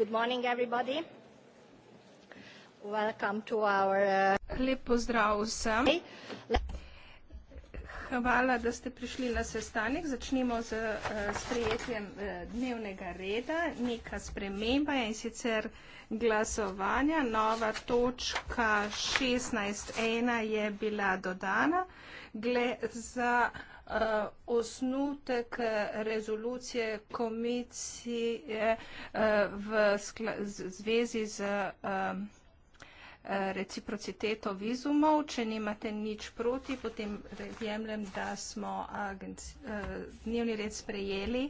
Good morning, everybody. Welcome to our. Uh, Lep pozdrav vsem. Hvala, da ste prišli na sestanek. Začnimo s uh, sprejetjem uh, dnevnega reda. Neka sprememba je, in sicer glasovanja. Nova točka 16.1 je bila dodana. Gre za Uh, osnutek rezolucije komisije uh, v zvezi z um, uh, reciprociteto vizumov. Če nimate nič proti, potem jemljem, da smo dnevni red sprejeli.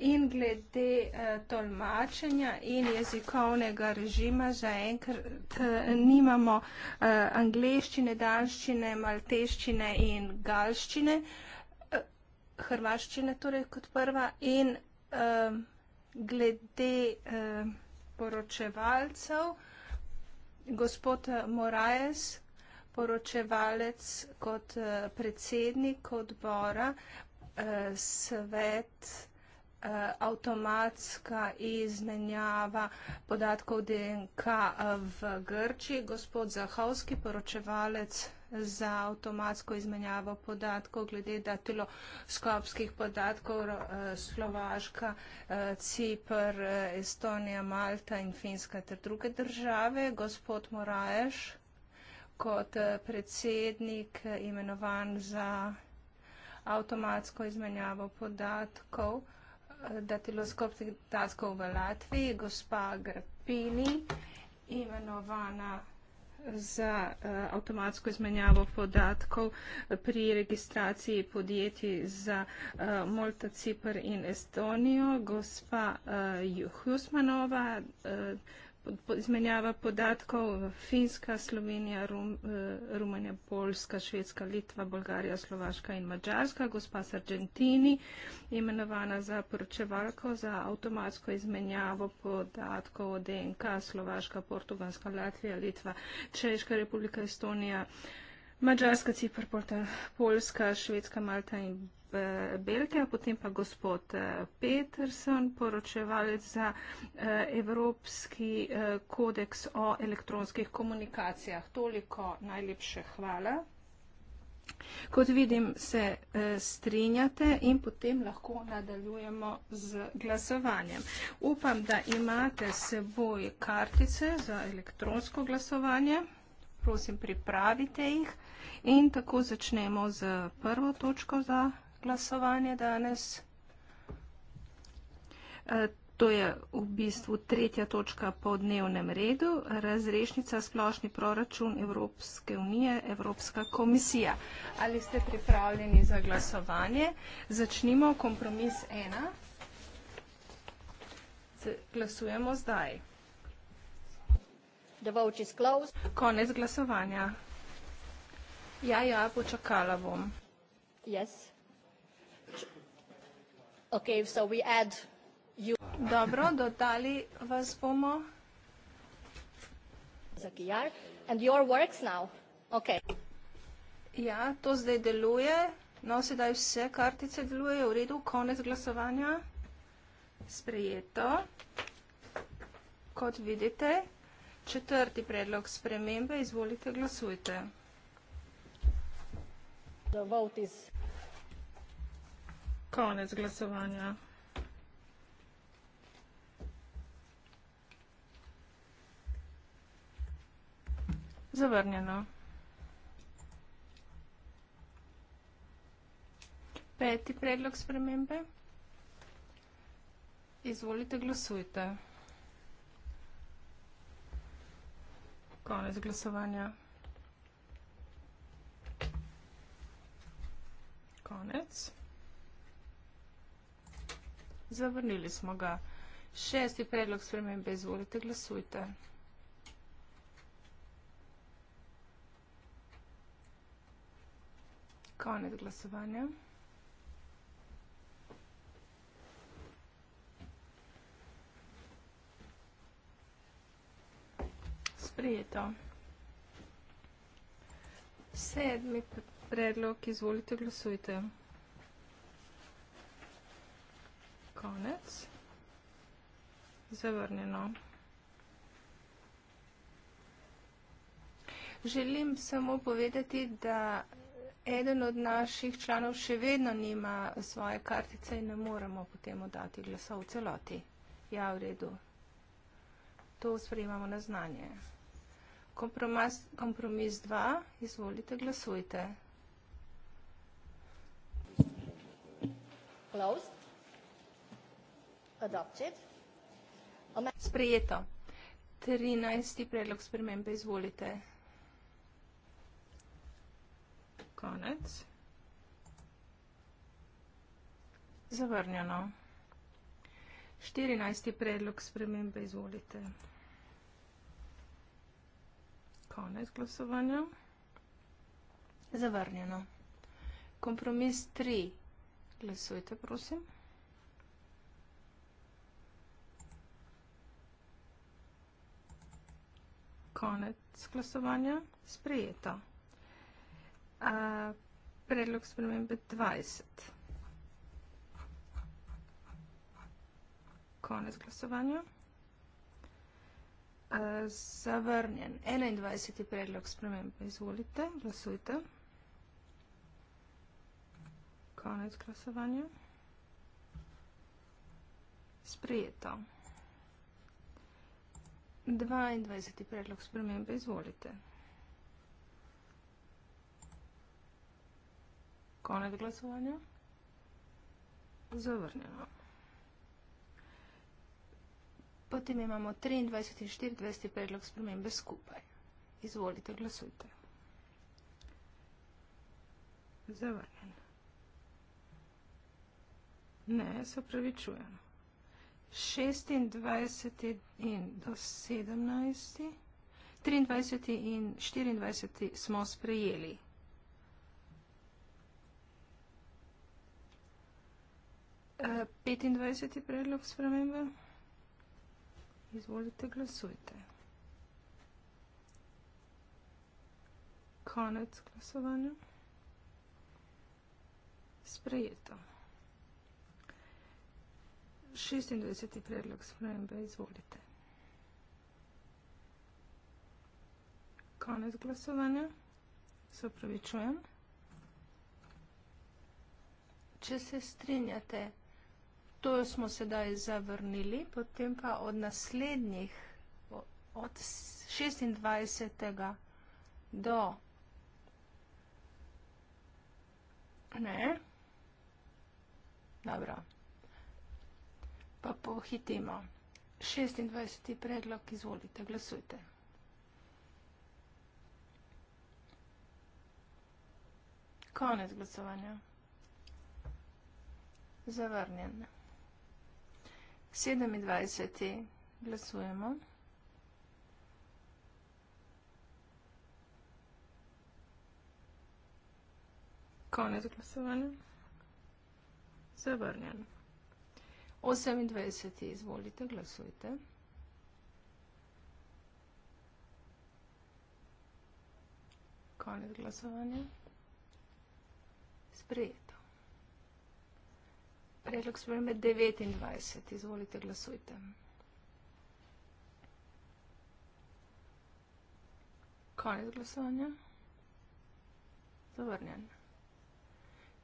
In glede eh, tolmačenja in jezikovnega režima, zaenkrat eh, nimamo eh, angleščine, danščine, malteščine in galščine, hrvaščine torej kot prva in glede poročevalcev, gospod Moraes, poročevalec kot predsednik odbora, svet, Eh, avtomatska izmenjava podatkov DNK eh, v Grčiji. Gospod Zahovski, poročevalec za avtomatsko izmenjavo podatkov glede datiloskopskih podatkov eh, Slovaška, Cipr, Estonija, Malta in Finska ter druge države. Gospod Moraješ, kot predsednik imenovan za avtomatsko izmenjavo podatkov, datiloskopskih podatkov v Latviji, gospa Grpini, imenovana za uh, avtomatsko izmenjavo podatkov pri registraciji podjetij za uh, Malta, Cipr in Estonijo, gospa uh, eh, Juhusmanova. Uh, izmenjava podatkov Finska, Slovenija, Rum, eh, Rumanja, Poljska, Švedska, Litva, Bolgarija, Slovaška in Mačarska. Gospa s Argentini je imenovana za poročevalko za avtomatsko izmenjavo podatkov o DNK Slovaška, Portugalska, Latvija, Litva, Češka, Republika, Estonija, Mačarska, Cipr, Polska, Švedska, Malta in Eh, Belke, potem pa gospod eh, Peterson, poročevalec za eh, Evropski kodeks o elektronskih komunikacijah. Toliko najlepše hvala. Kot vidim, se strinjate in potem lahko nadaljujemo z glasovanjem. Upam, da imate s seboj kartice za elektronsko glasovanje. Prosim, pripravite jih in tako začnemo z prvo točko za glasovanje danes. E, to je v bistvu tretja točka po dnevnem redu, razrešnica splošni proračun Evropske unije, Evropska komisija. Ali ste pripravljeni za glasovanje? Začnimo kompromis ena. Glasujemo zdaj. Konec glasovanja. Ja, ja, počakala bom. Yes. Okay, so we add you. Dobro, dodali vas bomo. Zakijar. And your works now. Okay. Ja, to zdaj deluje. No, sedaj vse kartice delujejo v redu. Konec glasovanja. Sprejeto. Kot vidite, četrti predlog spremembe. Izvolite, glasujte. The vote is konec glasovanja. Zavrnjeno. Peti predlog spremembe. Izvolite, glasujte. Konec glasovanja. Konec. Zavrnili smo ga. Šesti predlog spremembe, izvolite, glasujte. Konec glasovanja. Sprijeto. Sedmi predlog, izvolite, glasujte. Sprijeto. konec. Zavrnjeno. Želim samo povedati, da eden od naših članov še vedno nima svoje kartice in ne moremo potem oddati glasa v celoti. Ja, v redu. To sprejemamo na znanje. Kompromis, kompromis 2, izvolite, glasujte. Closed. Sprejeto. 13. predlog spremembe, izvolite. Konec. Zavrnjeno. 14. predlog spremembe, izvolite. Konec glasovanja. Zavrnjeno. Kompromis 3. Glasujte, prosim. konec glasovanja. Sprejeto. Predlog spremembe 20. Konec glasovanja. Zavrnjen. 21. predlog spremembe. Izvolite, glasujte. Konec glasovanja. Sprejeto. Sprejeto. 22. predlog spremembe, izvolite. Konec glasovanja. Zavrnjeno. Potem imamo 23. in 24. predlog spremembe skupaj. Izvolite, glasujte. Zavrnjeno. Ne, se upravičujemo. 26. in do 17. 23. in 24. smo sprejeli. E, 25. predlog spremembe. Izvolite, glasujte. Konec glasovanja. Sprejeto. 26. predlog spremembe, izvolite. Konec glasovanja. Se upravičujem. Če se strinjate, to smo sedaj zavrnili, potem pa od naslednjih, od 26. do ne, dobro, pa pohitimo. 26. predlog, izvolite, glasujte. Konec glasovanja. Zavrnjen. 27. glasujemo. Konec glasovanja. Zavrnjen. 28. izvolite, glasujte. Konec glasovanja. Sprejeto. Predlog spremembe 29. Izvolite, glasujte. Konec glasovanja. Zavrnjen.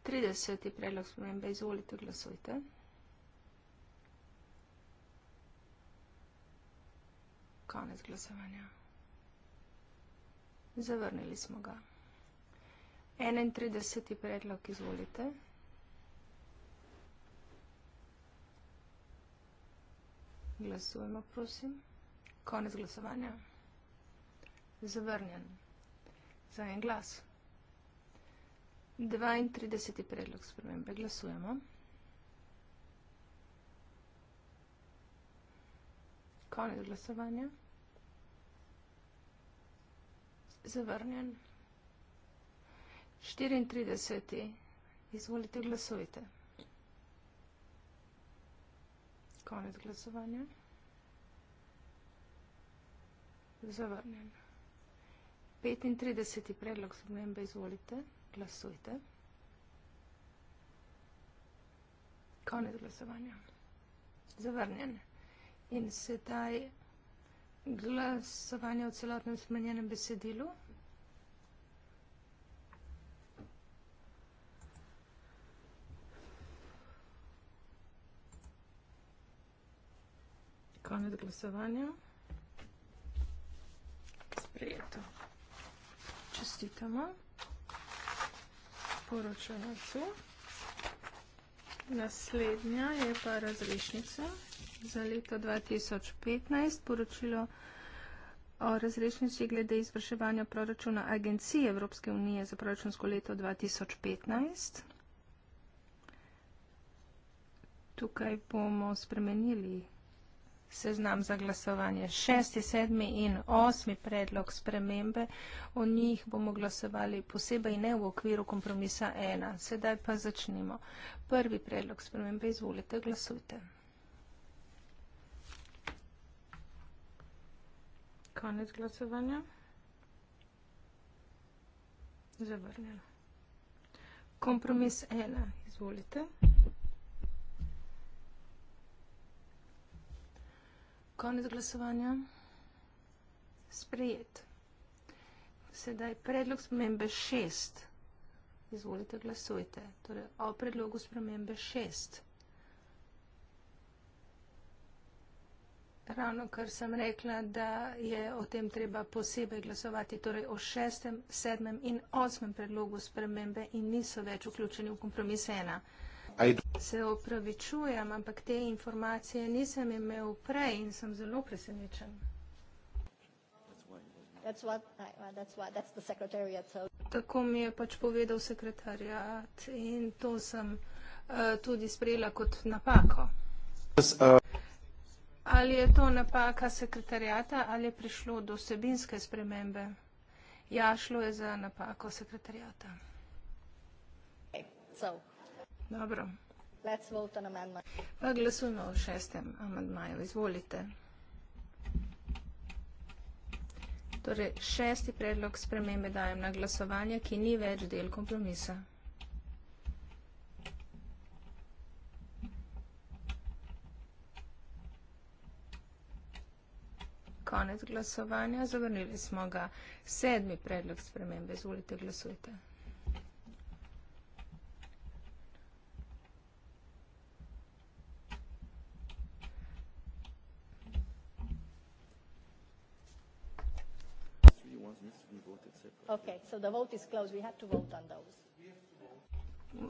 30. predlog spremembe. Izvolite, glasujte. Zavrnjen. konec glasovanja. Zavrnili smo ga. 31. predlog, izvolite. Glasujemo, prosim. Konec glasovanja. Zavrnjen. Za en glas. 32. predlog spremembe. Glasujemo. Konec glasovanja zavrnjen. 34. Izvolite, glasujte. Konec glasovanja. Zavrnjen. 35. predlog spremembe. Izvolite, glasujte. Konec glasovanja. Zavrnjen. In sedaj glasovanje o celotnem spremenjenem besedilu. Konec glasovanja. Sprejeto. Čestitamo poročevalcu. Naslednja je pa razrešnica za leto 2015, poročilo o razrešnici glede izvrševanja proračuna Agencije Evropske unije za proračunsko leto 2015. Tukaj bomo spremenili seznam za glasovanje. Šesti, sedmi in osmi predlog spremembe, o njih bomo glasovali posebej ne v okviru kompromisa ena. Sedaj pa začnimo. Prvi predlog spremembe, izvolite, glasujte. Konec glasovanja. Zavrnjeno. Kompromis ena, izvolite. Zavrnjeno. Konec glasovanja. Sprejet. Sedaj predlog spremembe šest. Izvolite, glasujte. Torej, o predlogu spremembe šest. Ravno kar sem rekla, da je o tem treba posebej glasovati, torej o šestem, sedmem in osmem predlogu spremembe in niso več vključeni v kompromis ena. Se opravičujem, ampak te informacije nisem imel prej in sem zelo presenečen. That's what, that's what, that's the secretariat, so. Tako mi je pač povedal sekretarjat in to sem uh, tudi sprejela kot napako. Yes, uh. Ali je to napaka sekretarjata ali je prišlo do sebinske spremembe? Ja, šlo je za napako sekretarjata. Okay, Dobro. Pa glasujmo o šestem amadmaju. Izvolite. Torej, šesti predlog spremembe dajem na glasovanje, ki ni več del kompromisa. Konec glasovanja. Zavrnili smo ga. Sedmi predlog spremembe. Izvolite, glasujte.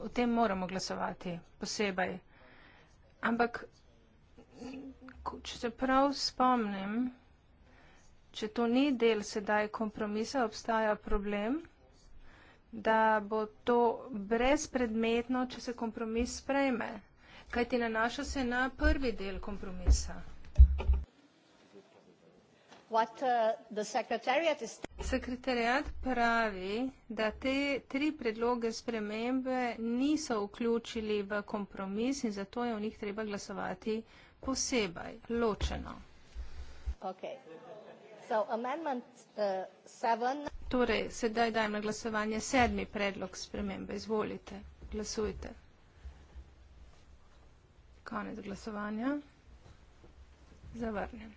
O tem moramo glasovati posebej. Ampak, če se prav spomnim, če to ni del sedaj kompromisa, obstaja problem, da bo to brezpredmetno, če se kompromis sprejme. Kajti nanaša se na prvi del kompromisa. Uh, Sekretariat pravi, da te tri predloge spremembe niso vključili v kompromis in zato je o njih treba glasovati posebej, ločeno. Okay. So, amendment, uh, torej, sedaj dajem na glasovanje sedmi predlog spremembe. Izvolite, glasujte. Konec glasovanja. Zavrnem.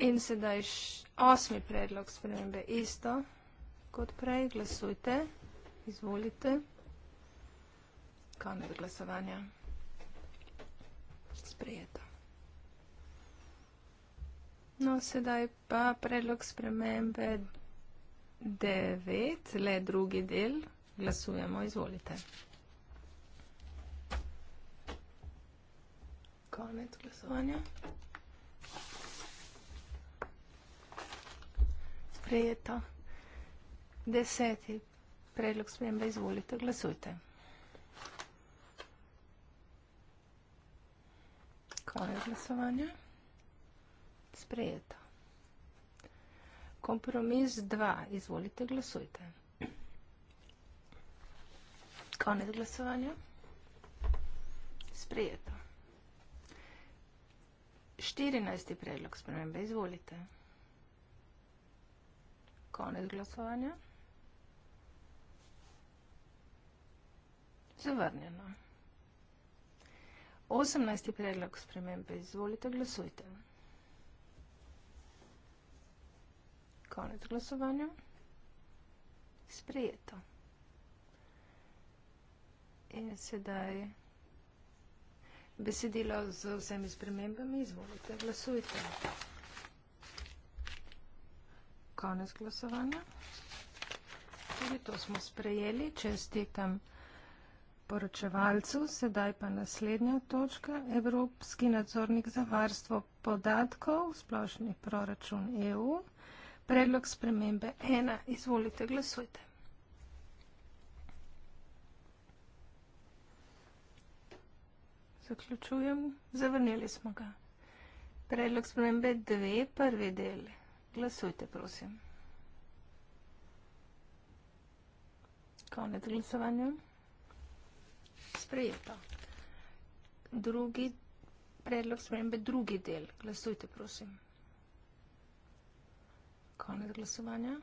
In sedaj osmi predlog spremembe. Isto kot prej, glasujte, izvolite. Konec glasovanja. Sprejeto. No, sedaj pa predlog spremembe 9, le drugi del. Glasujemo, izvolite. Konec glasovanja. sprejeta. Deseti predlog spremembe izvolite, glasujte. Kaj je glasovanje? Sprejeta. Kompromis 2. Izvolite, glasujte. Konec glasovanja. Sprejeta. 14. predlog spremembe. Izvolite. Sprejeta konec glasovanja. Zavrnjeno. 18. predlog spremembe. Izvolite, glasujte. Konec glasovanja. Sprejeto. In sedaj besedilo z vsemi spremembami. Izvolite, glasujte. Glasujte konec glasovanja. Tudi to smo sprejeli, čestitam poročevalcu. Sedaj pa naslednja točka. Evropski nadzornik za varstvo podatkov, splošni proračun EU. Predlog spremembe 1. Izvolite, glasujte. Zaključujem. Zavrnili smo ga. Predlog spremembe 2. Prvi del. Glasujte, prosim. Konec glasovanja. Sprejeto. Drugi predlog spremembe, drugi del. Glasujte, prosim. Konec glasovanja.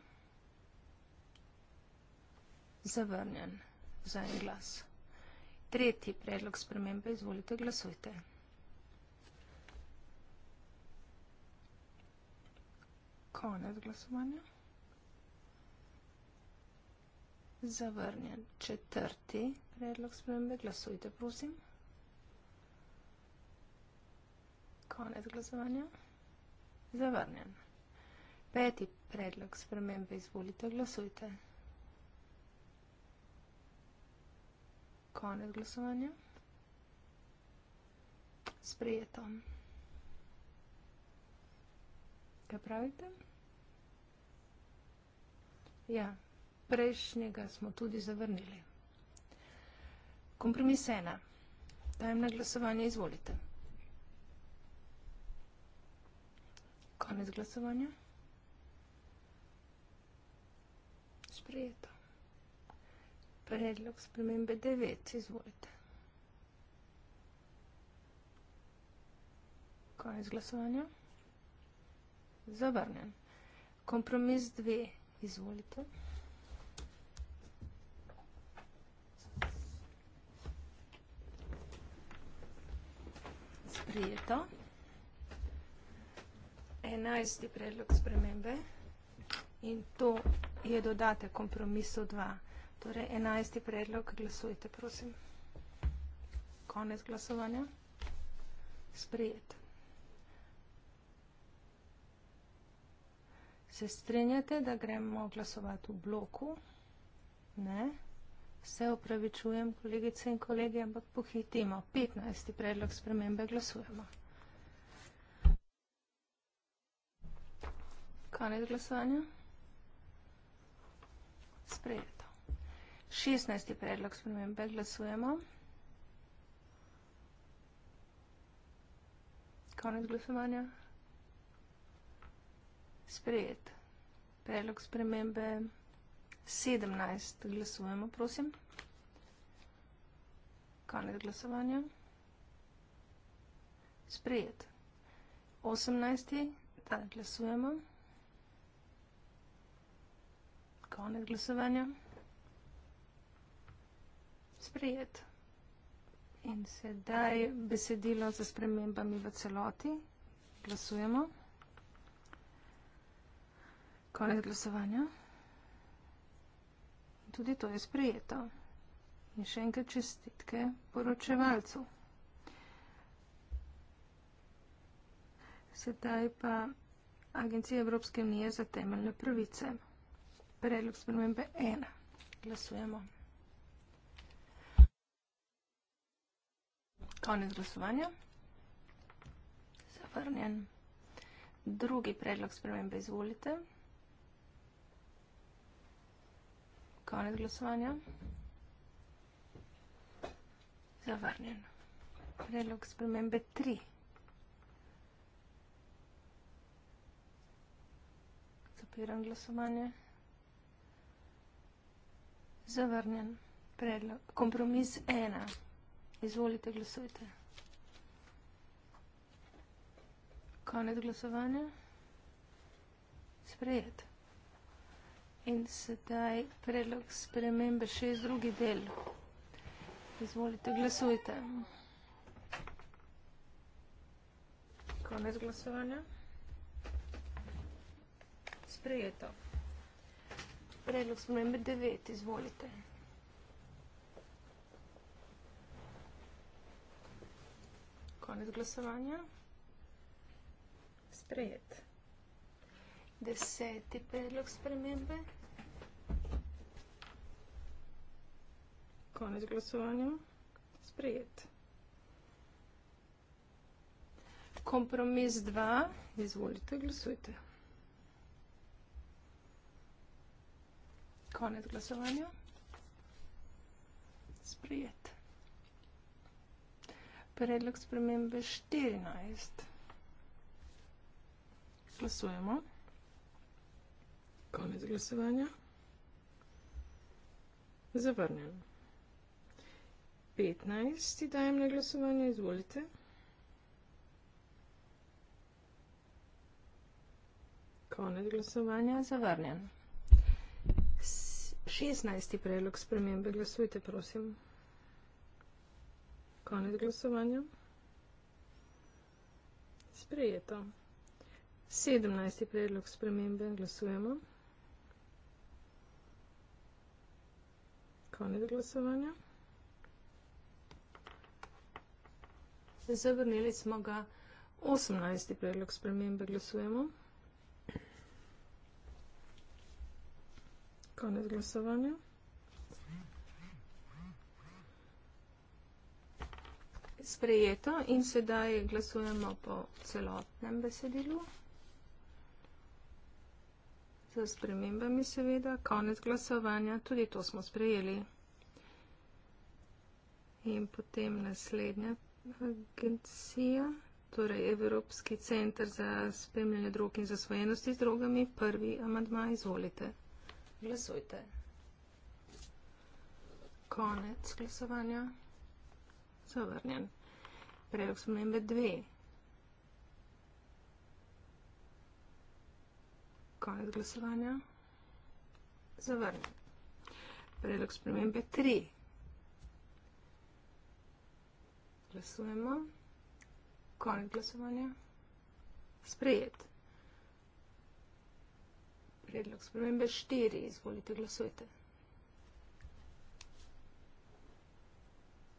Zavrnjen. Za en glas. Tretji predlog spremembe, izvolite, glasujte. Glasujte. konec glasovanja. Zavrnjen četrti predlog spremembe. Glasujte, prosim. Konec glasovanja. Zavrnjen. Peti predlog spremembe. Izvolite, glasujte. Konec glasovanja. Sprijeto. Sprijeto. Kaj pravite? Ja, prejšnjega smo tudi zavrnili. Kompromis ena. Dajem na glasovanje, izvolite. Konec glasovanja. Sprejeto. Predlog spremembe 9, izvolite. Konec glasovanja. Konec glasovanja zavrnjen. Kompromis dve, izvolite. Sprijeto. Enajsti predlog spremembe in to je dodate kompromisu dva. Torej, enajsti predlog, glasujte, prosim. Konec glasovanja. Sprijeto. Se strinjate, da gremo glasovati v bloku? Ne. Se opravičujem, kolegice in kolege, ampak pohitimo. 15. predlog spremembe glasujemo. Konec glasovanja. Sprejeto. 16. predlog spremembe glasujemo. Konec glasovanja sprejet. Predlog spremembe 17. Glasujemo, prosim. Konec glasovanja. Sprejet. 18. Da, glasujemo. Konec glasovanja. Sprejet. In sedaj besedilo za spremembami v celoti. Glasujemo. Glasujemo. Konec glasovanja. Tudi to je sprejeto. In še enkrat čestitke poročevalcu. Sedaj pa Agencija Evropske unije za temeljne pravice. Predlog spremembe 1. Glasujemo. Konec glasovanja. Zavrnjen. Drugi predlog spremembe izvolite. Zavrnjen. Konec glasovanja. Zavrnjen. Predlog spremembe 3. Zapiram glasovanje. Zavrnjen. Predlog. Kompromis 1. Izvolite, glasujte. Konec glasovanja. Sprejeto. In sedaj predlog spremembe še iz drugi del. Izvolite, glasujte. Konec glasovanja. Sprejeto. Predlog spremembe devet. Izvolite. Konec glasovanja. Sprejet. Deseti predlog spremembe. Konec glasovanja. Sprejet. Kompromis 2. Izvolite, glasujte. Konec glasovanja. Sprejet. Predlog spremembe 14. Glasujemo. Konec glasovanja. Zavrnjeno. 15 dajem na glasovanje, izvolite. Konec glasovanja, zavrnjen. 16. predlog spremembe, glasujte prosim. Konec glasovanja. Sprejeto. 17. predlog spremembe, glasujemo. Konec glasovanja. Zavrnili smo ga. 18. predlog spremembe glasujemo. Konec glasovanja. Sprejeto in sedaj glasujemo po celotnem besedilu. Za spremembami seveda. Konec glasovanja. Tudi to smo sprejeli. In potem naslednja agencijo, torej Evropski centr za spremljanje drog in zasvojenosti z drogami. Prvi amadma, izvolite. Glasujte. Konec glasovanja. Zavrnjen. Predlog spremembe dve. Konec glasovanja. Zavrnjen. Predlog spremembe tri. glasujemo. Konec glasovanja. Sprejet. Predlog spremembe štiri. Izvolite, glasujte.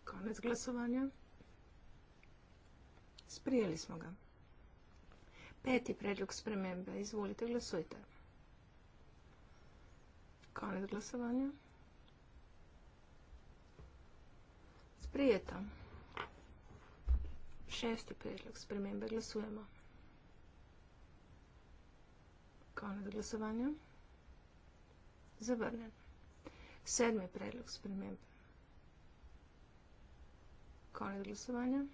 Konec glasovanja. Sprijeli smo ga. Peti predlog spremembe. Izvolite, glasujte. Konec glasovanja. Sprijeta. Sprijeta. Šesti predlog spremembe glasujemo. Konec glasovanja. Zavrnen. Sedmi predlog sprememb. Konec glasovanja.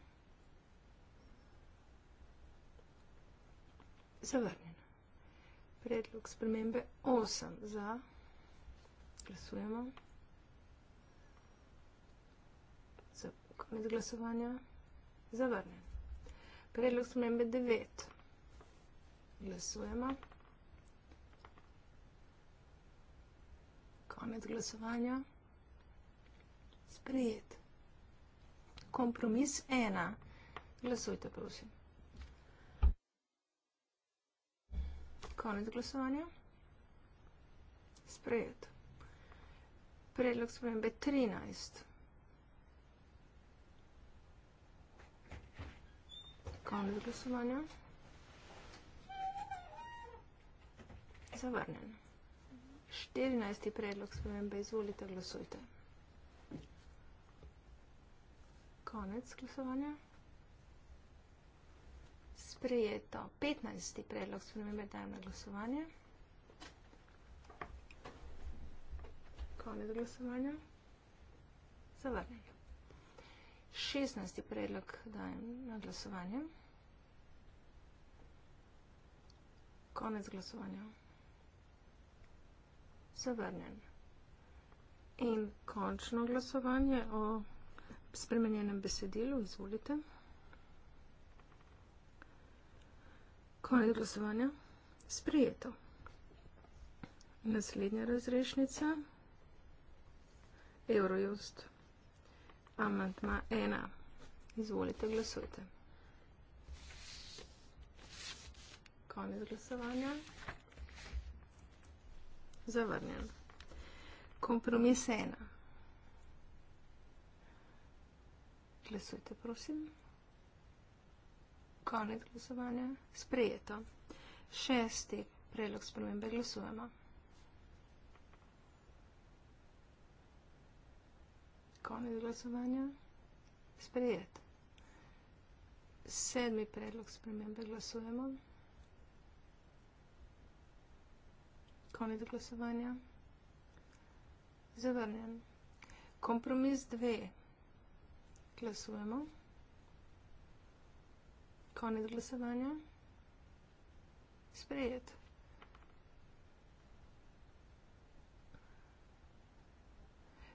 Zavrnen. Predlog spremembe 8 za. Glasujemo. Konec glasovanja. Zavrnen zavrne. Predlog smembe 9. Glasujemo. Konec glasovanja. Sprijet. Kompromis 1. Glasujte, prosim. Konec glasovanja. Sprejet. Predlog spremembe 13. 13. konec glasovanja. Zavrnjen. 14. predlog spremembe, izvolite, glasujte. Konec glasovanja. Sprejeto. 15. predlog spremembe, dajem na glasovanje. Konec glasovanja. Zavrnjen. 16. predlog dajem na glasovanje. 16. predlog dajem na glasovanje. Konec glasovanja. Zavrnjen. In končno glasovanje o spremenjenem besedilu. Izvolite. Konec glasovanja. Sprijeto. Naslednja razrešnica. Eurojust. Amantma 1. Izvolite, glasujte. konec glasovanja. Zavrnjen. Kompromis ena. Glasujte, prosim. Konec glasovanja. Sprejeto. Šesti predlog spremembe glasujemo. Konec glasovanja. Sprejeto. Sedmi predlog spremembe glasujemo. Sprejeto. koniec głosowania. Zawarłem. Kompromis 2. Głosujemy. Koniec głosowania. Sprejet.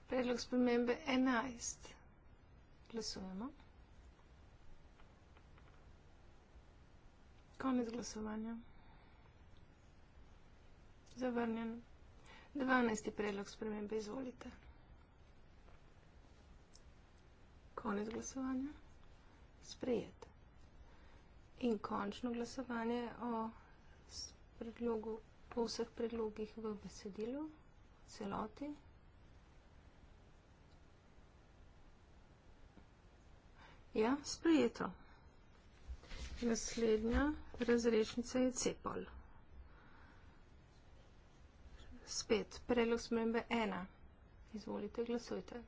Predlog spremembe 11. Glasujemo. Konec glasovanja. Zavrnjen. 12. predlog spremembe izvolite. Konec glasovanja. Sprejet. In končno glasovanje o predlogu, po vseh predlogih v besedilu, celoti. Ja, sprejeto. Naslednja razrešnica je Cepol spet predlog spremembe ena. Izvolite, glasujte.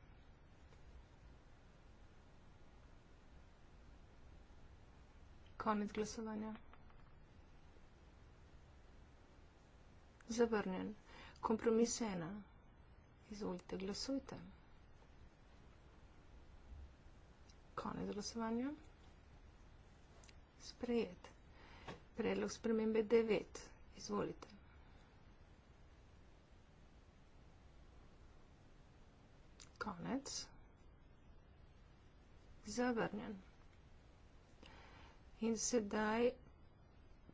Konec glasovanja. Zavrnjen. Kompromis ena. Izvolite, glasujte. Konec glasovanja. Sprejet. Predlog spremembe devet. Izvolite. konec. Zavrnjen. In sedaj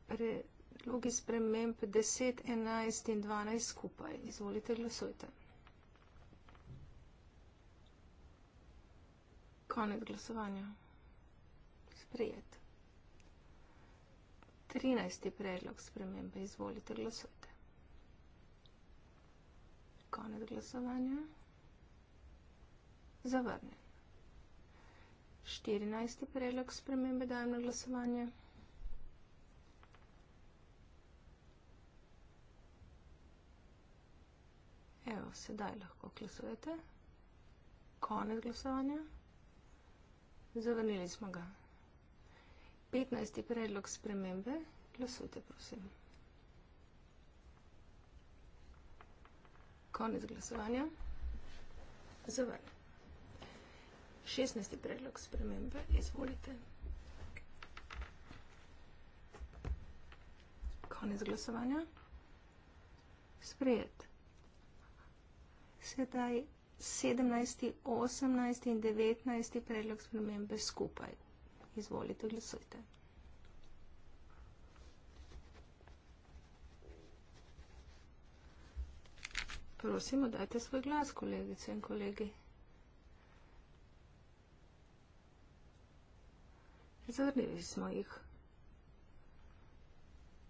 predlogi sprememb 10, 11 in 12 skupaj. Izvolite, glasujte. Konec glasovanja. Sprejet. 13. predlog spremembe. Izvolite, glasujte. Konec glasovanja zavrnjen. 14. predlog spremembe dajem na glasovanje. Evo, sedaj lahko glasujete. Konec glasovanja. Zavrnili smo ga. 15. predlog spremembe. Glasujte, prosim. Konec glasovanja. Zavrnili. 16. predlog spremembe. Izvolite. Konec glasovanja. Sprejet. Sedaj 17., 18. in 19. predlog spremembe skupaj. Izvolite, glasujte. Prosimo, dajte svoj glas, kolegice in kolegi. Zavrnili smo jih.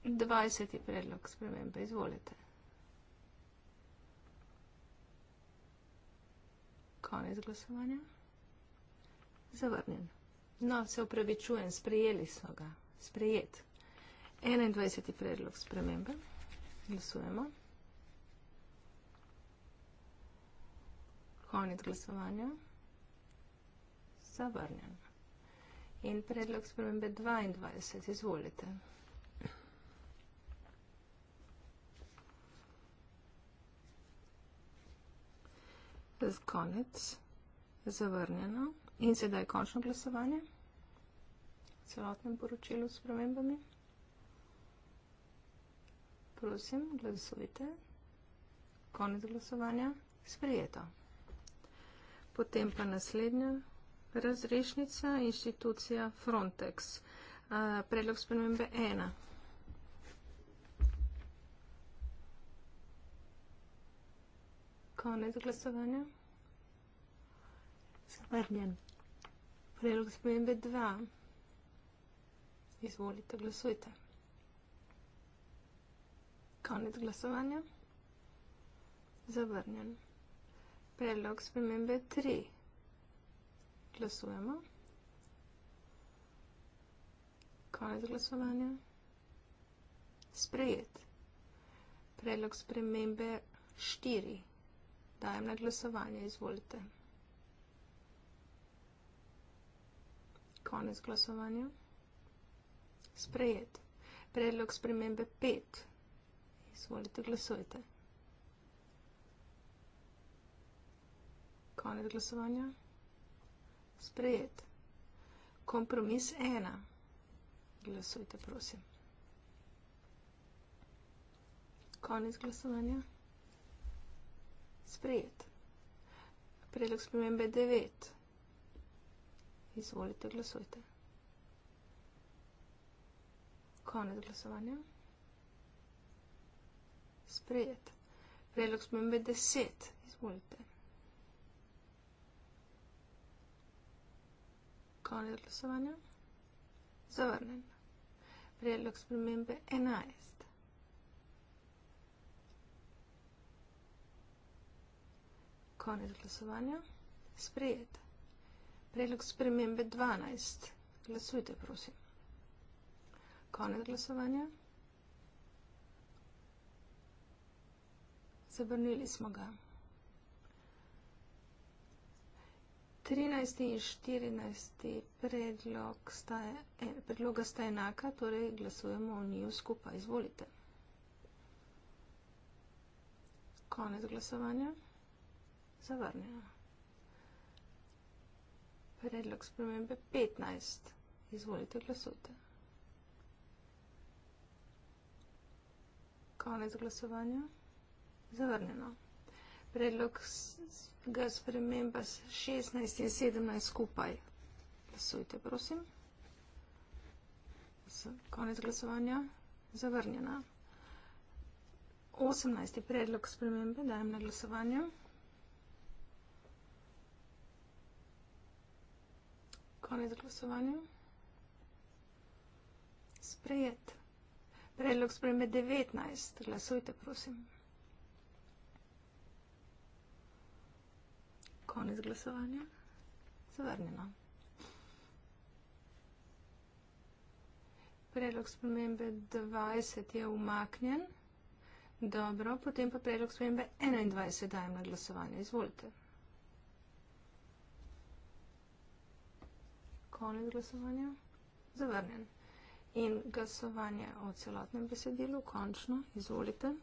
20. predlog spremembe, izvolite. Konec glasovanja. Zavrnjen. No, se upravičujem, sprejeli so ga. Sprejet. 21. predlog spremembe. Glasujemo. Konec glasovanja. Zavrnjen in predlog spremembe 22. Izvolite. Konec. Zavrnjeno. In sedaj končno glasovanje. Celotnem poročilu s spremembami. Prosim, glasujte. Konec glasovanja. Sprijeto. Potem pa naslednja Razrešnica, inštitucija Frontex. Predlog spremembe ena. Konec glasovanja. Zavrnjen. Predlog spremembe dva. Izvolite, glasujte. Konec glasovanja. Zavrnjen. Predlog spremembe tri. Glasujemo. Konec glasovanja. Sprejet. Predlog spremembe 4. Dajem na glasovanje. Izvolite. Konec glasovanja. Sprejet. Predlog spremembe 5. Izvolite, glasujte. Konec glasovanja sprejet. Kompromis ena. Glasujte, prosim. Konec glasovanja. Sprejet. Predlog spremembe devet. Izvolite, glasujte. Konec glasovanja. Sprejet. Predlog spremembe deset. Izvolite. Konec glasovanja. Zavrnen. Predlog spremembe 11. Konec glasovanja. Sprejet. Predlog spremembe 12. Glasujte, prosim. Konec glasovanja. Zavrnili smo ga. 13. in 14. Predlog sta, en, predloga sta enaka, torej glasujemo o njiju skupaj. Izvolite. Konec glasovanja. Zavrnjeno. Predlog spremembe 15. Izvolite, glasujte. Konec glasovanja. Zavrnjeno predlog ga sprememba 16 in 17 skupaj. Glasujte, prosim. Konec glasovanja. Zavrnjena. 18. predlog spremembe dajem na glasovanje. Konec glasovanja. Sprejet. Predlog spremembe 19. Glasujte, prosim. Glasujte, prosim. konec glasovanja. Zavrnjeno. Predlog spremembe 20 je umaknjen. Dobro, potem pa predlog spremembe 21 dajem na glasovanje. Izvolite. Konec glasovanja. Zavrnjen. In glasovanje o celotnem besedilu, končno, izvolite.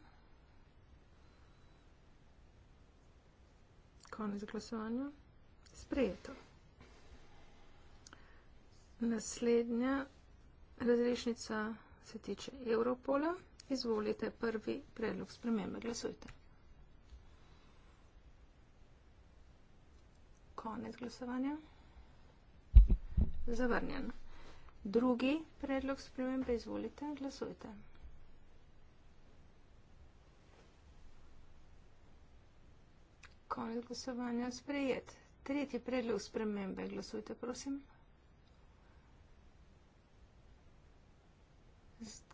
konec glasovanja. Sprejeto. Naslednja razrešnica se tiče Europola. Izvolite prvi predlog spremembe. Glasujte. Konec glasovanja. Zavrnjen. Drugi predlog spremembe. Izvolite. Glasujte. Glasujte. konec glasovanja sprejet. Tretji predlog spremembe. Glasujte, prosim.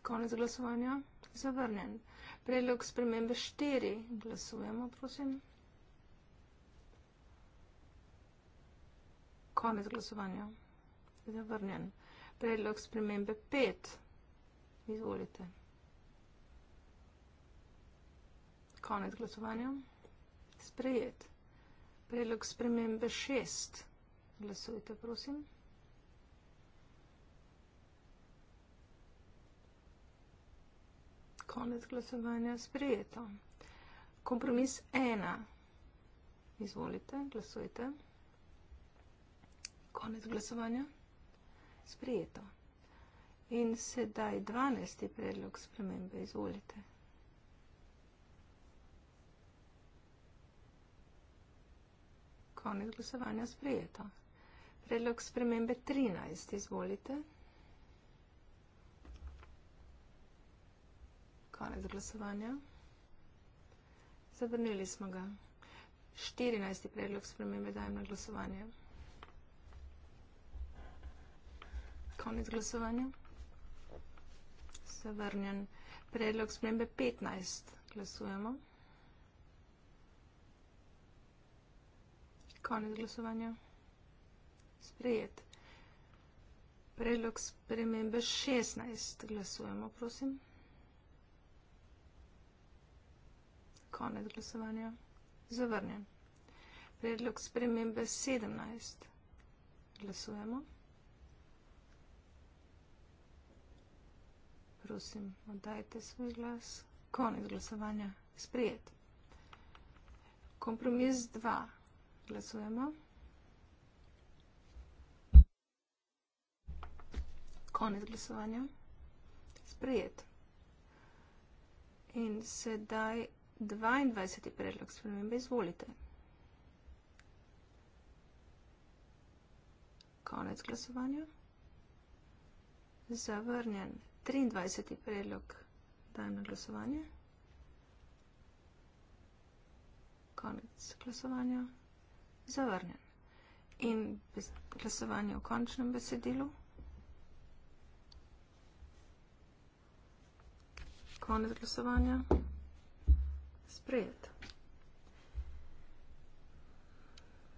Konec glasovanja. Zavrnen. Predlog spremembe štiri. Glasujemo, prosim. Konec glasovanja. Zavrnen. Predlog spremembe pet. Izvolite. Konec glasovanja sprejet. Predlog spremembe šest. Glasujte, prosim. Konec glasovanja sprejeto. Kompromis ena. Izvolite, glasujte. Konec glasovanja sprejeto. In sedaj dvanesti predlog spremembe. Izvolite. konec glasovanja sprejeto. Predlog spremembe 13. Izvolite. Konec glasovanja. Zavrnili smo ga. 14. predlog spremembe dajem na glasovanje. Konec glasovanja. Zavrnjen. Predlog spremembe 15. Glasujemo. Glasujemo. Konec glasovanja. Sprejet. Predlog spremembe 16. Glasujemo, prosim. Konec glasovanja. Zavrnjen. Predlog spremembe 17. Glasujemo. Prosim, oddajte svoj glas. Konec glasovanja. Sprejet. Kompromis 2. Glasujemo. Konec glasovanja. Sprejet. In sedaj 22. predlog spremembe. Izvolite. Konec glasovanja. Zavrnjen 23. predlog dajem na glasovanje. Konec glasovanja zavrnjen. In glasovanje v končnem besedilu. Konec glasovanja. Sprejet.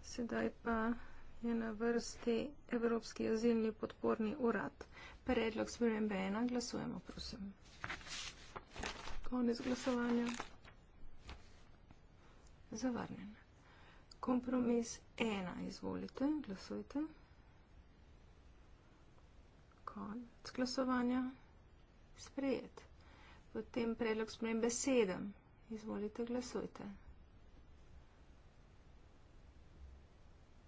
Sedaj pa je na vrsti Evropski azilni podporni urad. Predlog spremembe ena. Glasujemo, prosim. Konec glasovanja. Zavrnjeno. Kompromis ena, izvolite, glasujte. Konec glasovanja, sprejet. Potem predlog spremembe sedem, izvolite, glasujte.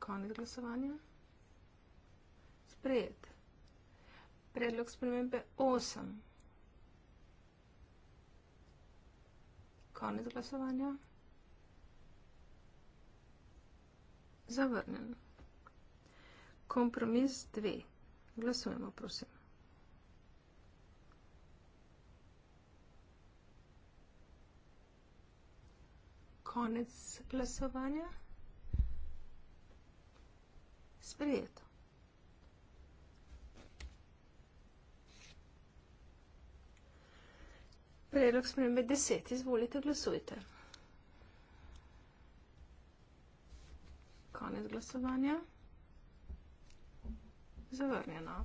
Konec glasovanja, sprejet. Predlog spremembe osem, konec glasovanja, sprejet. zavrnjen. Kompromis 2. Glasujemo, prosim. Konec glasovanja. Sprejeto. Predlog spremembe 10. Izvolite, glasujte. konec glasovanja. Zavrnjeno.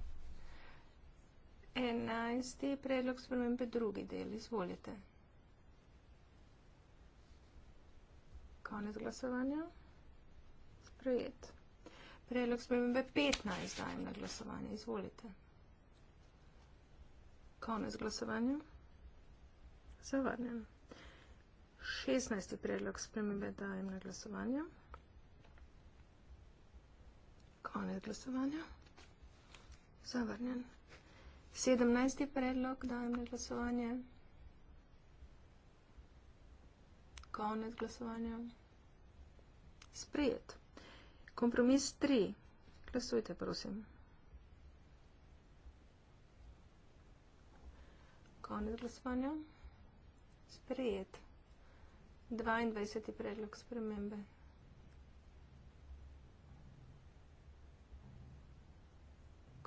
Enajsti je predlog spremembe drugi del. Izvolite. Konec glasovanja. Sprejet. Predlog spremembe 15 dajem na glasovanje. Izvolite. Konec glasovanja. Zavrnjeno. 16. predlog spremembe dajem na glasovanje konec glasovanja. Zavrnjen. 17. predlog dajem na glasovanje. Konec glasovanja. Sprejet. Kompromis 3. Glasujte, prosim. Konec glasovanja. Sprejet. 22. predlog spremembe.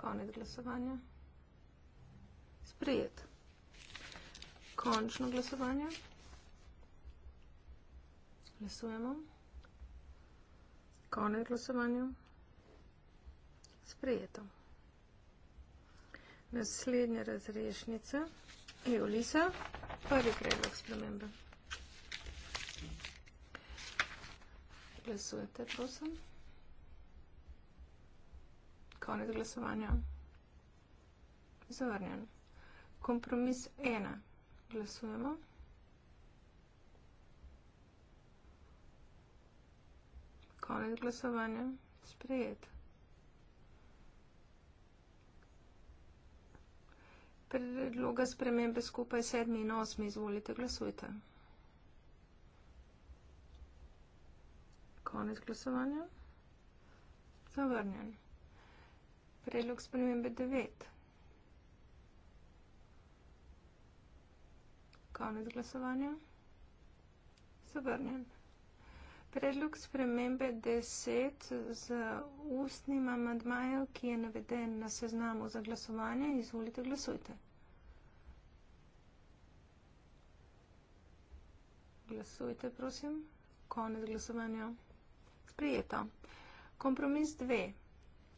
konec glasovanja. Sprijet. Končno glasovanje. Glasujemo. Konec glasovanja. Sprijeto. Naslednja razrešnica. Eulisa. Prvi predlog spremembe. Glasujete, prosim. Glasujete, prosim konec glasovanja. Zavrnjen. Kompromis ena. Glasujemo. Konec glasovanja. Sprejet. Predloga spremembe skupaj sedmi in osmi. Izvolite, glasujte. Konec glasovanja. Zavrnjen. So predlog spremembe 9. Konec glasovanja. Zavrnjen. Predlog spremembe 10 z ustnim amadmajo, ki je naveden na seznamu za glasovanje. Izvolite, glasujte. Glasujte, prosim. Konec glasovanja. Sprijeto. Kompromis 2.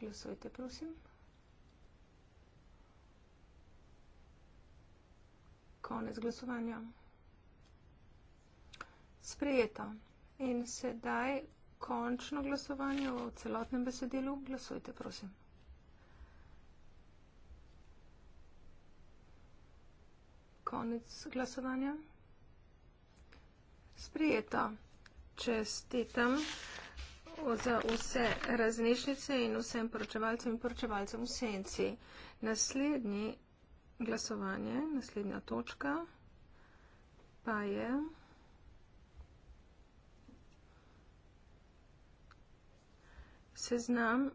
Glasujte, prosim. Konec glasovanja. Sprejeto. In sedaj končno glasovanje v celotnem besedilu. Glasujte, prosim. Konec glasovanja. Sprijeto. Čestitam za vse različnice in vsem poročevalcem in poročevalcem v senci. Naslednje glasovanje, naslednja točka pa je seznam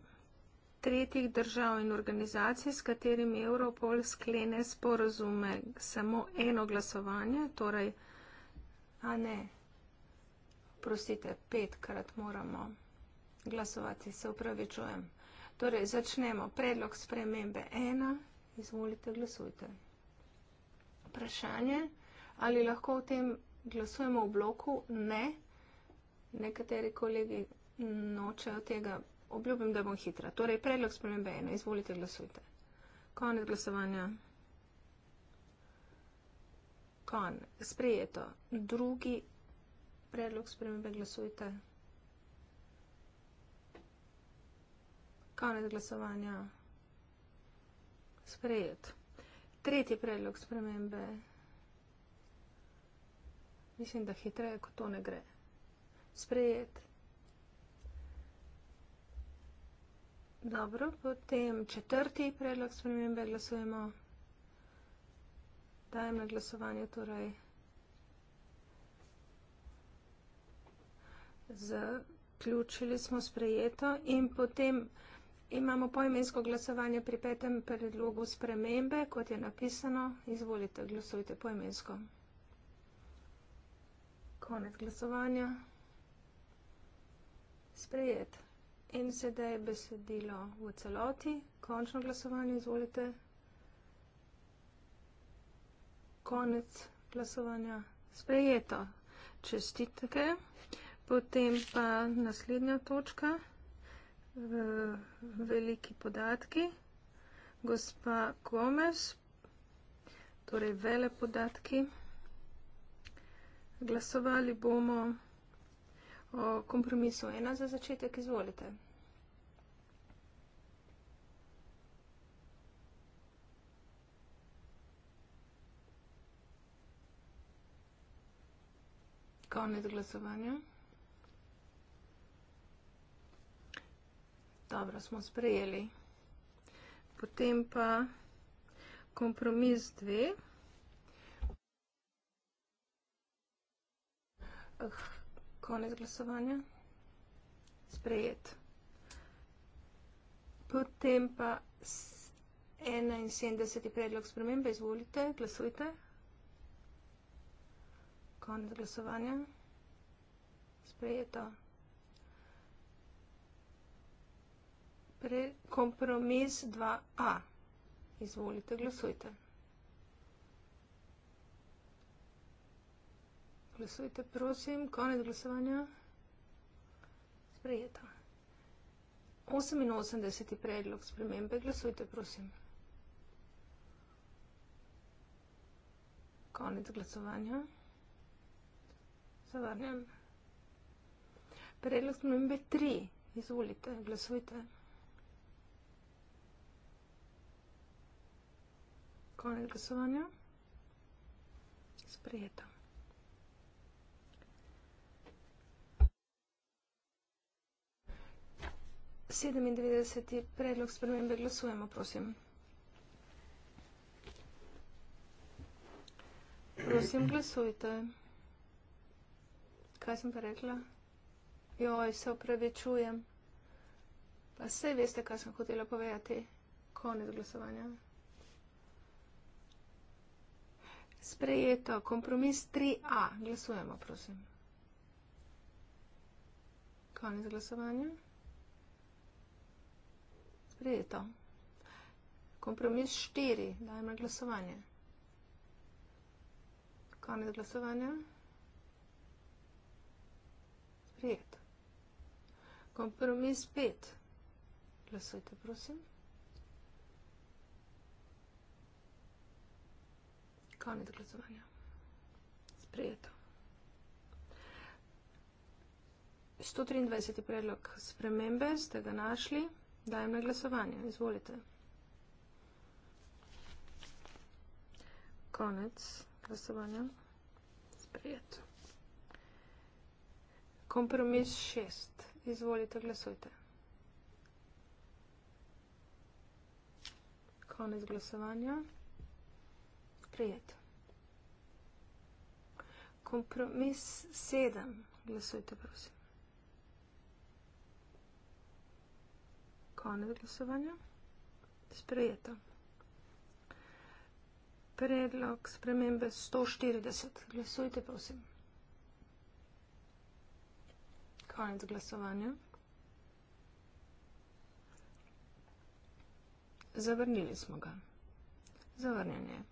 tretjih držav in organizacij, s katerimi Europol sklene sporozume samo eno glasovanje, torej, a ne, prosite, petkrat moramo glasovati glasovati, se upravičujem. Torej, začnemo. Predlog spremembe ena. Izvolite, glasujte. Vprašanje, ali lahko v tem glasujemo v bloku? Ne. Nekateri kolegi nočejo tega. Obljubim, da bom hitra. Torej, predlog spremembe ena. Izvolite, glasujte. Konec glasovanja. Kon. Sprejeto. Drugi predlog spremembe glasujte. konec glasovanja sprejet. Tretji predlog spremembe. Mislim, da hitreje, kot to ne gre. Sprejet. Dobro, potem četrti predlog spremembe glasujemo. Dajem na glasovanje torej zaključili smo sprejeto in potem Imamo poimensko glasovanje pri petem predlogu spremembe, kot je napisano. Izvolite, glasujte poimensko. Konec glasovanja. Sprejet. In sedaj besedilo v celoti. Končno glasovanje izvolite. Konec glasovanja. Sprejeto. Čestitke. Potem pa naslednja točka v veliki podatki. Gospa Gomez, torej vele podatki. Glasovali bomo o kompromisu ena za začetek. Izvolite. Konec glasovanja. Dobro, smo sprejeli. Potem pa kompromis dve. Ah, konec glasovanja. Sprejet. Potem pa 71. predlog spremembe. Izvolite, glasujte. Konec glasovanja. Sprejeto. Sprejeto. naprej kompromis 2a. Izvolite, glasujte. Glasujte, prosim, konec glasovanja. Sprejeto. 88. predlog spremembe, glasujte, prosim. Konec glasovanja. Zavrnjen. Predlog spremembe 3. Izvolite, glasujte. Konec glasovanja. Sprejeto. 97. predlog spremembe, glasujemo, prosim. Prosim, glasujte. Kaj sem pa rekla? se opravičujem. Pa saj veste, kaj sem hotela povedati. Konec glasovanja. Sprejeto. Kompromis 3a. Glasujemo, prosim. Konec glasovanja. Sprejeto. Kompromis 4. Dajmo glasovanje. Konec glasovanja. Sprejeto. Kompromis 5. Glasujte, prosim. Konec glasovanja. Sprejeto. 123. predlog spremembe ste ga našli. Dajem na glasovanje. Izvolite. Konec glasovanja. Sprejeto. Kompromis šest. Izvolite, glasujte. Konec glasovanja. Konec glasovanja sprejeto. Kompromis sedem. Glasujte, prosim. Konec glasovanja. Sprejeto. Predlog spremembe 140. Glasujte, prosim. Konec glasovanja. Zavrnili smo ga. Zavrnjen je.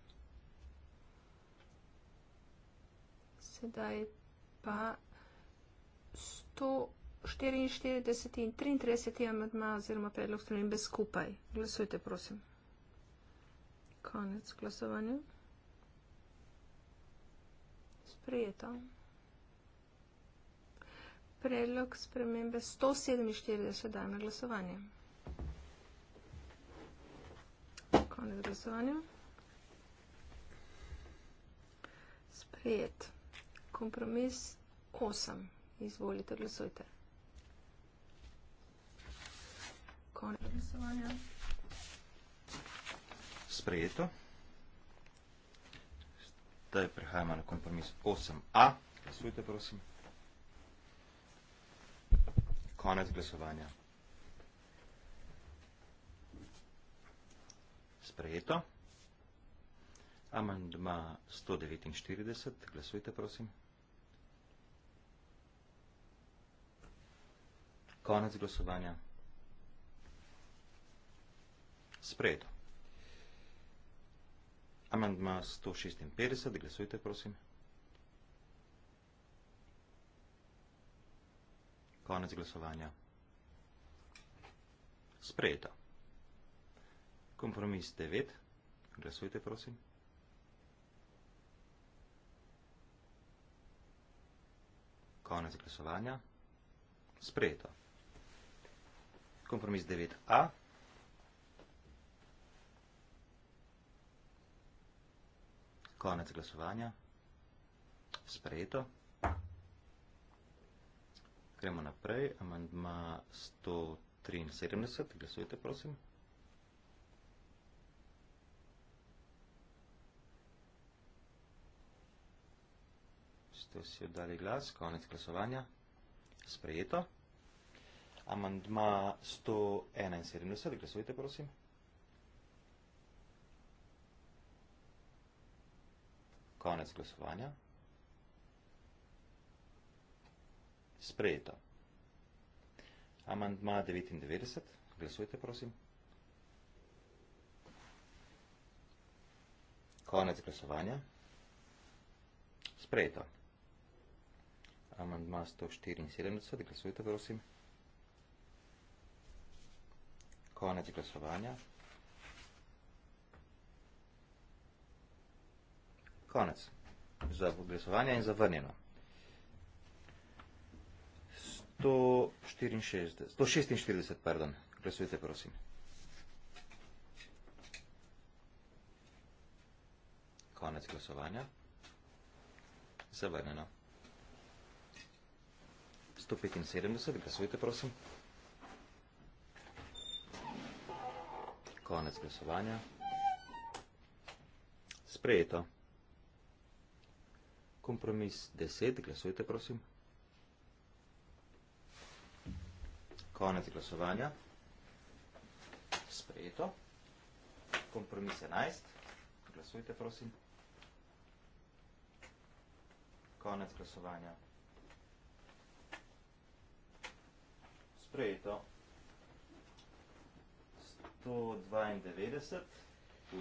sedaj pa 144 in 33 amadma oziroma predlog spremembe skupaj. Glasujte, prosim. Konec glasovanja. Sprijeto. Predlog spremembe 147 dajem na glasovanje. Konec glasovanja. Sprijeto kompromis 8. Izvolite, glasujte. Konec glasovanja. Sprejeto. Zdaj prehajamo na kompromis 8a. Glasujte, prosim. Konec glasovanja. Sprejeto. Amandma 149. Glasujte, prosim. Konec glasovanja. Sprejeto. Amendma 156, glasujte, prosim. Konec glasovanja. Sprejeto. Kompromis 9, glasujte, prosim. Konec glasovanja. Sprejeto kompromis 9a. Konec glasovanja. Sprejeto. Gremo naprej. Amandma 173. Glasujte, prosim. Ste si oddali glas. Konec glasovanja. Sprejeto. Sprejeto amandma 171. Glasujte, prosim. Konec glasovanja. Sprejeto. Amandma 99. Glasujte, prosim. Konec glasovanja. Sprejeto. Amandma 174. Glasujte, prosim. Sprejeto. Konec glasovanja. Konec. Za glasovanje in zavrnjeno. 164, 146, pardon. Glasujte, prosim. Konec glasovanja. Zavrnjeno. 175, glasujte, prosim. konec glasovanja. Sprejeto. Kompromis 10, glasujte prosim. Konec glasovanja. Sprejeto. Kompromis 11, glasujte prosim. Konec glasovanja. Sprejeto. 192,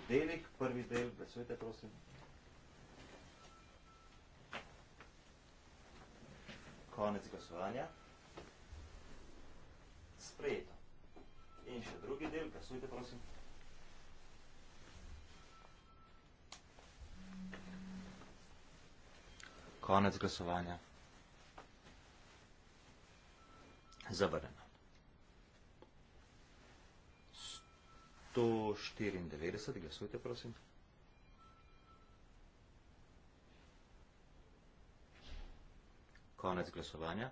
vdelek, prvi del, glasujte, prosim. Konec glasovanja. Sprejeto. In še drugi del, glasujte, prosim. Konec glasovanja. Zavrnjeno. 194, glasujte prosim. Konec glasovanja.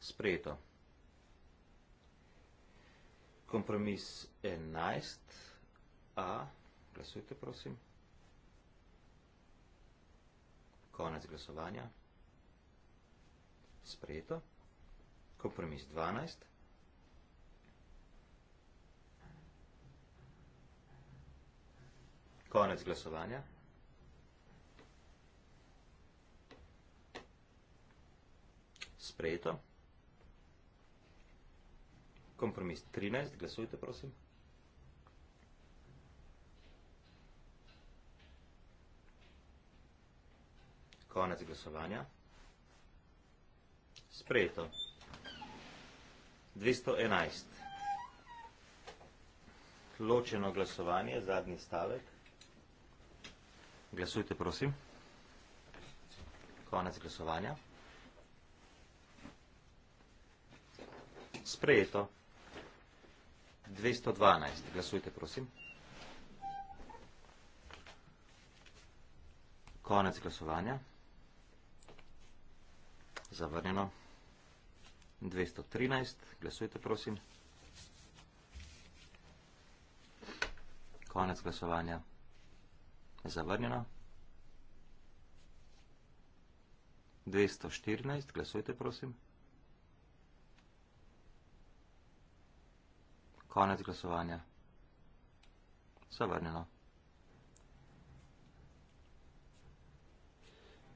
Sprejeto. Kompromis 11, A, glasujte prosim. Konec glasovanja. Sprejeto. Kompromis 12, A. Konec glasovanja. Sprejeto. Kompromis 13. Glasujte, prosim. Konec glasovanja. Sprejeto. 211. Ločeno glasovanje, zadnji stavek. Glasujte, prosim. Konec glasovanja. Sprejeto. 212. Glasujte, prosim. Konec glasovanja. Zavrnjeno. 213. Glasujte, prosim. Konec glasovanja. 213 zavrnjeno. 214, glasujte prosim. Konec glasovanja. Zavrnjeno.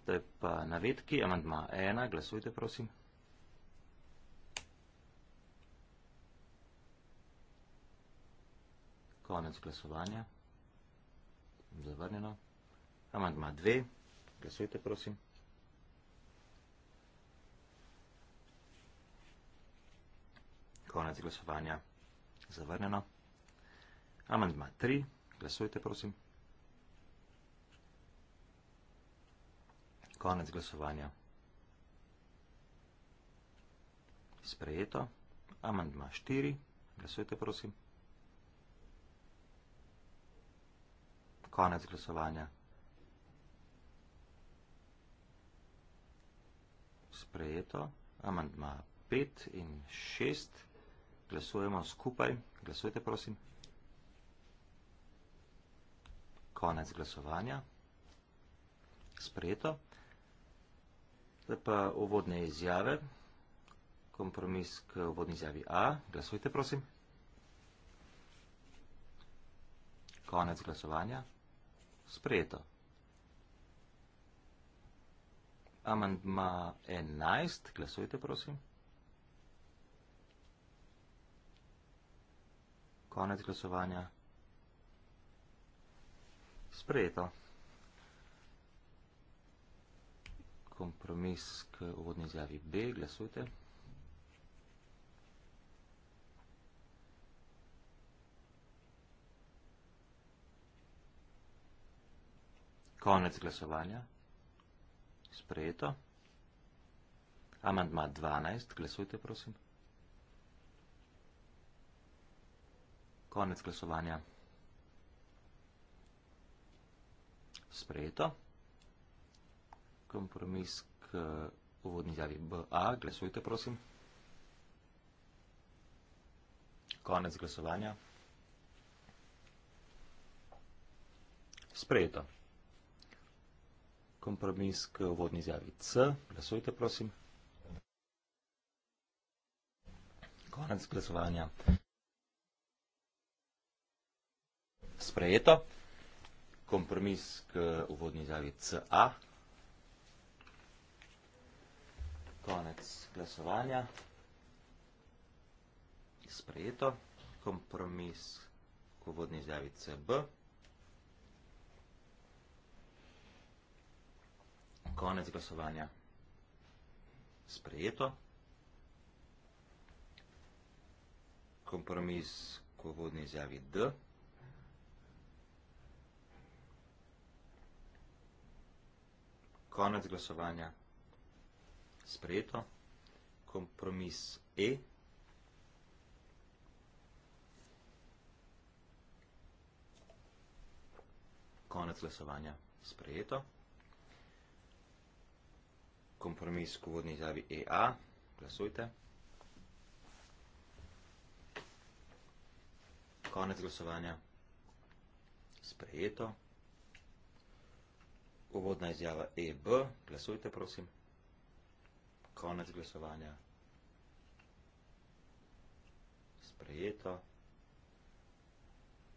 To je pa navedki, amandma 1, glasujte prosim. Konec glasovanja. Zavrnjeno. Amandma dve. Glasujte, prosim. Konec glasovanja. Zavrnjeno. Amandma tri. Glasujte, prosim. Konec glasovanja. Sprejeto. Amandma štiri. Glasujte, prosim. Amandma štiri. konec glasovanja. Sprejeto. Amandma 5 in 6. Glasujemo skupaj. Glasujte, prosim. Konec glasovanja. Sprejeto. Zdaj pa uvodne izjave. Kompromis k uvodni izjavi A. Glasujte, prosim. Konec glasovanja sprejeto. Amandma 11, glasujte prosim. Konec glasovanja. Sprejeto. Kompromis k uvodni izjavi B, glasujte. Konec glasovanja. Sprejeto. Amandma 12. Glasujte, prosim. Konec glasovanja. Sprejeto. Kompromis k uvodni zavi BA. Glasujte, prosim. Konec glasovanja. Sprejeto kompromis k uvodni izjavi C. Glasujte, prosim. Konec glasovanja. Sprejeto. Kompromis k uvodni izjavi CA. Konec glasovanja. Sprejeto. Kompromis k uvodni izjavi CB. konec glasovanja. Sprejeto. Kompromis ko vodni izjavi D. Konec glasovanja. Sprejeto. Kompromis E. Konec glasovanja. Sprejeto kompromis k uvodni izjavi EA. Glasujte. Konec glasovanja. Sprejeto. Uvodna izjava EB. Glasujte, prosim. Konec glasovanja. Sprejeto.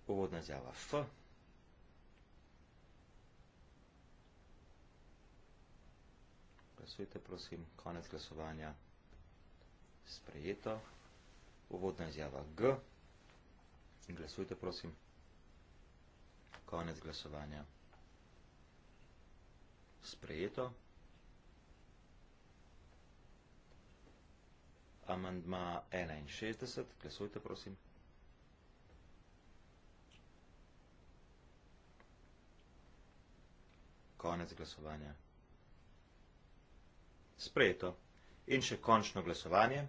Uvodna izjava F. Sprejeto. glasujte, prosim, konec glasovanja sprejeto, uvodna izjava G, glasujte, prosim, konec glasovanja sprejeto, amandma 61, glasujte, prosim, konec glasovanja sprejeto, sprejeto. In še končno glasovanje.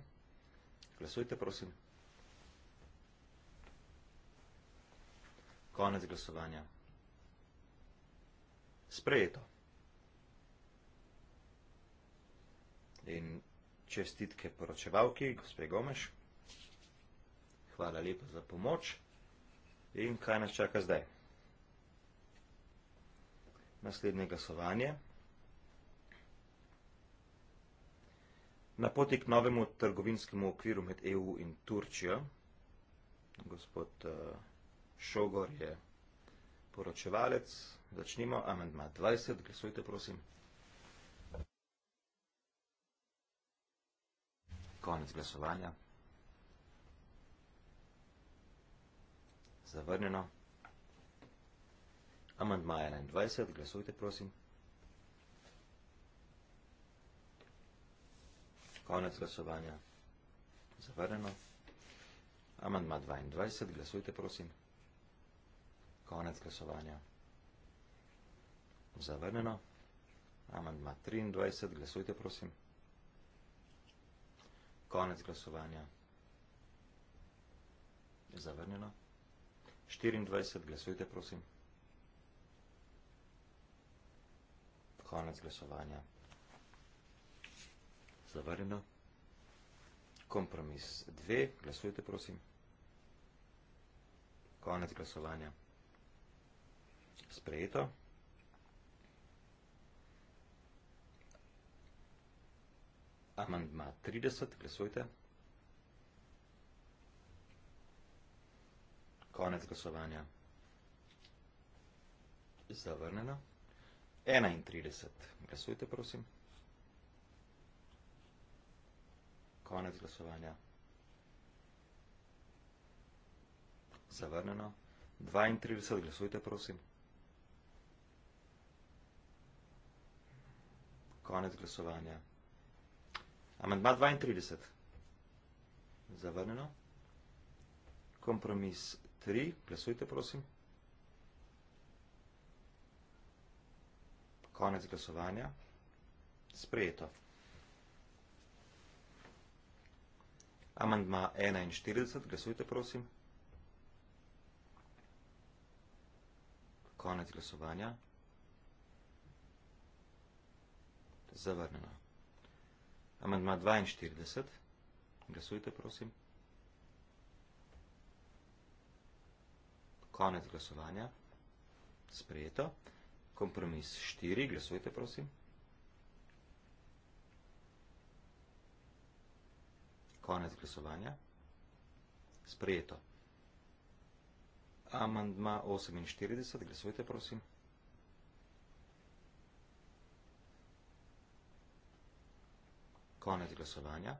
Glasujte, prosim. Konec glasovanja. Sprejeto. In čestitke poročevalki, gospe Gomeš. Hvala lepo za pomoč. In kaj nas čaka zdaj? Naslednje glasovanje. Na poti k novemu trgovinskemu okviru med EU in Turčijo, gospod eh, Šogor je poročevalec, začnimo, amendma 20, glasujte prosim. Konec glasovanja. Zavrnjeno. Amendma 21, glasujte prosim. Konec glasovanja. Zavrjeno. Amandma 22. Glasujte, prosim. Konec glasovanja. Zavrjeno. Amandma 23. Glasujte, prosim. Konec glasovanja. Zavrnjeno. 24. Glasujte, prosim. Konec glasovanja. Zavarjeno. Kompromis 2. Glasujte, prosim. Konec glasovanja. Sprejeto. Amandma 30. Glasujte. Konec glasovanja. Zavrneno. 31. Glasujte, prosim. Glasujte. konec glasovanja. Zavrneno. 32 glasujte, prosim. Konec glasovanja. Amendma 32. Zavrneno. Kompromis 3. Glasujte, prosim. Konec glasovanja. Sprejeto. Amandma 41, glasujte prosim. Konec glasovanja. Zavrnjeno. Amandma 42, glasujte prosim. Konec glasovanja. Sprejeto. Kompromis 4, glasujte prosim. konec glasovanja. Sprejeto. Amandma 48, glasujte prosim. Konec glasovanja.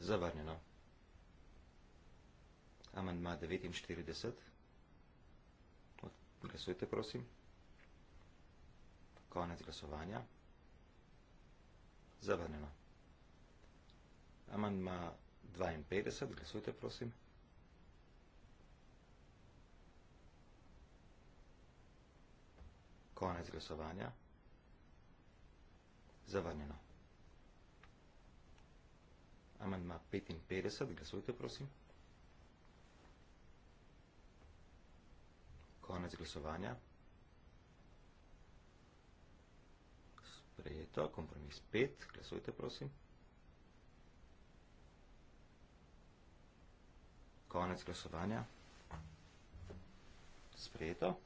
Zavrnjeno. Amandma 49. Glasujte, prosim. Konec glasovanja. Zavrnjeno. Amandma 52, glasujte prosim. Konec glasovanja. Zavrnjeno. Amandma 55, glasujte prosim. Konec glasovanja. Sprejeto, kompromis 5, glasujte prosim. konec glasovanja. Sprejeto.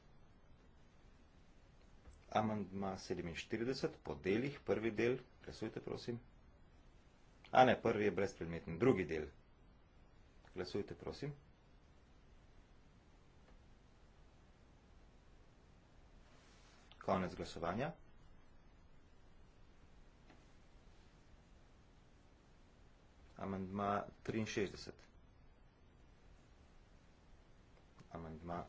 Amandma 47, po delih, prvi del, glasujte prosim. A ne, prvi je brezpredmeten, drugi del. Glasujte prosim. Konec glasovanja. Amandma 63. amandma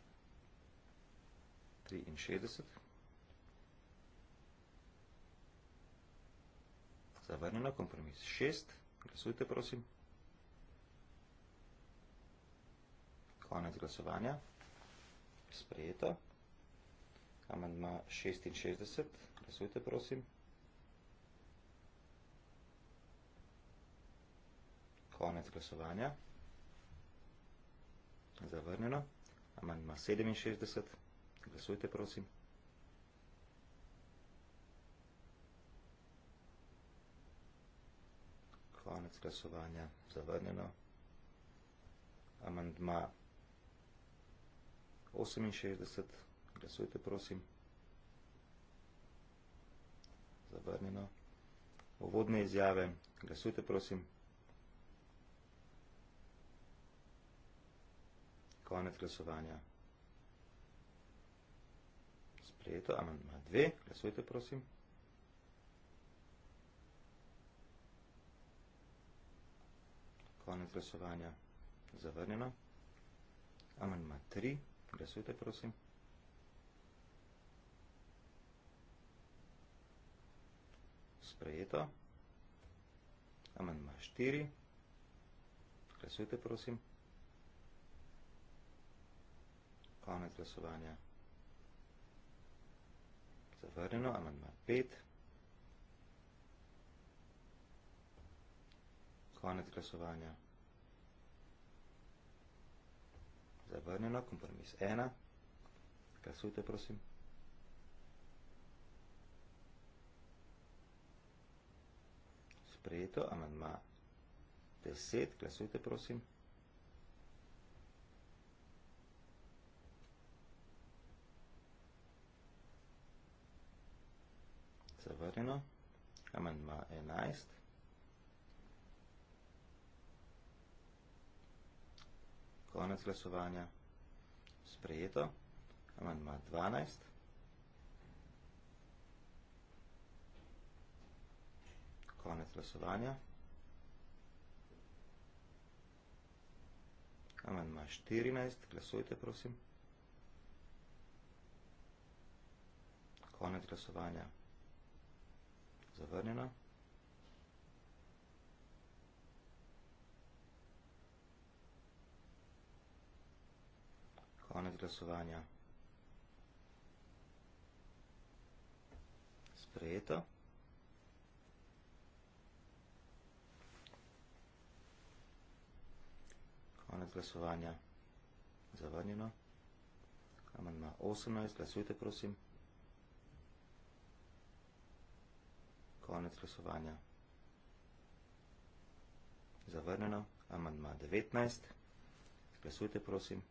63. Zavrnjeno kompromis 6. Glasujte, prosim. Konec glasovanja. Sprejeto. Amandma 66. Glasujte, prosim. Konec glasovanja. Zavrnjeno. Amandma 67. Glasujte, prosim. Konec glasovanja. Zavrnjeno. Amandma 68. Glasujte, prosim. Zavrnjeno. Uvodne izjave. Glasujte, prosim. Zavrnjeno. konec glasovanja. Sprejeto, amandma dve, glasujte prosim. Konec glasovanja, zavrnjeno. Amandma tri, glasujte prosim. Sprejeto. Amandma štiri, glasujte prosim. Konec glasovanja. Zavrneno, amandma 5. Konec glasovanja. Zavrneno, kompromis 1. Glasujte, prosim. Sprejeto, amandma 10. Glasujte, prosim. Glasujte, prosim. zavrjeno. Amen ima 11. Konec glasovanja. Sprejeto. Amen ima 12. Konec glasovanja. Amen ima 14. Glasujte, prosim. Konec glasovanja zavrnjena. Konec glasovanja. Sprejeto. Konec glasovanja. Zavrnjeno. Amandma 18. Glasujte, prosim. konec glasovanja. Zavrneno, amandma 19. Glasujte, prosim.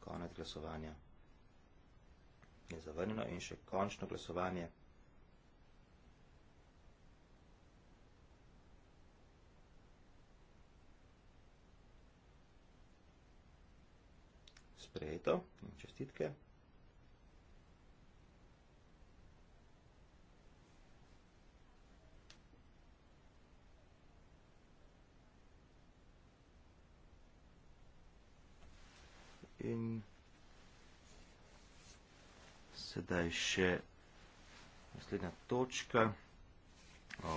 Konec glasovanja. Je zavrneno in še končno glasovanje. Sprejeto in čestitke. in sedaj še naslednja točka o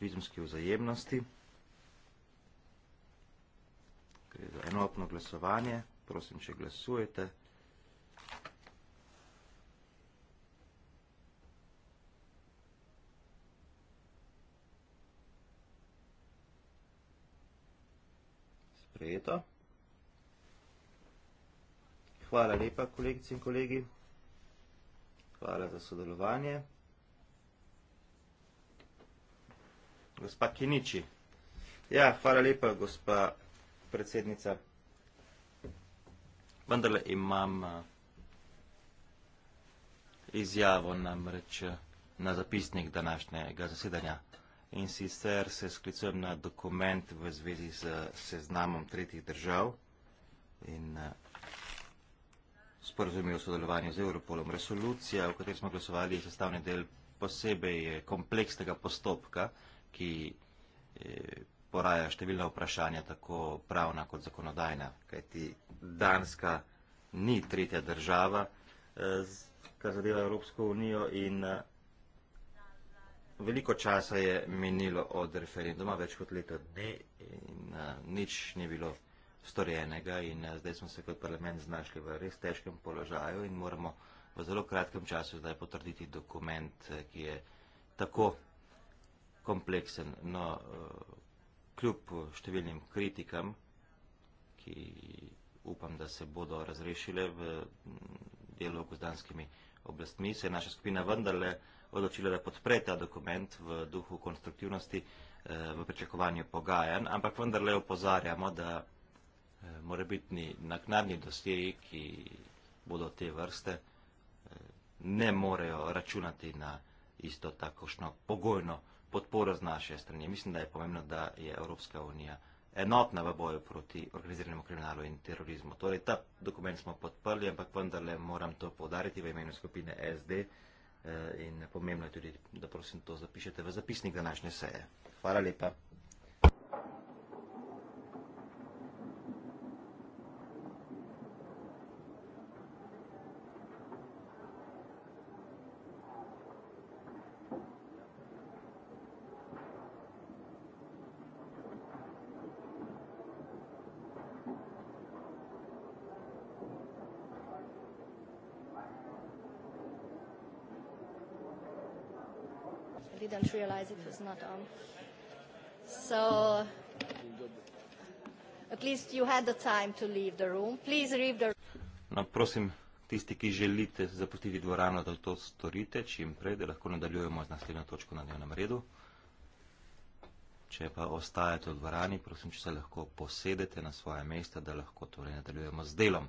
pizmski vzajemnosti. Gre za enotno glasovanje. Prosim, če glasujete. Sprejeto. Hvala lepa, kolegice in kolegi. Hvala za sodelovanje. Gospa Kiniči. Ja, hvala lepa, gospa predsednica. Vendarle imam izjavo namreč na zapisnik današnjega zasedanja. In sicer se sklicujem na dokument v zvezi z seznamom tretjih držav. In sporozumi o sodelovanju z Europolom. Resolucija, v kateri smo glasovali, je sestavni del posebej eh, kompleksnega postopka, ki eh, poraja številna vprašanja, tako pravna kot zakonodajna, kajti Danska ni tretja država, eh, kar zadeva Evropsko unijo in veliko časa je menilo od referenduma, več kot leto dne in nič ni bilo storjenega in eh, zdaj smo se kot parlament znašli v res težkem položaju in moramo v zelo kratkem času zdaj potrditi dokument, eh, ki je tako kompleksen. No, eh, kljub številnim kritikam, ki upam, da se bodo razrešile v mm, dialogu z danskimi oblastmi, se je naša skupina vendarle odločila, da podpre ta dokument v duhu konstruktivnosti, v pričakovanju pogajanj, ampak vendarle opozarjamo, da Eh, morebitni naknadni dosjeji, ki bodo te vrste, eh, ne morejo računati na isto takošno pogojno podporo z naše strani. Mislim, da je pomembno, da je Evropska unija enotna v boju proti organiziranemu kriminalu in terorizmu. Torej, ta dokument smo podprli, ampak vendarle moram to podariti v imenu skupine SD eh, in pomembno je tudi, da prosim to zapišete v zapisnik današnje seje. Hvala lepa. Isaac was not on. So, at least you had the time to leave the room. Please leave the room. No, prosim, tisti, ki želite zapustiti dvorano, da to storite čim prej, da lahko nadaljujemo z naslednjo točko na dnevnem redu. Če pa ostajate v dvorani, prosim, če se lahko posedete na svoje mesta, da lahko torej nadaljujemo z delom.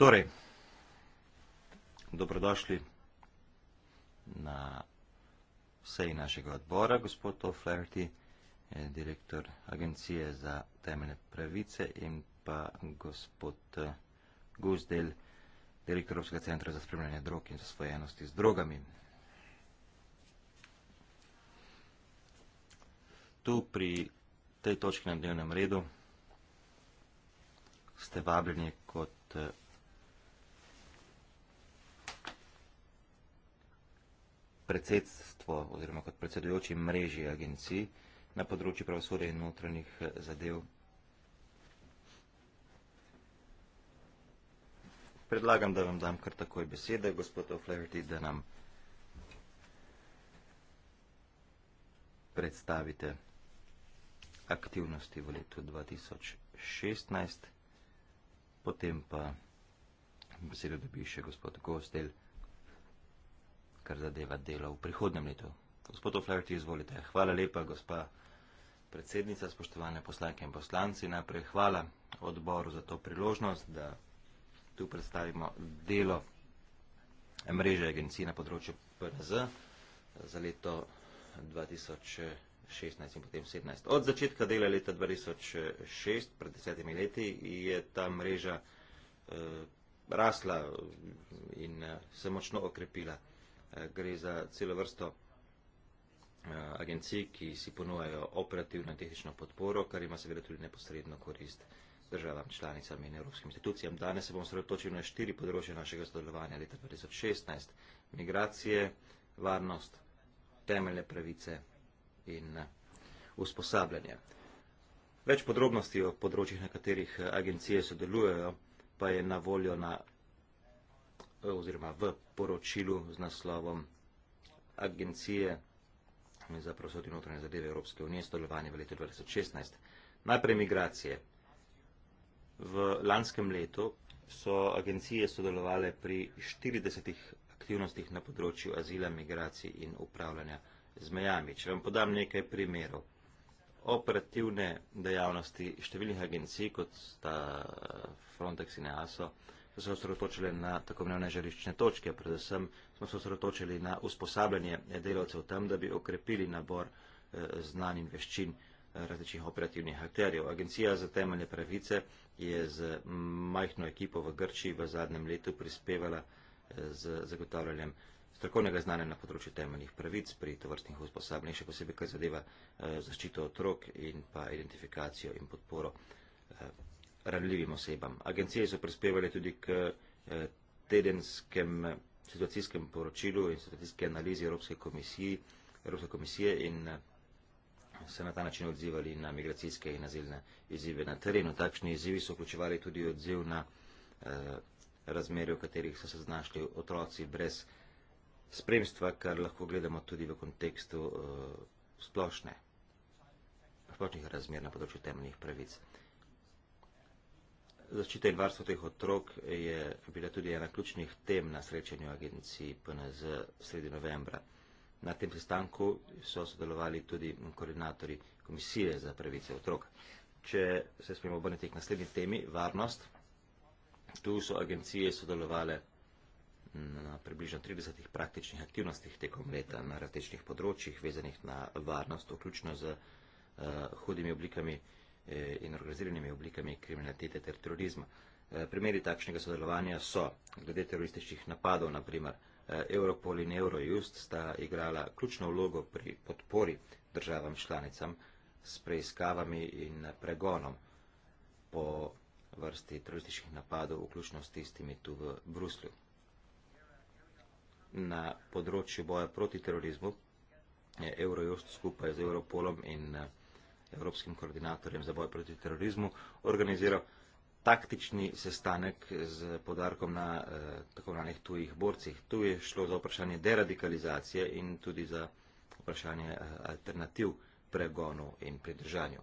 Torej, dobrodošli na sej našega odbora, gospod O'Flaherty, direktor Agencije za temeljne pravice in pa gospod eh, Guzdel, direktor Evropskega centra za spremljanje drog in zasvojenosti z drogami. Tu pri tej točki na dnevnem redu ste vabljeni kot eh, predsedstvo oziroma kot predsedujoči mreži agencij na področju pravosodja in notranjih eh, zadev. Predlagam, da vam dam kar takoj besede, gospod O'Flaherty, da nam predstavite aktivnosti v letu 2016, potem pa besedo dobi še gospod Gostel, kar zadeva delo v prihodnem letu. Gospod Oflajrti, izvolite. Hvala lepa, gospa predsednica, spoštovane poslanke in poslanci. Najprej hvala odboru za to priložnost, da tu predstavimo delo mreže agencij na področju PNZ za leto 2016 in potem 2017. Od začetka dela leta 2006, pred desetimi leti, je ta mreža eh, rasla in eh, se močno okrepila gre za celo vrsto eh, agencij, ki si ponujajo operativno in tehnično podporo, kar ima seveda tudi neposredno korist državam, članicam in evropskim institucijam. Danes se bomo sredotočili na štiri področje našega sodelovanja leta 2016. Migracije, varnost, temeljne pravice in eh, usposabljanje. Več podrobnosti o področjih, na katerih eh, agencije sodelujejo, pa je na voljo na oziroma v poročilu z naslovom Agencije za prosodje notranje zadeve Evropske unije sodelovanje v letu 2016. Najprej migracije. V lanskem letu so agencije sodelovale pri 40 aktivnostih na področju azila, migracij in upravljanja z mejami. Če vam podam nekaj primerov. Operativne dejavnosti številnih agencij, kot sta Frontex in EASO, se osredotočili na tako mnevne želiščne točke, predvsem smo se osredotočili na usposabljanje delavcev tam, da bi okrepili nabor eh, znanj in veščin eh, različnih operativnih akterjev. Agencija za temeljne pravice je z majhno ekipo v Grči v zadnjem letu prispevala eh, z zagotavljanjem strokovnega znanja na področju temeljnih pravic pri tovrstnih usposabljanjih, še posebej, kar zadeva zaščito otrok in pa identifikacijo in podporo ranljivim osebam. Agencije so prispevali tudi k eh, tedenskem situacijskem poročilu in situacijski analizi Evropske komisije, Evropske komisije in eh, se na ta način odzivali na migracijske in nazilne izzive na terenu. Takšni izzivi so vključevali tudi odziv na eh, razmerje, v katerih so se znašli otroci brez spremstva, kar lahko gledamo tudi v kontekstu splošne, splošnih razmer na področju temeljnih pravic. Zaščita in varstvo teh otrok je bila tudi ena ključnih tem na srečanju agenciji PNZ sredi novembra. Na tem sestanku so sodelovali tudi koordinatori Komisije za pravice otrok. Če se smemo obrniti k naslednji temi, varnost, tu so agencije sodelovale na približno 30 praktičnih aktivnostih tekom leta na različnih področjih, vezanih na varnost, vključno z uh, hudimi oblikami uh, Eh, in organiziranimi oblikami kriminalitete ter terorizma. Eh, primeri takšnega sodelovanja so, glede terorističnih napadov, naprimer eh, Europol in Eurojust sta igrala ključno vlogo pri podpori državam članicam s preiskavami in pregonom po vrsti terorističnih napadov, vključno s tistimi tu v Bruslju. Na področju boja proti terorizmu je Eurojust skupaj z Europolom in Eurojust evropskim koordinatorjem za boj proti terorizmu, organiziral taktični sestanek z podarkom na eh, tako imenovanih tujih borcih. Tu je šlo za vprašanje deradikalizacije in tudi za vprašanje eh, alternativ pregonu in pridržanju.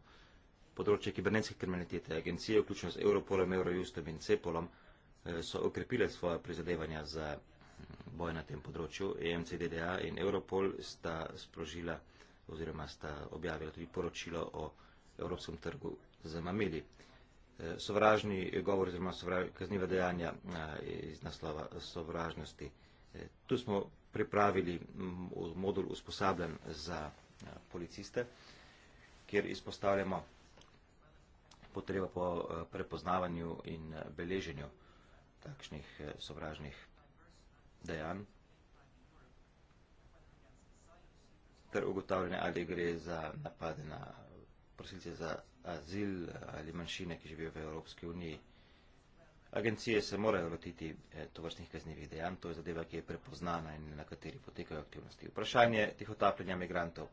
Področje kibernetske kriminalitete agencije, vključno z Europolom, Eurojustom in Cepolom, eh, so okrepile svoje prizadevanja za mm, boj na tem področju. EMCDDA in Europol sta sprožila oziroma sta objavila tudi poročilo o evropskem trgu z mamili. E, sovražni govor oziroma kazniva dejanja e, iz naslova sovražnosti. E, tu smo pripravili modul usposabljen za policiste, kjer izpostavljamo potrebo po prepoznavanju in beleženju takšnih sovražnih dejanj. ter ugotavljanje, ali gre za napade na prosilce za azil ali manjšine, ki živijo v Evropski uniji. Agencije se morajo lotiti eh, tovrstnih kaznjivih dejanj, to je zadeva, ki je prepoznana in na kateri potekajo aktivnosti. Vprašanje tih otapljanja migrantov.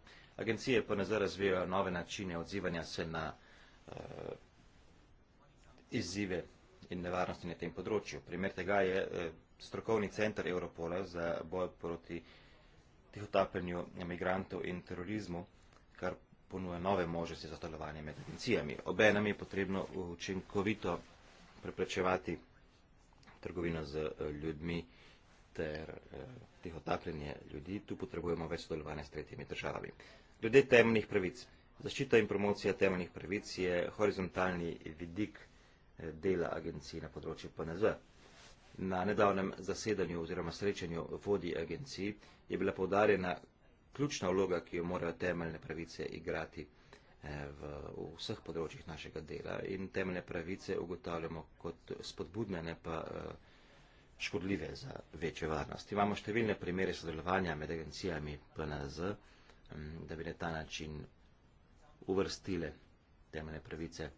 Agencije pa ne zarazvijajo nove načine odzivanja se na eh, izzive in nevarnosti na tem področju. Primer tega je eh, strokovni center Europola za boj proti eh, tihotapenju emigrantov in terorizmu, kar ponuja nove možnosti za sodelovanje med agencijami. Obenem je potrebno učinkovito preprečevati trgovino z eh, ljudmi ter eh, tihotapljenje ljudi. Tu potrebujemo več sodelovanja s tretjimi državami. Glede temeljnih pravic. Zaščita in promocija temeljnih pravic je horizontalni vidik eh, dela agencij na področju PNZ. Na nedavnem zasedanju oziroma srečanju vodi agencij je bila podarjena ključna vloga, ki jo morajo temeljne pravice igrati eh, v vseh področjih našega dela in temeljne pravice ugotavljamo kot spodbudne, ne pa eh, škodljive za večjo varnost. Imamo številne primere sodelovanja med agencijami PNZ, da bi na ta način uvrstile temeljne pravice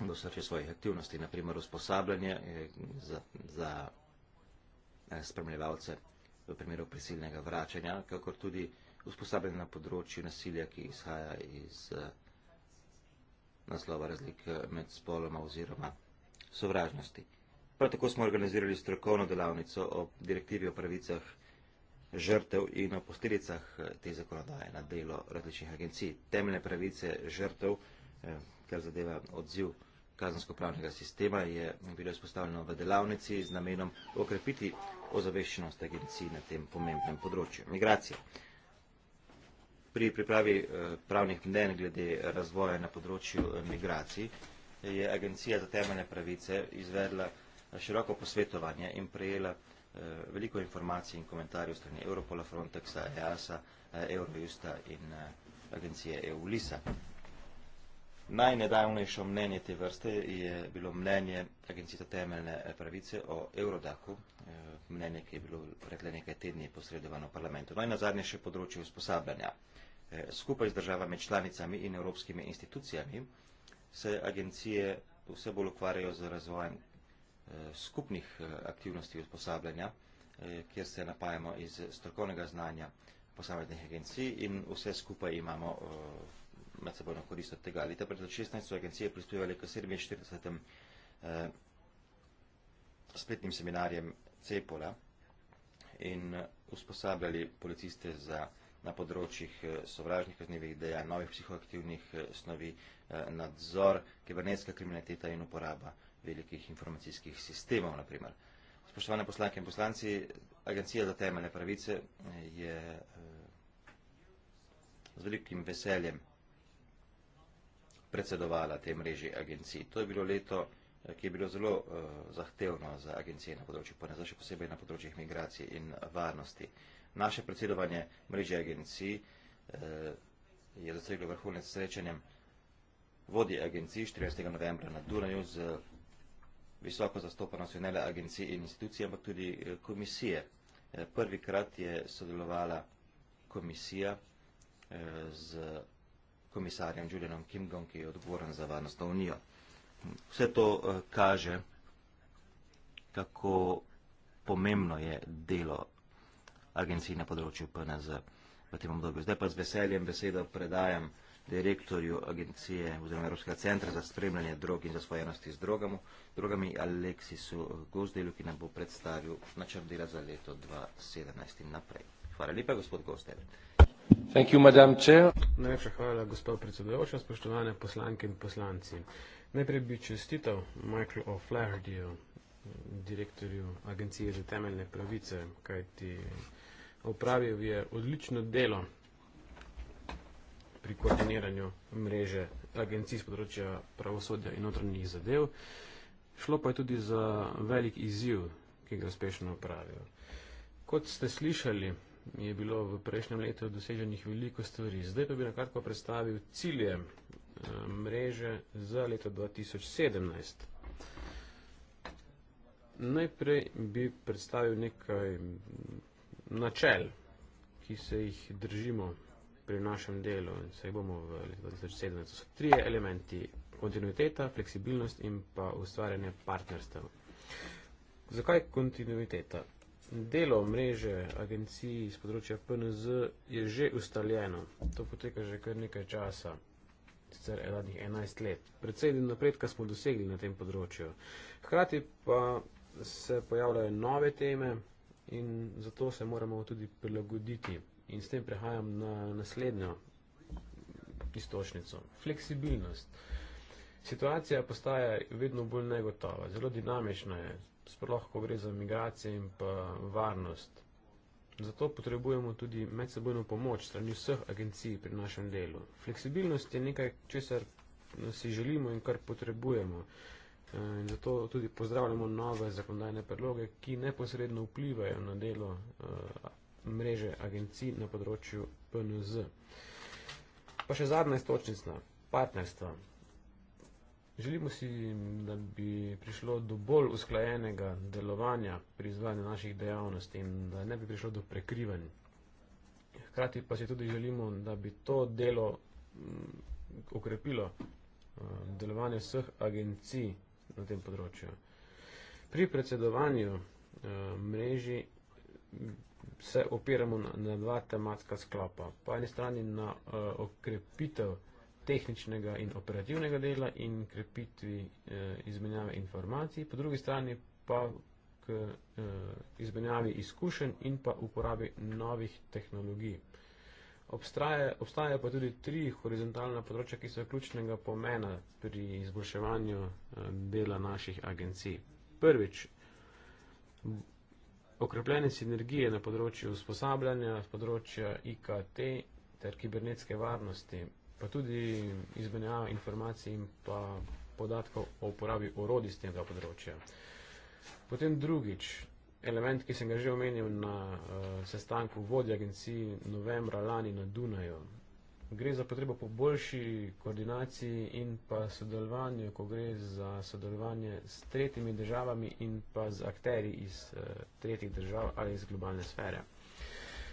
do srče svojih aktivnosti, naprimer usposabljanje eh, za, za spremljevalce v primeru prisilnega vračanja, kakor tudi usposabljanje na področju nasilja, ki izhaja iz eh, naslova razlik eh, med spoloma oziroma sovražnosti. Prav tako smo organizirali strokovno delavnico o direktivi o pravicah žrtev in o posledicah eh, te zakonodaje na delo različnih agencij. Temeljne pravice žrtev, kar zadeva odziv, kazensko-pravnega sistema je bilo izpostavljeno v delavnici z namenom okrepiti ozaveščenost agencij na tem pomembnem področju. Migracija. Pri pripravi eh, pravnih mnen glede razvoja na področju eh, migracij je Agencija za temeljne pravice izvedla eh, široko posvetovanje in prejela veliko informacij in komentarjev strani Europola, Frontexa, EASA, Eurojusta in agencije EU-LISA. Najnedavnejše mnenje te vrste je bilo mnenje Agencije za temeljne eh, pravice o Eurodaku, eh, mnenje, ki je bilo pred nekaj tedni posredovano v parlamentu. No in na zadnje še področje usposabljanja. Eh, skupaj z državami članicami in evropskimi institucijami se agencije vse bolj ukvarjajo z razvojem skupnih aktivnosti usposabljanja, kjer se napajamo iz strokovnega znanja posameznih agencij in vse skupaj imamo v medsebojno korist od tega. Leta pred 16 so agencije prispevali k 47. Eh, spletnim seminarjem Cepola in eh, usposabljali policiste za na področjih eh, sovražnih kaznivih dejanj, novih psihoaktivnih eh, snovi, nadzor, kibernetska kriminaliteta in uporaba velikih informacijskih sistemov, na primer. Spoštovane poslanke in poslanci, Agencija za temeljne pravice je z velikim veseljem predsedovala tej mreži agencij. To je bilo leto, eh, ki je bilo zelo uh, zahtevno za agencije na področju PNZ, še posebej na področjih migracij in varnosti. Naše predsedovanje mreže agencij uh, je doseglo vrhunec srečanjem vodi agencij 14. novembra na Dunaju z visoko zastopanostjo ne le agencij in institucij, ampak tudi komisije. Prvi krat je sodelovala komisija z komisarjem Julianom Kimgom, ki je odgovoren za varnostno unijo. Vse to eh, kaže, kako pomembno je delo agencij na področju PNZ v tem obdobju. Zdaj pa z veseljem besedo predajam direktorju agencije oziroma Evropskega centra za spremljanje drog in zasvojenosti z drogami, drogami Aleksisu Gozdelju, ki nam bo predstavil načrt dela za leto 2017 in naprej. Hvala lepa, gospod Gozdelj. Najlepša hvala, gospod predsedujoča, spoštovane poslanke in poslanci. Najprej bi čestital Michael O'Flaherty-ju, direktorju Agencije za temeljne pravice, kajti opravil je odlično delo pri koordiniranju mreže agencij z področja pravosodja in notranjih zadev. Šlo pa je tudi za velik izziv, ki ga uspešno opravil. Kot ste slišali, je bilo v prejšnjem letu doseženih veliko stvari. Zdaj pa bi na kratko predstavil cilje eh, mreže za leto 2017. Najprej bi predstavil nekaj načel, ki se jih držimo pri našem delu in se jih bomo v letu 2017. To so tri elementi kontinuiteta, fleksibilnost in pa ustvarjanje partnerstev. Zakaj kontinuiteta? delo mreže agencij iz področja PNZ je že ustaljeno. To poteka že kar nekaj časa, sicer zadnjih 11 let. Predvsej napredka smo dosegli na tem področju. Hkrati pa se pojavljajo nove teme in zato se moramo tudi prilagoditi. In s tem prehajam na naslednjo istočnico. Fleksibilnost. Situacija postaja vedno bolj negotova, zelo dinamična je sploh, ko gre za migracije in pa varnost. Zato potrebujemo tudi medsebojno pomoč strani vseh agencij pri našem delu. Fleksibilnost je nekaj, česar si želimo in kar potrebujemo. Eh, in zato tudi pozdravljamo nove zakonodajne predloge, ki neposredno vplivajo na delo eh, mreže agencij na področju PNZ. Pa še zadnja istočnica, partnerstva. Želimo si, da bi prišlo do bolj usklajenega delovanja pri izvajanju naših dejavnosti in da ne bi prišlo do prekrivanj. Hkrati pa si tudi želimo, da bi to delo mm, okrepilo eh, delovanje vseh agencij na tem področju. Pri predsedovanju eh, mreži mm, se opiramo na dva tematska sklapa. Po eni strani na eh, okrepitev mreži, tehničnega in operativnega dela in krepitvi eh, izmenjave informacij, po drugi strani pa k eh, izmenjavi izkušenj in pa uporabi novih tehnologij. Obstajajo obstaja pa tudi tri horizontalna področja, ki so ključnega pomena pri izboljševanju eh, dela naših agencij. Prvič, okrepljene sinergije na področju usposabljanja, področja IKT ter kibernetske varnosti pa tudi izmenjava informacij in pa podatkov o uporabi orodij z tega področja. Potem drugič, element, ki sem ga že omenil na uh, sestanku vodja agencij novembra lani na Dunaju. Gre za potrebo po boljši koordinaciji in pa sodelovanju, ko gre za sodelovanje s tretjimi državami in pa z akteri iz uh, tretjih držav ali iz globalne sfere.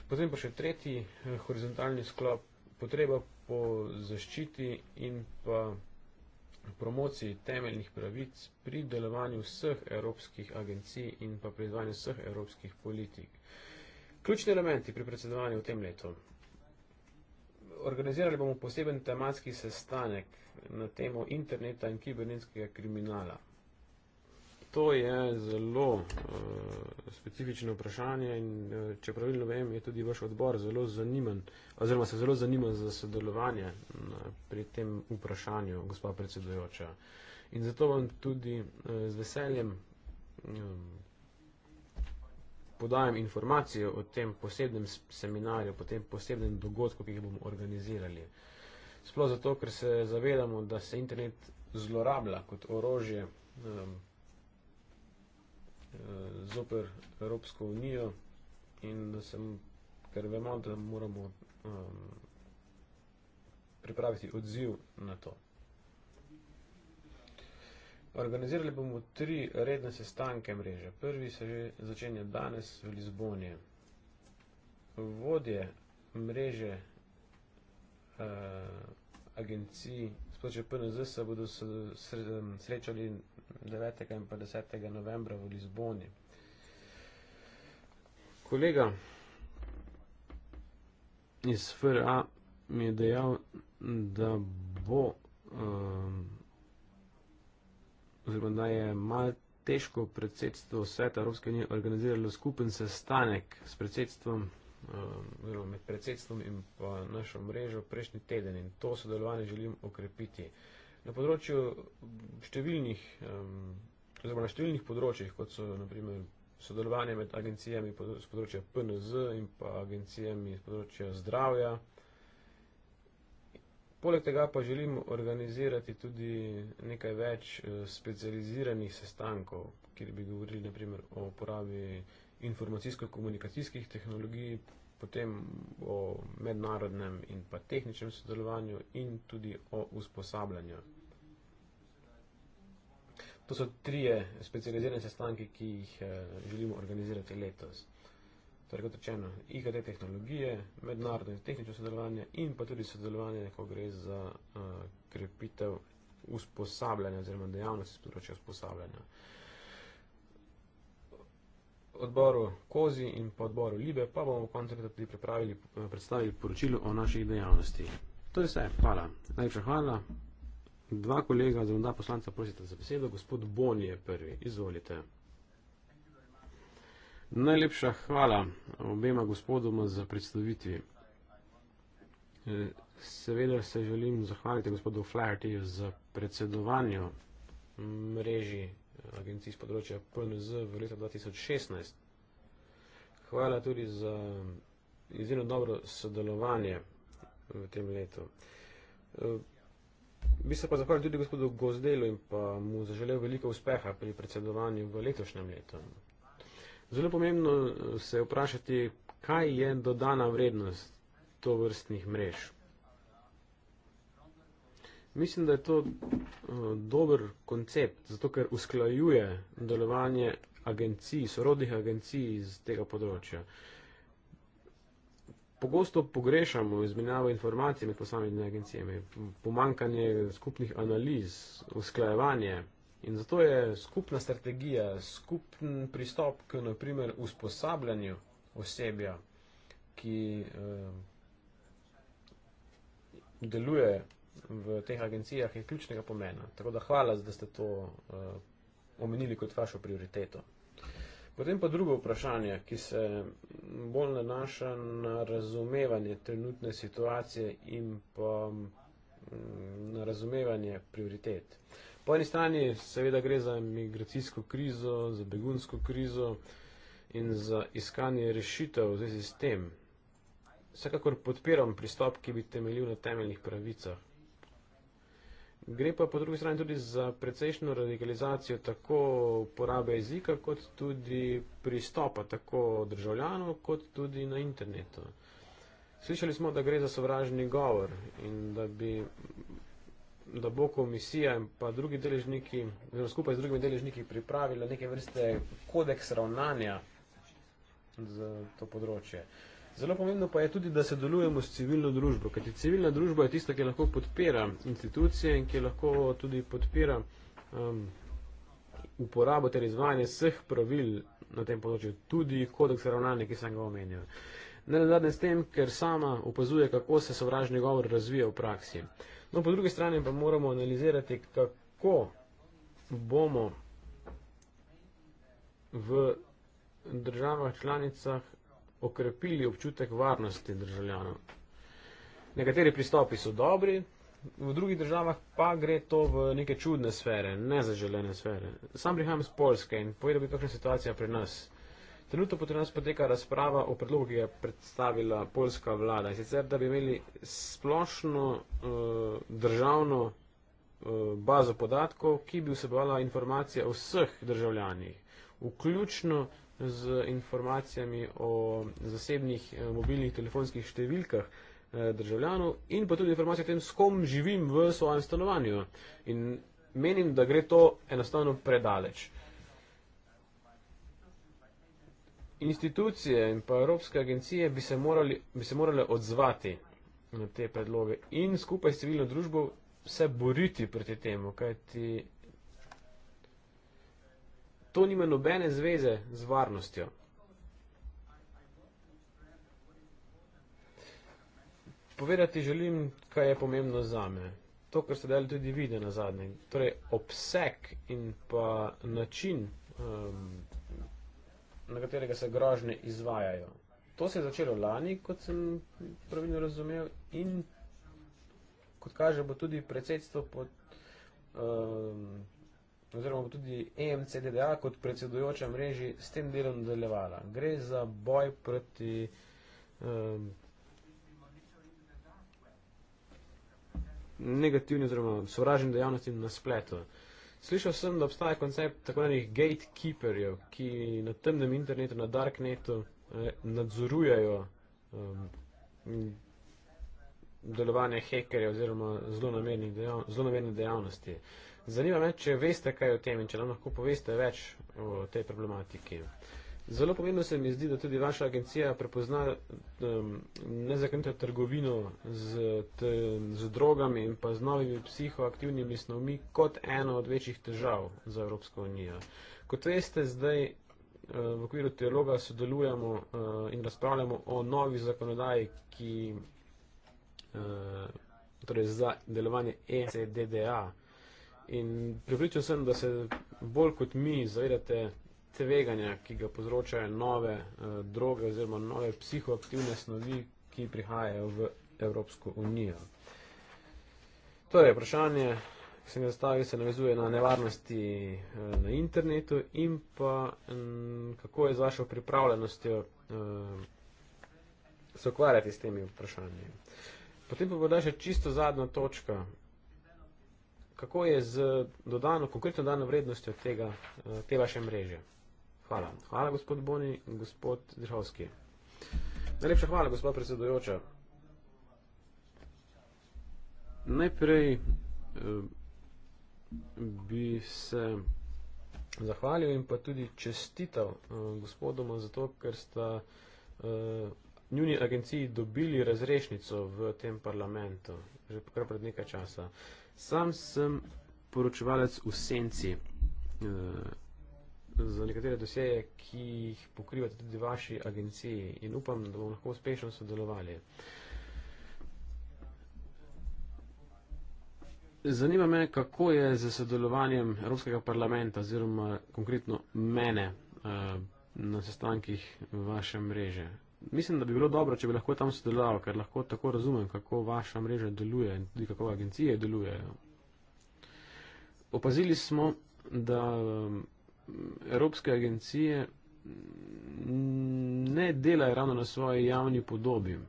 Potem pa še tretji uh, horizontalni sklop, potreba po zaščiti in pa promociji temeljnih pravic pri delovanju vseh evropskih agencij in pa pri izvajanju vseh evropskih politik. Ključni elementi pri predsedovanju v tem letu. Organizirali bomo poseben tematski sestanek na temo interneta in kibernetskega kriminala. To je zelo uh, specifično vprašanje in uh, če pravilno vem, je tudi vaš odbor zelo zaniman, oziroma se zelo zanima za sodelovanje uh, pri tem vprašanju, gospod predsedujoča. In zato vam tudi uh, z veseljem um, podajam informacije o tem posebnem seminarju, o tem posebnem dogodku, ki ga bomo organizirali. Sploh zato, ker se zavedamo, da se internet zlorablja kot orožje. Um, Eh, zoper Evropsko unijo in da se, ker vemo, da moramo um, pripraviti odziv na to. Organizirali bomo tri redne sestanke mreže. Prvi se že začenja danes v Lizboni. Vodje mreže eh, agencij, sploh če PNZ, se bodo srečali 9. in pa 10. novembra v Lizboni. Kolega iz FRA mi je dejal, da bo ehm, oziroma da je malo težko predsedstvo Sveta Evropske unije organiziralo skupen sestanek s predsedstvom ehm, oziroma med predsedstvom in pa našo mrežo prejšnji teden in to sodelovanje želim okrepiti na področju številnih, oziroma na številnih področjih, kot so naprimer sodelovanje med agencijami z področja PNZ in pa agencijami z področja zdravja. Poleg tega pa želim organizirati tudi nekaj več eh, specializiranih sestankov, kjer bi govorili naprimer o uporabi informacijsko-komunikacijskih tehnologij, potem o mednarodnem in pa tehničnem sodelovanju in tudi o usposabljanju. To so trije specializirani sestanki, ki jih eh, želimo organizirati letos. Torej, kot rečeno, IKT tehnologije, mednarodno in tehnično sodelovanje in pa tudi sodelovanje, ko gre za uh, krepitev usposabljanja oziroma dejavnosti z področja usposabljanja. Odboru Kozi in pa odboru Libe pa bomo v koncu leta tudi eh, predstavili poročilo o naših dejavnosti. To je vse. Hvala. Najlepša hvala. Dva kolega, zelo da poslanca, prosite za besedo. Gospod Bon je prvi. Izvolite. Najlepša hvala obema gospodoma za predstavitvi. Eh, seveda se želim zahvaliti gospodu Flaherty za predsedovanje mreži eh, agencij z področja PNZ v letu 2016. Hvala tudi za izjemno dobro sodelovanje v tem letu. Eh, Bi se pa zahvalil tudi gospodu Gozdelu in pa mu zaželel veliko uspeha pri predsedovanju v letošnjem letu. Zelo pomembno eh, se je vprašati, kaj je dodana vrednost to vrstnih mrež. Mislim, da je to eh, dober koncept, zato ker usklajuje delovanje agencij, sorodnih agencij iz tega področja. Uh, pogosto pogrešamo izmenjavo informacij med posameznimi agencijami, pomankanje skupnih analiz, usklajevanje. In zato je skupna strategija, skupen pristop k naprimer usposabljanju osebja, ki uh, deluje v teh agencijah, je ključnega pomena. Tako da hvala, da ste to uh, omenili kot vašo prioriteto. Potem pa drugo vprašanje, ki se bolj nanaša na razumevanje trenutne situacije in pa mm, na razumevanje prioritet. Po eni strani seveda gre za migracijsko krizo, za begunsko krizo in za iskanje rešitev v zvezi s tem. Vsekakor podpiram pristop, ki bi temeljil na temeljnih pravicah. Gre pa po drugi strani tudi za precejšno radikalizacijo tako uporabe jezika, kot tudi pristopa tako državljanov, kot tudi na internetu. Slišali smo, da gre za sovražni govor in da, bi, da bo komisija in pa drugi deležniki, oziroma skupaj z drugimi deležniki, pripravila neke vrste kodeks ravnanja za to področje. Uh, Zelo pomembno pa je tudi, da se delujemo s civilno družbo, kajti civilna družba je tista, ki lahko podpira institucije in ki lahko tudi podpira um, uporabo ter izvajanje vseh pravil na tem področju, tudi kodeks ravnanja, ki sem ga omenil. Ne na zadnje s tem, ker sama opazuje, kako se sovražni govor razvija v praksi. No, po drugi strani pa moramo analizirati, kako bomo v državah članicah okrepili občutek varnosti državljanov. Nekateri pristopi so dobri, v drugih državah pa gre to v neke čudne sfere, nezaželene sfere. Sam prihajam iz Poljske in povedal bi, kakšna situacija pri nas. Trenutno potem nas poteka razprava o predlogu, ki je predstavila poljska vlada. Sicer, da bi imeli splošno uh, državno uh, bazo podatkov, ki bi vsebovala informacije o vseh državljanih, vključno z informacijami o zasebnih eh, mobilnih telefonskih številkah eh, državljanov in pa tudi informacije o tem, s kom živim v svojem stanovanju. In menim, da gre to enostavno predaleč. Institucije in pa Evropske agencije bi se, morali, bi se morali odzvati na te predloge in skupaj s civilno družbo se boriti proti temu, kajti To nima nobene zveze z varnostjo. Povedati želim, kaj je pomembno za me. To, kar ste dali tudi vide na zadnjem. Torej, obseg in pa način, um, na katerega se grožne izvajajo. To se je začelo lani, kot sem pravilno razumel, in kot kaže, bo tudi predsedstvo pod. Um, oziroma tudi EMCDDA kot predsedujoča mreži s tem delom nadaljevala. Gre za boj proti um, negativni oziroma sovražnim dejavnostim na spletu. Slišal sem, da obstaja koncept tako enih gatekeeperjev, ki na temnem internetu, na darknetu eh, nadzorujajo um, ehm, delovanje hekerja oziroma zlonamernih dejavnosti. Zlonamerni dejavnosti. Zanima me, če veste kaj o tem in če nam lahko poveste več o tej problematiki. Zelo pomembno se mi zdi, da tudi vaša agencija prepozna um, nezakonito trgovino z, t, z drogami in pa z novimi psihoaktivnimi snovmi kot eno od večjih težav za Evropsko unijo. Kot veste, zdaj uh, v okviru teologa sodelujemo uh, in razpravljamo o novi zakonodaji, ki uh, torej za delovanje ECDDA in pripričal sem, da se bolj kot mi zavedate tveganja, ki ga povzročajo nove uh, droge oziroma nove psihoaktivne snovi, ki prihajajo v Evropsko unijo. Torej, vprašanje, ki sem ga zastavil, se navezuje na nevarnosti uh, na internetu in pa um, kako je z vašo pripravljenostjo uh, se ukvarjati s temi vprašanji. Potem pa bo da še čisto zadnja točka kako je z dodano, konkretno dano vrednostjo tega, eh, te vaše mreže. Hvala. Hvala, gospod Boni, gospod Državski. Najlepša hvala, gospod predsedujoča. Najprej eh, bi se zahvalil in pa tudi čestital eh, gospodoma za to, ker sta njuni agenciji dobili razrešnico v tem parlamentu že kar pred nekaj časa. Uh, Sam sem poročevalec v senci eh, za nekatere doseje, ki jih pokrivate tudi vaši agenciji in upam, da bomo lahko uspešno sodelovali. Zanima me, kako je z sodelovanjem Evropskega parlamenta oziroma konkretno mene eh, na sestankih vaše mreže mislim, da bi bilo dobro, če bi lahko tam sodeloval, ker lahko tako razumem, kako vaša mreža deluje in tudi kako agencije delujejo. Opazili smo, da um, evropske agencije ne delajo ravno na svoji javni podobi.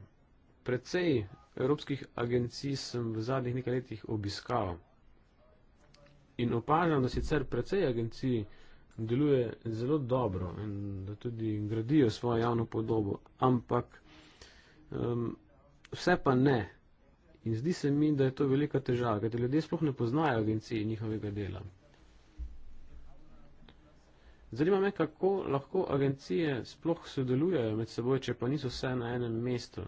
Predvsej evropskih agencij sem v zadnjih nekaj letih obiskal in opažam, da sicer predvsej agencij, deluje zelo dobro in da tudi gradijo svojo javno podobo, ampak um, vse pa ne. In zdi se mi, da je to velika težava, ker ljudje sploh ne poznajo agencije in njihovega dela. Zanima me, kako lahko agencije sploh sodelujejo med seboj, če pa niso vse na enem mestu.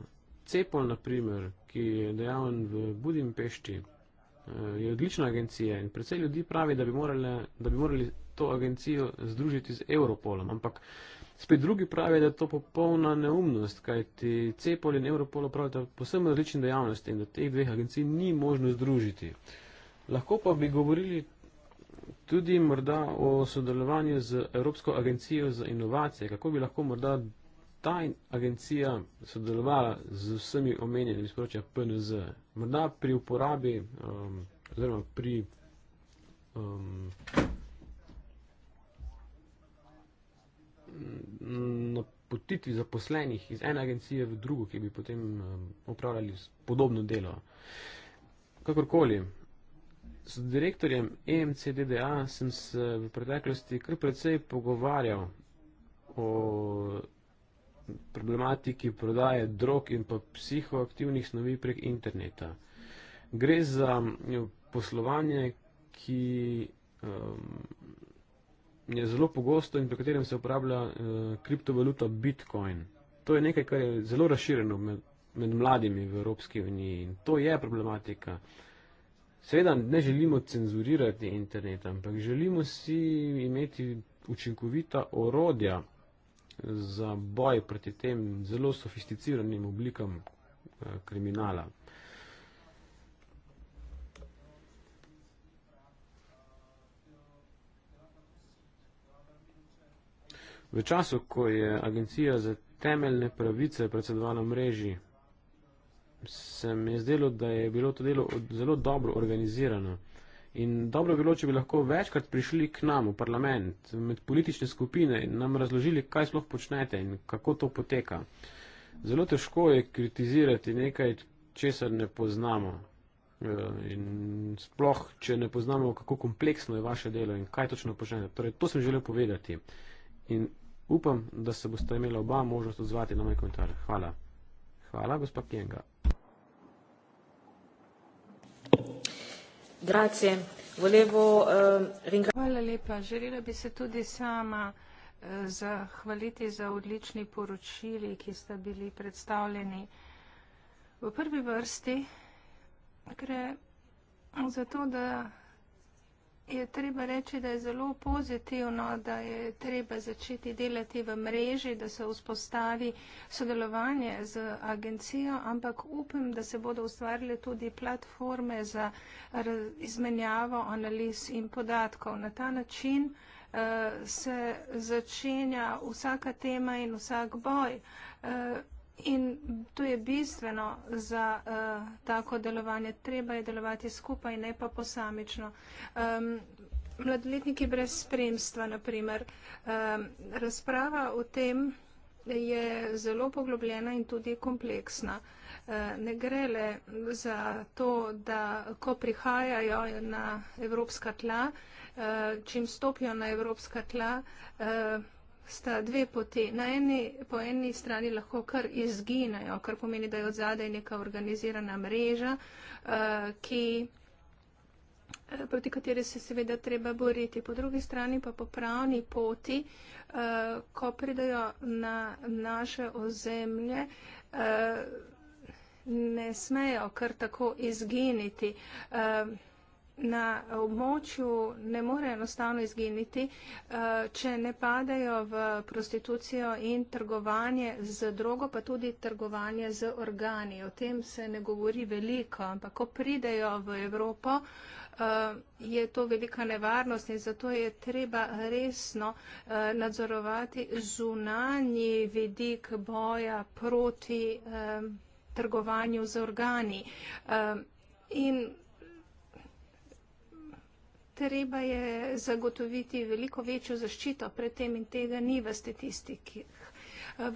Cepol, naprimer, ki je dejaven v Budimpešti, eh, je odlična agencija in predvsej ljudi pravi, da bi morali, da bi morali to agencijo združiti z Europolom. Ampak spet drugi pravi, da je to popolna neumnost, kajti CEPOL in Europol pravita posebno različne dejavnosti in da teh dveh agencij ni možno združiti. Lahko pa bi govorili tudi morda o sodelovanju z Evropsko agencijo za inovacije, kako bi lahko morda ta agencija sodelovala z vsemi omenjenimi sporočja PNZ. Morda pri uporabi um, oziroma pri um, napotitvi zaposlenih iz ene agencije v drugo, ki bi potem um, opravljali podobno delo. Kakorkoli, s direktorjem EMCDDA sem se v preteklosti kar precej pogovarjal o problematiki prodaje drog in pa psihoaktivnih snovi prek interneta. Gre za um, poslovanje, ki um, je zelo pogosto in pri katerem se uporablja uh, kriptovaluta Bitcoin. To je nekaj, kar je zelo razširjeno med, med mladimi v Evropski uniji in to je problematika. Seveda ne želimo cenzurirati interneta, ampak želimo si imeti učinkovita orodja za boj proti tem zelo sofisticiranim oblikam uh, kriminala. V času, ko je agencija za temeljne pravice predsedovala mreži, se mi je zdelo, da je bilo to delo zelo dobro organizirano. In dobro bi bilo, če bi lahko večkrat prišli k nam v parlament, med politične skupine in nam razložili, kaj sploh počnete in kako to poteka. Zelo težko je kritizirati nekaj, česar ne poznamo. E, in sploh, če ne poznamo, kako kompleksno je vaše delo in kaj točno počnete. Torej, to sem želel povedati in upam, da se boste imeli oba možnost odzvati na moj komentar. Hvala. Hvala, gospod Kjenga. Grazie. Volevo, uh, Hvala lepa. Želela bi se tudi sama uh, zahvaliti za odlični poročili, ki sta bili predstavljeni. V prvi vrsti gre za to, da je treba reči, da je zelo pozitivno, da je treba začeti delati v mreži, da se vzpostavi sodelovanje z agencijo, ampak upam, da se bodo ustvarile tudi platforme za izmenjavo analiz in podatkov. Na ta način uh, se začenja vsaka tema in vsak boj. Uh, In to je bistveno za uh, tako delovanje. Treba je delovati skupaj, ne pa posamično. Um, mladoletniki brez spremstva, naprimer. Um, razprava o tem je zelo poglobljena in tudi kompleksna. Eh, ne gre le za to, da ko prihajajo na evropska tla, eh, čim stopijo na evropska tla, sta dve poti. Na eni, po eni strani lahko kar izginejo, kar pomeni, da je od zadaj neka organizirana mreža, uh, ki, eh, proti kateri se seveda treba boriti. Po drugi strani pa po pravni poti, uh, ko pridajo na naše ozemlje. Uh, ne smejo kar tako izginiti. Uh, na območju ne more enostavno izginiti, eh, če ne padajo v prostitucijo in trgovanje z drogo, pa tudi trgovanje z organi. O tem se ne govori veliko, ampak ko pridejo v Evropo, eh, je to velika nevarnost in zato je treba resno eh, nadzorovati zunanji vidik boja proti trgovanju z organi. In treba je zagotoviti veliko večjo zaščito pred tem in tega ni v statistikih.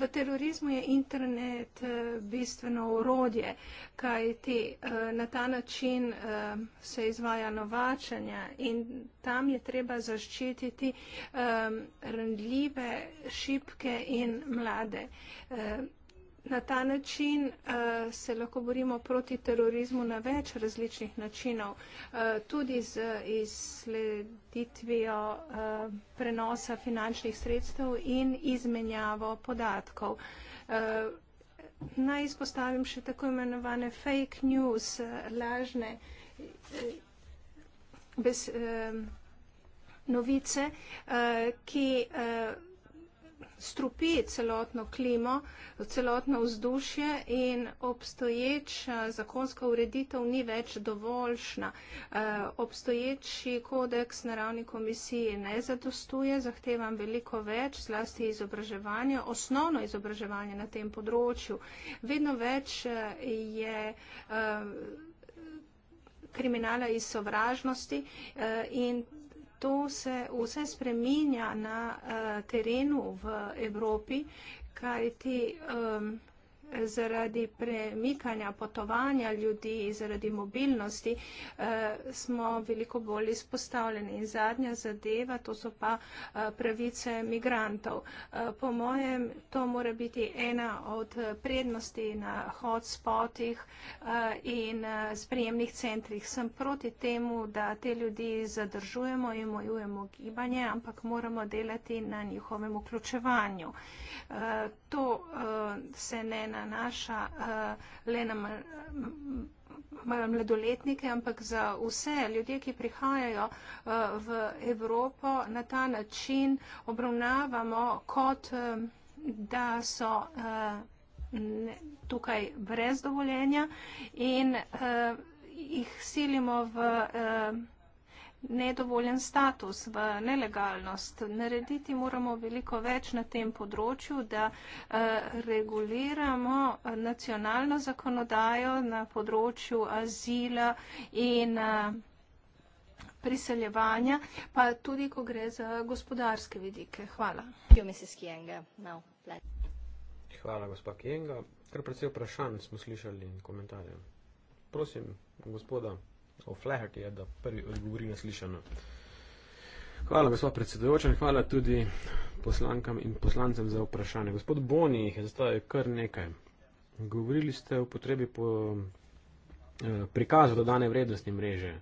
V terorizmu je internet eh, bistveno urodje, kaj ti eh, na ta način eh, se izvaja novačanja in tam je treba zaščititi ranljive, šipke in mlade. Na ta način uh, se lahko borimo proti terorizmu na več različnih načinov, uh, tudi z izsleditvijo uh, prenosa finančnih sredstev in izmenjavo podatkov. Uh, naj izpostavim še tako imenovane fake news, uh, lažne uh, bez, uh, novice, uh, ki. Uh, strupi celotno klimo, celotno vzdušje in obstoječa zakonska ureditev ni več dovoljšna. Eh, obstoječi kodeks na ravni komisije ne zadostuje, zahtevam veliko več, zlasti izobraževanje, osnovno izobraževanje na tem področju. Vedno več eh, je eh, kriminala iz sovražnosti in to se vse spreminja na uh, terenu v Evropi, kajti um, zaradi premikanja potovanja ljudi, zaradi mobilnosti eh, smo veliko bolj izpostavljeni. In zadnja zadeva, to so pa eh, pravice migrantov. Eh, po mojem, to mora biti ena od prednosti na hotspotih in sprejemnih centrih. Sem proti temu, da te ljudi zadržujemo in mojujemo gibanje, ampak moramo delati na njihovem vključevanju. To se ne na zanaša eh, le na mladoletnike, ampak za vse ljudje, ki prihajajo eh, v Evropo, na ta način obravnavamo kot, eh, da so tukaj brez dovoljenja in jih silimo v nedovoljen status, v nelegalnost. Narediti moramo veliko več na tem področju, da eh, reguliramo eh, nacionalno zakonodajo na področju azila in eh, priseljevanja, pa tudi, ko gre za gospodarske vidike. Hvala. Hvala, gospa Kienga. Kar precej vprašanj smo slišali in komentarjev. Prosim, gospoda. O'Flaherty je, da prvi odgovori na slišano. Hvala, gospa predsedujoča, in hvala tudi poslankam in poslancem za vprašanje. Gospod Boni jih je zastavil kar nekaj. Govorili ste o potrebi po eh, prikazu dodane vrednosti mreže.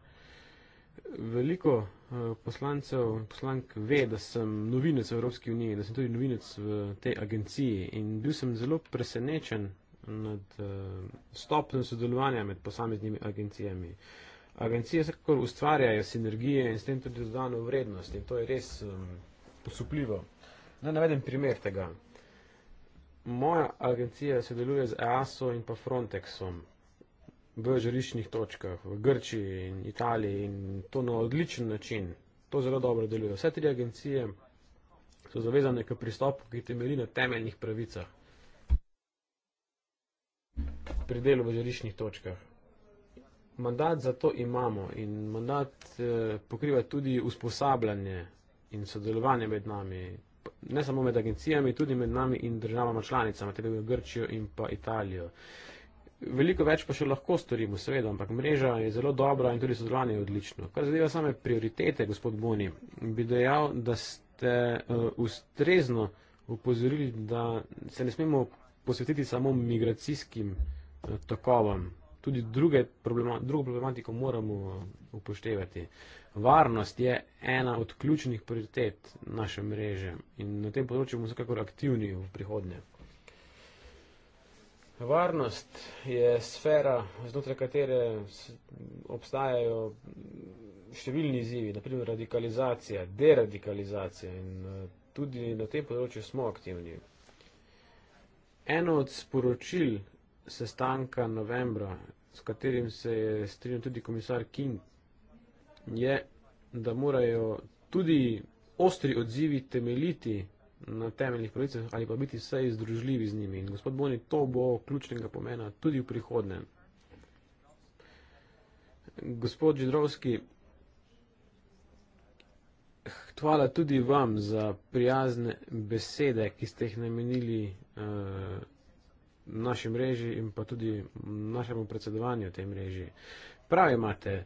Veliko eh, poslancev in poslank ve, da sem novinec v Evropski uniji, da sem tudi novinec v tej agenciji in bil sem zelo presenečen nad eh, stopnjo sodelovanja med posameznimi agencijami. Uh, Agencije se kakor ustvarjajo sinergije in s tem tudi dodano vrednost in to je res um, posupljivo. Naj navedem primer tega. Moja agencija sodeluje z EASO in pa Frontexom v žariščnih točkah v Grčiji in Italiji in to na odličen način. To zelo dobro deluje. Vse tri agencije so zavezane k pristopu, ki temelji na temeljnih pravicah pri delu v žariščnih točkah mandat za to imamo in mandat eh, pokriva tudi usposabljanje in sodelovanje med nami, ne samo med agencijami, tudi med nami in državama članicama, tudi v Grčijo in pa Italijo. Veliko več pa še lahko storimo, seveda, ampak mreža je zelo dobra in tudi sodelovanje je odlično. Kar zadeva same prioritete, gospod Boni, bi dejal, da ste uh, ustrezno upozorili, da se ne smemo posvetiti samo migracijskim uh, eh, tokovam, tudi problemat drugo problematiko moramo eh, upoštevati. Varnost je ena od ključnih prioritet naše mreže in na tem področju bomo vsekakor aktivni v prihodnje. Varnost je sfera, znotraj katere obstajajo številni izzivi, naprimer radikalizacija, deradikalizacija in eh, tudi na tem področju smo aktivni. Eno od sporočil sestanka novembra, s katerim se je strinil tudi komisar Kim, je, da morajo tudi ostri odzivi temeljiti na temeljnih pravicah ali pa biti vse izdružljivi z njimi. In gospod Boni, to bo ključnega pomena tudi v prihodnem. Gospod Židrovski, hvala tudi vam za prijazne besede, ki ste jih namenili. Uh, naši mreži in pa tudi našemu predsedovanju tej mreži. Pravi imate,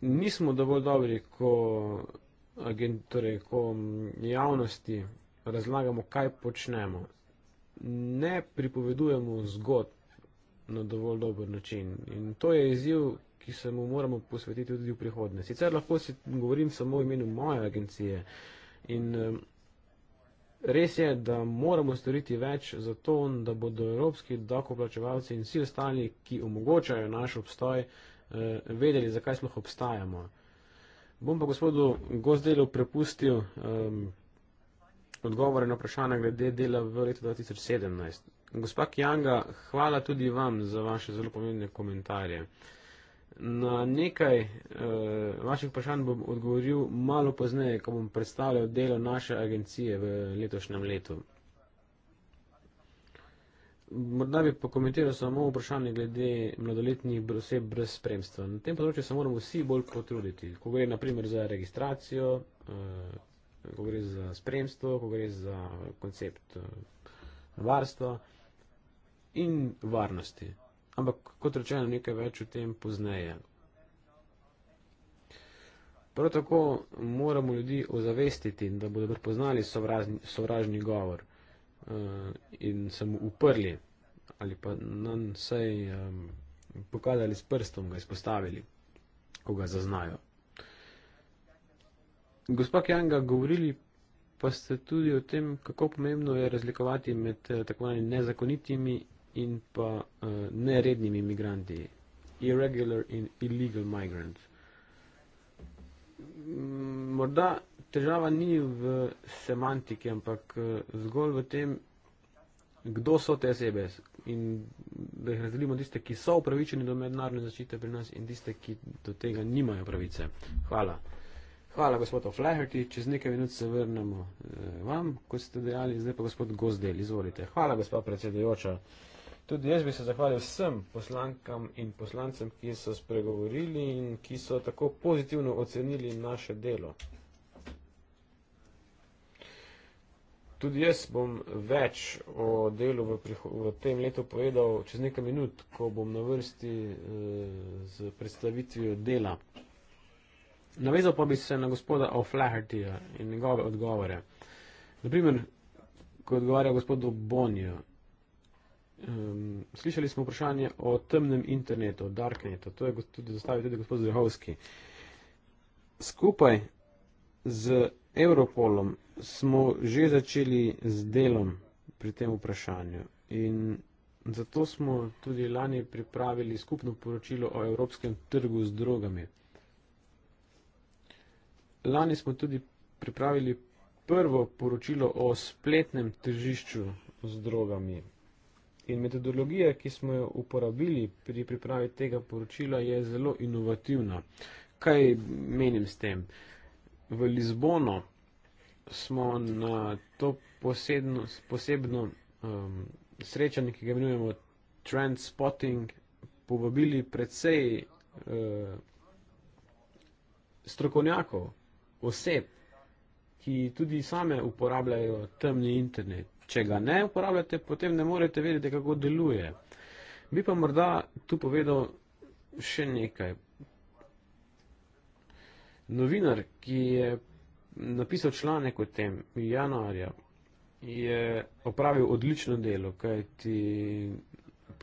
nismo dovolj dobri, ko, agent, torej, ko javnosti razlagamo, kaj počnemo. Ne pripovedujemo zgodb na dovolj dober način. In to je izziv, ki se mu moramo posvetiti tudi v prihodnje. Sicer lahko si govorim samo v imenu moje agencije. In Res je, da moramo storiti več za to, da bodo evropski dokoplačevalci in vsi ostali, ki omogočajo naš obstoj, eh, vedeli, zakaj sploh obstajamo. Bom pa gospodu Gozdelu prepustil um, odgovore na vprašanje glede dela v letu 2017. Gospa Kjanga, hvala tudi vam za vaše zelo pomembne komentarje. Na nekaj uh, vaših vprašanj bom odgovoril malo pozneje, ko bom predstavljal delo naše agencije v letošnjem letu. Morda bi pokomentiral samo vprašanje glede mladoletnih oseb brez spremstva. Na tem področju se moramo vsi bolj potruditi. Ko gre naprimer za registracijo, uh, ko gre za spremstvo, ko gre za koncept uh, varstva in varnosti. Ampak, kot rečeno, nekaj več o tem pozneje. Prav tako moramo ljudi ozavestiti, da bodo prepoznali sovražni, sovražni govor uh, in se mu uprli ali pa nam vsej um, eh, pokazali s prstom, ga izpostavili, ko ga zaznajo. Gospa Kjanga, govorili pa ste tudi o tem, kako pomembno je razlikovati med eh, tako nezakonitimi in pa uh, nerednimi imigranti, irregular in illegal migrants. Mm, morda težava ni v semantiki, ampak eh, zgolj v tem, kdo so te osebe in da jih razdelimo tiste, ki so upravičeni do mednarodne zaščite pri nas in tiste, ki do tega nimajo pravice. Hvala. Hvala, gospod O'Flaherty. Čez nekaj minut se vrnemo eh, vam, kot ste dejali, zdaj pa gospod Gozdel, izvolite. Hvala, gospod predsedujoča. Tudi jaz bi se zahvalil vsem poslankam in poslancem, ki so spregovorili in ki so tako pozitivno ocenili naše delo. Tudi jaz bom več o delu v, v tem letu povedal čez nekaj minut, ko bom na vrsti z eh, predstavitvijo dela. Navezal pa bi se na gospoda O'Flahertyja in njegove odgovore. Naprimer, ko odgovarja gospodu Bonju, Um, slišali smo vprašanje o temnem internetu, o darknetu. To je tudi zastavil tudi gospod Zrehovski. Skupaj z Europolom smo že začeli z delom pri tem vprašanju in zato smo tudi lani pripravili skupno poročilo o evropskem trgu z drogami. Lani smo tudi pripravili prvo poročilo o spletnem tržišču z drogami In metodologija, ki smo jo uporabili pri pripravi tega poročila, je zelo inovativna. Kaj menim s tem? V Lizbono smo na to posebno, posebno um, srečanje, ki ga imenujemo Trend Spotting, povabili predvsej uh, strokovnjakov, oseb, ki tudi same uporabljajo temni internet. Če ga ne uporabljate, potem ne morete vedeti, kako deluje. Bi pa morda tu povedal še nekaj. Novinar, ki je napisal članek o tem januarja, je opravil odlično delo, kaj ti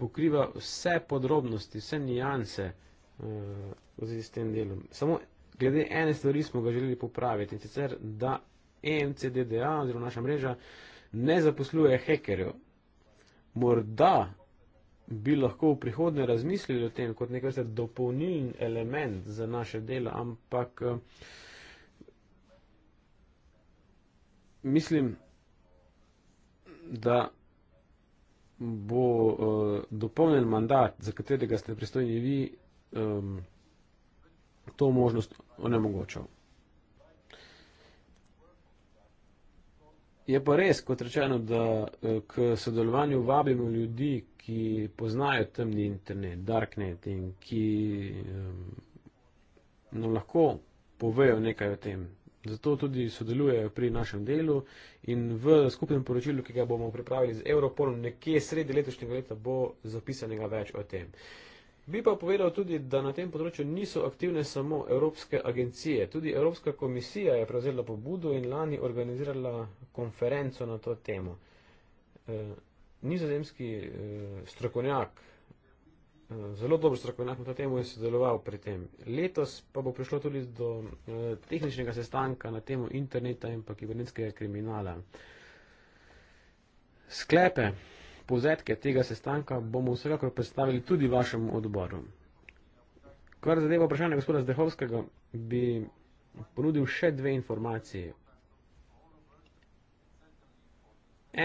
pokriva vse podrobnosti, vse nijanse uh, v zvezi s tem delom. Samo glede ene stvari smo ga želeli popraviti, in sicer, da EMCDDA oziroma naša mreža uh, ne zaposluje hekerjev. Morda bi lahko v prihodnje razmislili o tem kot nekaj dopolniljen element za naše delo, ampak eh, mislim, da bo uh, eh, dopolnen mandat, za katerega ste pristojni vi, um, to možnost onemogočal. Je pa res, kot rečeno, da eh, k sodelovanju vabimo ljudi, ki poznajo temni internet, darknet in ki no, lahko povejo nekaj o tem. Zato tudi sodelujejo pri našem delu in v skupnem poročilu, ki ga bomo pripravili z Europolom, nekje sredi letošnjega leta bo zapisanega več o tem. Uh, Bi pa povedal tudi, da na tem področju niso aktivne samo evropske agencije. Tudi Evropska komisija je prevzela pobudo in lani organizirala konferenco na to temo. E, nizozemski e, strokovnjak, e, zelo dober strokovnjak na to temo, je sodeloval pri tem. Letos pa bo prišlo tudi do tehničnega sestanka na temo interneta in pa kibernetskega kriminala. Sklepe povzetke tega sestanka bomo vsekakor predstavili tudi vašemu odboru. Kar zadeva vprašanje gospoda Zdehovskega, bi ponudil še dve informacije.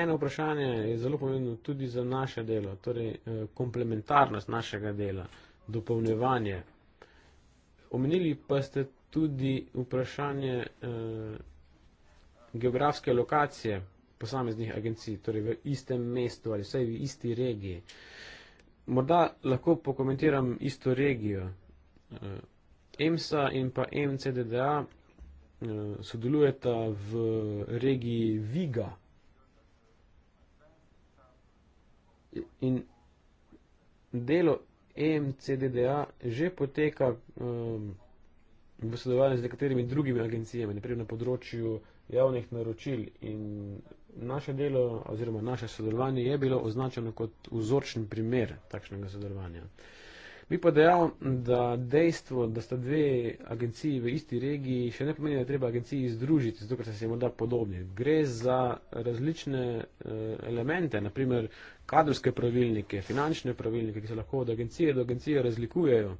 Eno vprašanje je zelo pomembno tudi za naše delo, torej eh, komplementarnost našega dela, dopolnjevanje. Omenili pa ste tudi vprašanje eh, geografske lokacije posameznih agencij, torej v istem mestu ali vsaj v isti regiji. Morda lahko pokomentiram isto regijo. Eh, EMSA in pa MCDDA eh, sodelujeta v regiji Viga. In delo MCDDA že poteka um, v sodelovanju z nekaterimi drugimi agencijami, naprimer na področju uh, javnih naročil in naše delo oziroma naše sodelovanje je bilo označeno kot vzorčen primer takšnega sodelovanja. Bi pa dejal, da dejstvo, da sta dve agenciji v isti regiji, še ne pomeni, da treba agenciji združiti, zato ker so se morda podobni. Gre za različne eh, elemente, naprimer kadrovske pravilnike, finančne pravilnike, ki se lahko od agencije do agencije razlikujejo.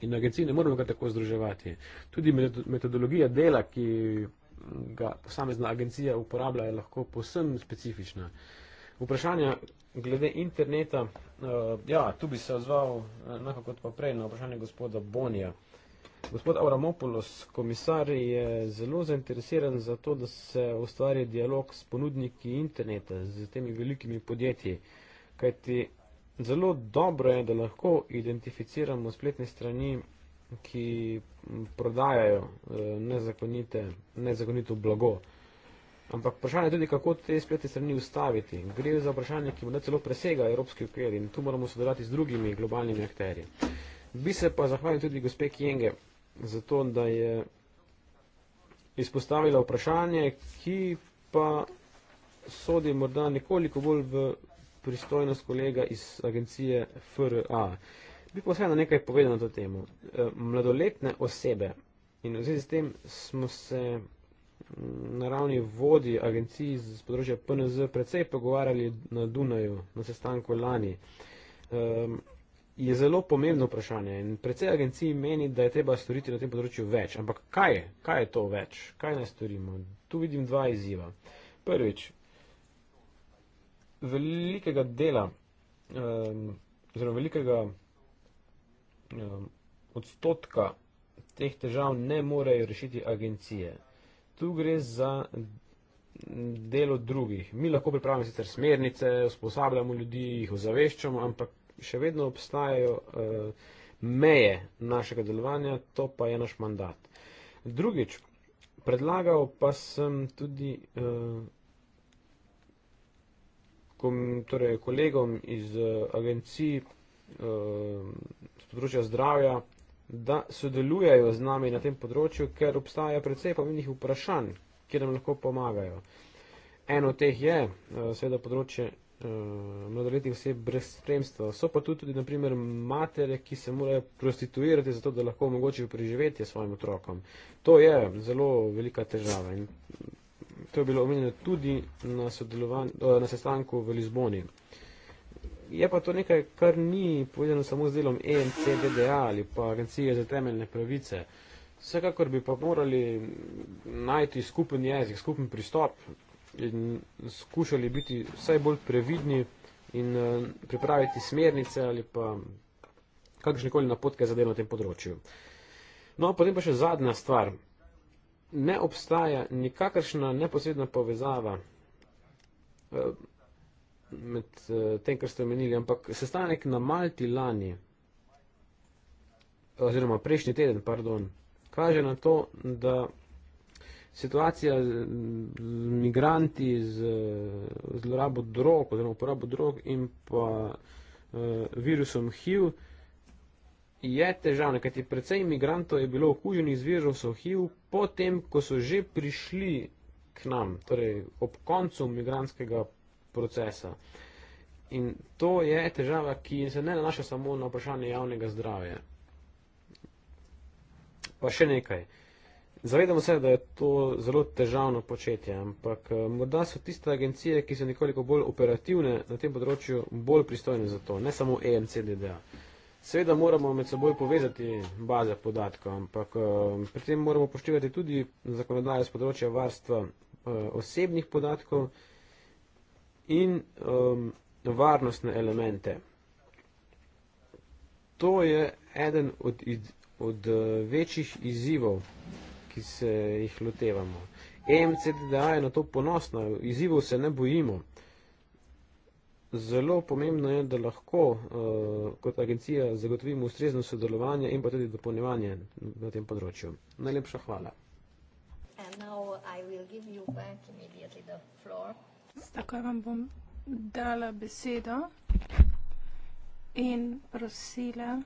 In agencije ne moremo kar tako združevati. Tudi metodologija dela, ki ga posamezna agencija uporablja, je lahko posem specifična. Vprašanja glede interneta, uh, ja, tu bi se ozval eh, enako kot pa prej na vprašanje gospoda Bonija. Gospod Avramopoulos, komisar, je zelo zainteresiran za to, da se ustvari dialog s ponudniki interneta, z temi velikimi podjetji. Kajti zelo dobro je, da lahko identificiramo spletne strani ki prodajajo eh, nezakonite, nezakonito blago. Ampak vprašanje je tudi, kako te spletne strani ustaviti. Gre za vprašanje, ki morda celo presega evropski okvir in tu moramo sodelovati z drugimi globalnimi akterji. Bi se pa zahvalil tudi gospe Kjenge za to, da je izpostavila vprašanje, ki pa sodi morda nekoliko bolj v pristojnost kolega iz agencije FRA. Uh, bi pa vseeno nekaj povedal na to temo. E, mladoletne osebe in v zvezi s tem smo se mm, na ravni vodi agencij z področja PNZ precej pogovarjali na Dunaju, na sestanku lani. E, je zelo pomembno vprašanje in precej agencij meni, da je treba storiti na tem področju več. Ampak kaj, kaj je to več? Kaj naj storimo? Tu vidim dva izziva. Prvič, velikega dela, e, oziroma velikega odstotka teh težav ne morejo rešiti agencije. Tu gre za delo drugih. Mi lahko pripravimo sicer smernice, usposabljamo ljudi, jih ozaveščamo, ampak še vedno obstajajo eh, meje našega delovanja, to pa je naš mandat. Drugič, predlagal pa sem tudi eh, torej, kolegom iz eh, agencij, z ehm, področja zdravja, da sodelujajo z nami na tem področju, ker obstajajo predvsej pomembnih vprašanj, kjer nam lahko pomagajo. Eno od teh je eh, seveda področje eh, mladoletnih oseb brez spremstva. So pa tudi, naprimer, matere, ki se morajo prostituirati, zato da lahko omogočijo preživetje svojim otrokom. To je zelo velika težava in to je bilo omenjeno tudi na, eh, na sestanku v Lizboni. Je pa to nekaj, kar ni povezano samo z delom ENCDDA ali pa Agencije za temeljne pravice. Vsekakor bi pa morali najti skupen jezik, skupen pristop in skušali biti vsaj bolj previdni in eh, pripraviti smernice ali pa kakšne koli napotke za delo na tem področju. No, potem pa še zadnja stvar. Ne obstaja nikakršna neposredna povezava eh, med eh, tem, kar ste omenili, ampak sestanek na Malti lani, oziroma prejšnji teden, pardon, kaže na to, da situacija z migranti, z zlorabo drog, oziroma uporabo drog in pa eh, virusom HIV je težavna, kajti predvsej imigrantov je bilo okuženih z virusom HIV potem, ko so že prišli k nam, torej ob koncu migranskega procesa. In to je težava, ki se ne nanaša samo na vprašanje javnega zdravja. Pa še nekaj. Zavedamo se, da je to zelo težavno početje, ampak eh, morda so tiste agencije, ki so nekoliko bolj operativne na tem področju, bolj pristojne za to, ne samo EMCDDA. Seveda moramo med seboj povezati baze podatkov, ampak eh, pri tem moramo poštevati tudi zakonodajo z področja varstva eh, osebnih podatkov in um, varnostne elemente. To je eden od, iz, od uh, večjih izzivov, ki se jih lotevamo. EMCDDA je na to ponosna, izzivov se ne bojimo. Zelo pomembno je, da lahko uh, kot agencija zagotovimo ustrezno sodelovanje in pa tudi dopolnjevanje na tem področju. Najlepša hvala. And now I will give you back immediately the floor. Tako vam bom dala besedo in prosila,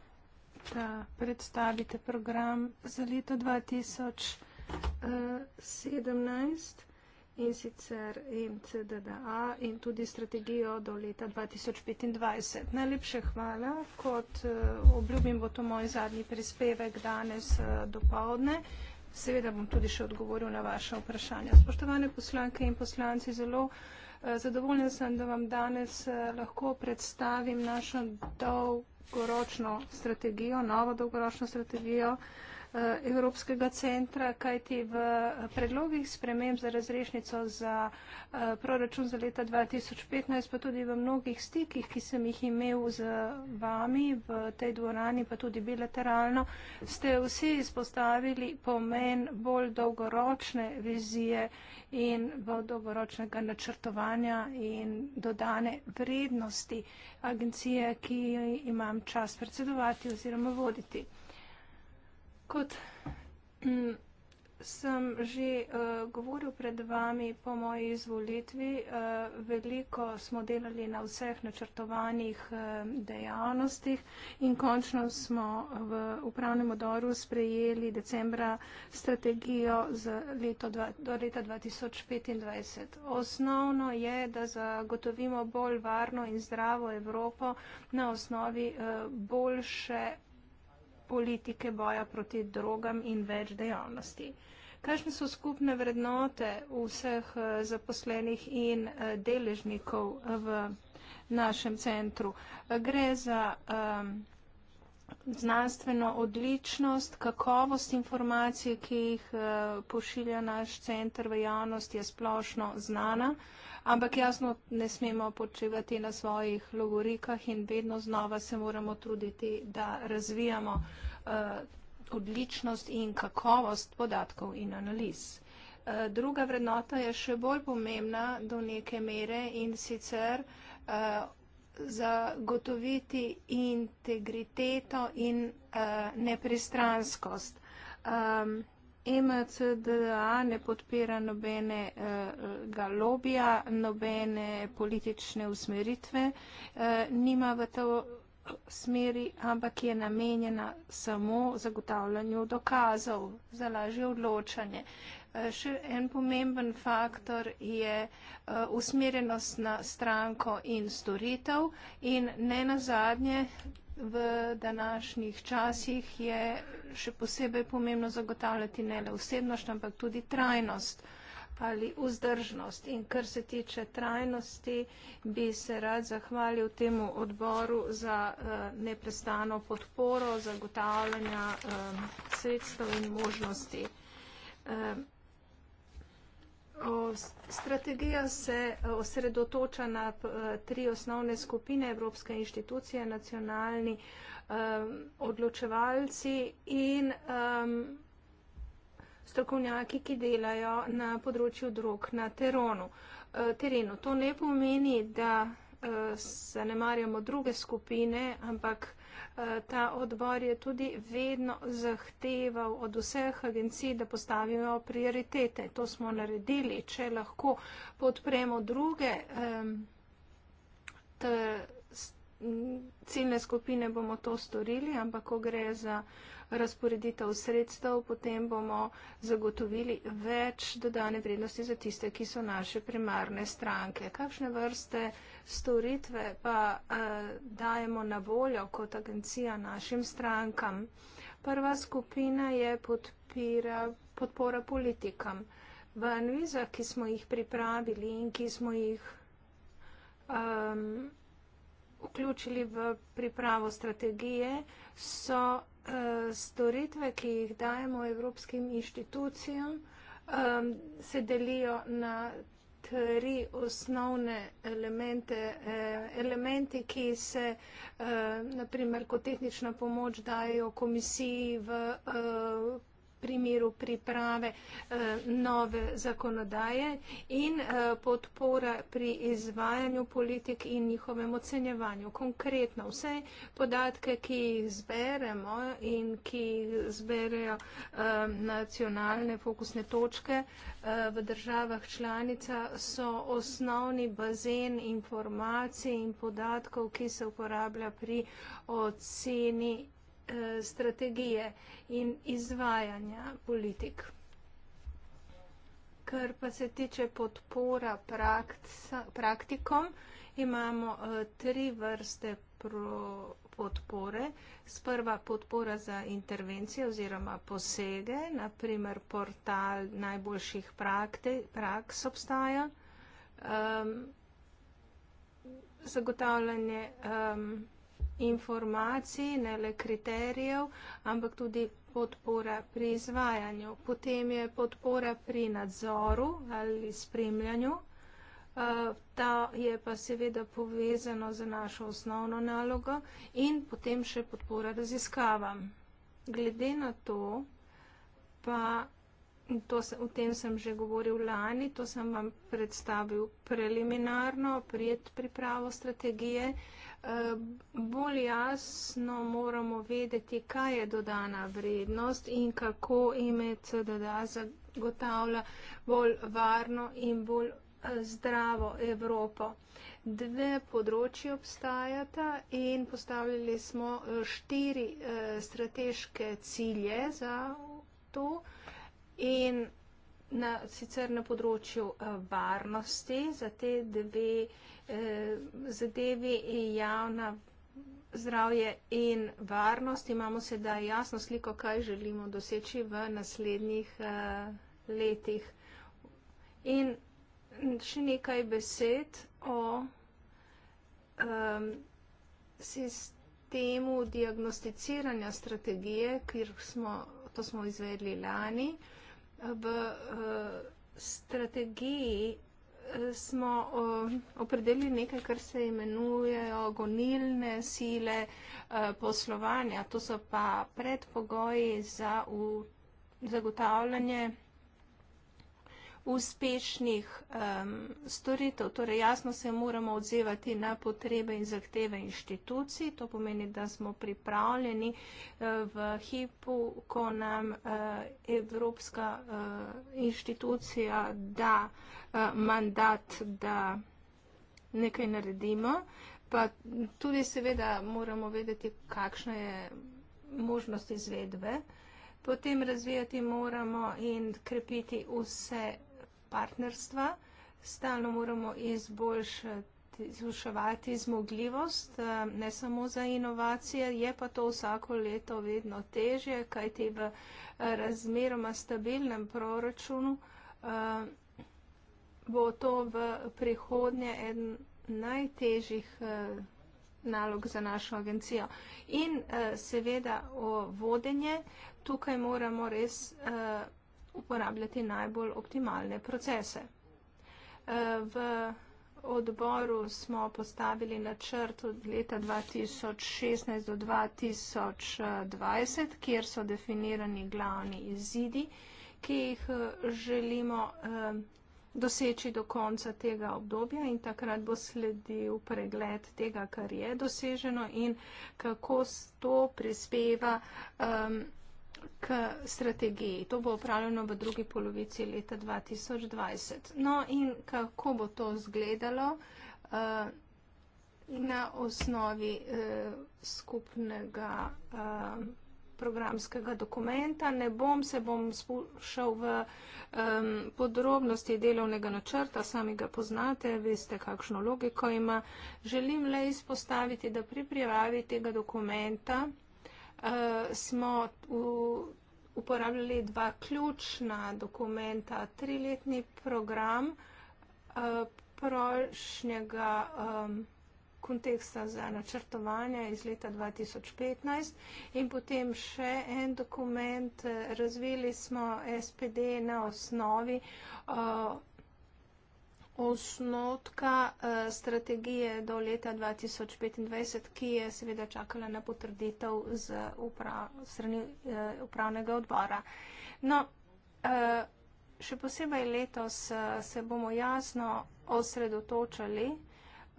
da predstavite program za leto 2017 eh, in sicer MCDDA in tudi strategijo do leta 2025. Najlepše hvala, kot eh, obljubim bo to moj zadnji prispevek danes eh, do povdne. Seveda bom tudi še odgovoril na vaše vprašanje. Spoštovane poslanke in poslanci, zelo eh, zadovoljen sem, da vam danes eh, lahko predstavim našo dolgoročno strategijo, novo dolgoročno strategijo. Eh, Evropskega centra, kajti v predlogih sprememb za razrešnico za eh, proračun za leta 2015, pa tudi v mnogih stikih, ki sem jih imel z vami v tej dvorani, pa tudi bilateralno, ste vsi izpostavili pomen bolj dolgoročne vizije in bolj dolgoročnega načrtovanja in dodane vrednosti agencije, ki imam čas predsedovati oziroma voditi. Kot hm, sem že uh, govoril pred vami po moji izvolitvi, uh, veliko smo delali na vseh načrtovanih uh, dejavnostih in končno smo v upravnem odoru sprejeli decembra strategijo dva, do leta 2025. Osnovno je, da zagotovimo bolj varno in zdravo Evropo na osnovi uh, boljše politike boja proti drogam in več dejavnosti. Kakšne so skupne vrednote vseh eh, zaposlenih in eh, deležnikov eh, v našem centru? Gre za um, znanstveno odličnost, kakovost informacij, ki jih eh, pošilja naš centr v javnost, je splošno znana, ampak jasno ne smemo počivati na svojih logorikah in vedno znova se moramo truditi, da razvijamo eh, odličnost in kakovost podatkov in analiz. Eh, druga vrednota je še bolj pomembna do neke mere in sicer zagotoviti integriteto in uh, nepristranskost. Um, MCDA ne podpira nobene uh, lobija, nobene politične usmeritve, uh, nima v to smeri, ampak je namenjena samo zagotavljanju dokazov za lažje odločanje. Uh, Eh, še en pomemben faktor je eh, usmerjenost na stranko in storitev in ne nazadnje v današnjih časih je še posebej pomembno zagotavljati ne le vsebnost, ampak tudi trajnost ali vzdržnost. In kar se tiče trajnosti, bi se rad zahvalil temu odboru za uh, neprestano podporo, zagotavljanja um, sredstev in možnosti. Um, Strategija se osredotoča na tri osnovne skupine Evropske inštitucije, nacionalni um, odločevalci in um, strokovnjaki, ki delajo na področju drog na teronu, uh, terenu. To ne pomeni, da zanemarjamo druge skupine, ampak eh, ta odbor je tudi vedno zahteval od vseh agencij, da postavimo prioritete. To smo naredili, če lahko podpremo druge. Um, ciljne skupine bomo to storili, ampak ko gre za razporeditev sredstev, potem bomo zagotovili več dodane vrednosti za tiste, ki so naše primarne stranke. Kakšne vrste storitve pa eh, dajemo na voljo kot agencija našim strankam? Prva skupina je podpira, podpora politikam. V analizah, ki smo jih pripravili in ki smo jih. Um, vključili v pripravo strategije, so eh, storitve, ki jih dajemo evropskim inštitucijam, se delijo na tri osnovne elemente, eh, elementi, ki se eh, naprimer kot tehnična pomoč dajo komisiji v komisiji, primeru priprave eh, nove zakonodaje in eh, podpora pri izvajanju politik in njihovem ocenjevanju. Konkretno vse podatke, ki jih zberemo in ki jih zberejo eh, nacionalne fokusne točke v državah članica, so osnovni bazen informacij in podatkov, ki se uporablja pri oceni eh, strategije in izvajanja politik. Kar pa se tiče podpora praksa, praktikom, imamo eh, tri vrste pro, podpore. Sprva podpora za intervencije oziroma posege, naprimer portal najboljših prakti, praks obstaja. Um, zagotavljanje um, informacij, ne le kriterijev, ampak tudi podpora pri izvajanju. Potem je podpora pri nadzoru ali spremljanju. Eh, ta je pa seveda povezana z našo osnovno nalogo in potem še podpora raziskavam. Glede na to, pa to, o tem sem že govoril lani, to sem vam predstavil preliminarno pred pripravo strategije, uh, Eh, bolj jasno moramo vedeti, kaj je dodana vrednost in kako IMECDDA zagotavlja bolj varno in bolj eh, zdravo Evropo. Dve področji obstajata in postavili smo eh, štiri strateške cilje za to in na, sicer na področju varnosti za te dve Eh, zadevi javna zdravje in varnost. Imamo sedaj jasno sliko, kaj želimo doseči v naslednjih eh, letih. In še nekaj besed o sistemu diagnosticiranja strategije, kjer smo, to smo izvedli lani, v eh, strategiji smo opredelili nekaj, kar se imenujejo gonilne sile e, poslovanja. To so pa predpogoji za zagotavljanje uspešnih um, storitev. Torej jasno se moramo odzevati na potrebe in zahteve inštitucij. To pomeni, da smo pripravljeni uh, v hipu, ko nam uh, Evropska uh, inštitucija da uh, Eh, mandat, da nekaj naredimo, pa tudi seveda moramo vedeti, kakšna je možnost izvedbe. Potem razvijati moramo in krepiti vse partnerstva, stalno moramo izboljšati, izboljšavati zmogljivost, eh, ne samo za inovacije, je pa to vsako leto vedno težje, kajti v eh, razmeroma stabilnem proračunu bo to v prihodnje en najtežjih eh, nalog za našo agencijo. In eh, seveda o vodenje, tukaj moramo res eh, uporabljati najbolj optimalne procese. V odboru smo postavili načrt od leta 2016 do 2020, kjer so definirani glavni izidi, ki jih želimo doseči do konca tega obdobja in takrat bo sledil pregled tega, kar je doseženo in kako to prispeva um, k strategiji. To bo upravljeno v drugi polovici leta 2020. No in kako bo to zgledalo uh, na osnovi uh, skupnega. Uh, programskega dokumenta. Ne bom se bom spušal v um, podrobnosti delovnega načrta, sami ga poznate, veste, kakšno logiko ima. Želim le izpostaviti, da pri prijavi tega dokumenta uh, smo v, uporabljali dva ključna dokumenta, triletni program uh, prošnjega. Um, konteksta za načrtovanje iz leta 2015 in potem še en dokument. Razvili smo SPD na osnovi uh, osnotka uh, strategije do leta 2025, ki je seveda čakala na potrditev z uprav, strani uh, upravnega odbora. No, uh, še posebej letos uh, se bomo jasno osredotočali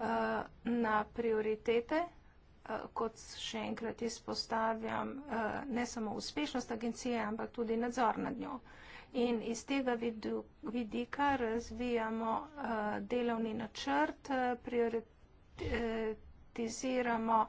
Eh, na prioritete, eh, kot še enkrat izpostavljam, eh, ne samo uspešnost agencije, ampak tudi nadzor nad njo. In iz tega vidika razvijamo delovni načrt, prioritiziramo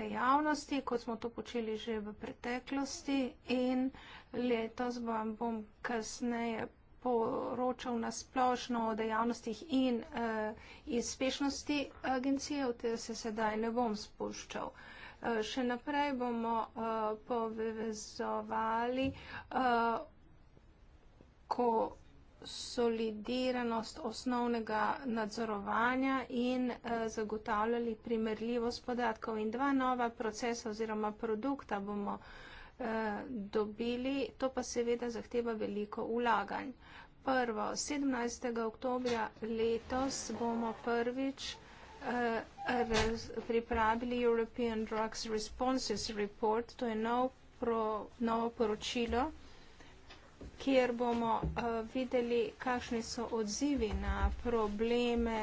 dejavnosti, kot smo to počeli že v preteklosti in letos bom kasneje povedala, poročal na splošno o dejavnostih in uh, eh, izpešnosti agencije, v te se sedaj ne bom spuščal. Uh, še naprej bomo uh, povezovali, uh, ko solidiranost osnovnega nadzorovanja in eh, zagotavljali primerljivost podatkov. In dva nova procesa oziroma produkta bomo eh, Eh, dobili, to pa seveda zahteva veliko ulaganj. Prvo, 17. oktobra letos bomo prvič eh, pripravili European Drugs Responses Report, to je nov pro, novo poročilo kjer bomo eh, videli, kakšni so odzivi na probleme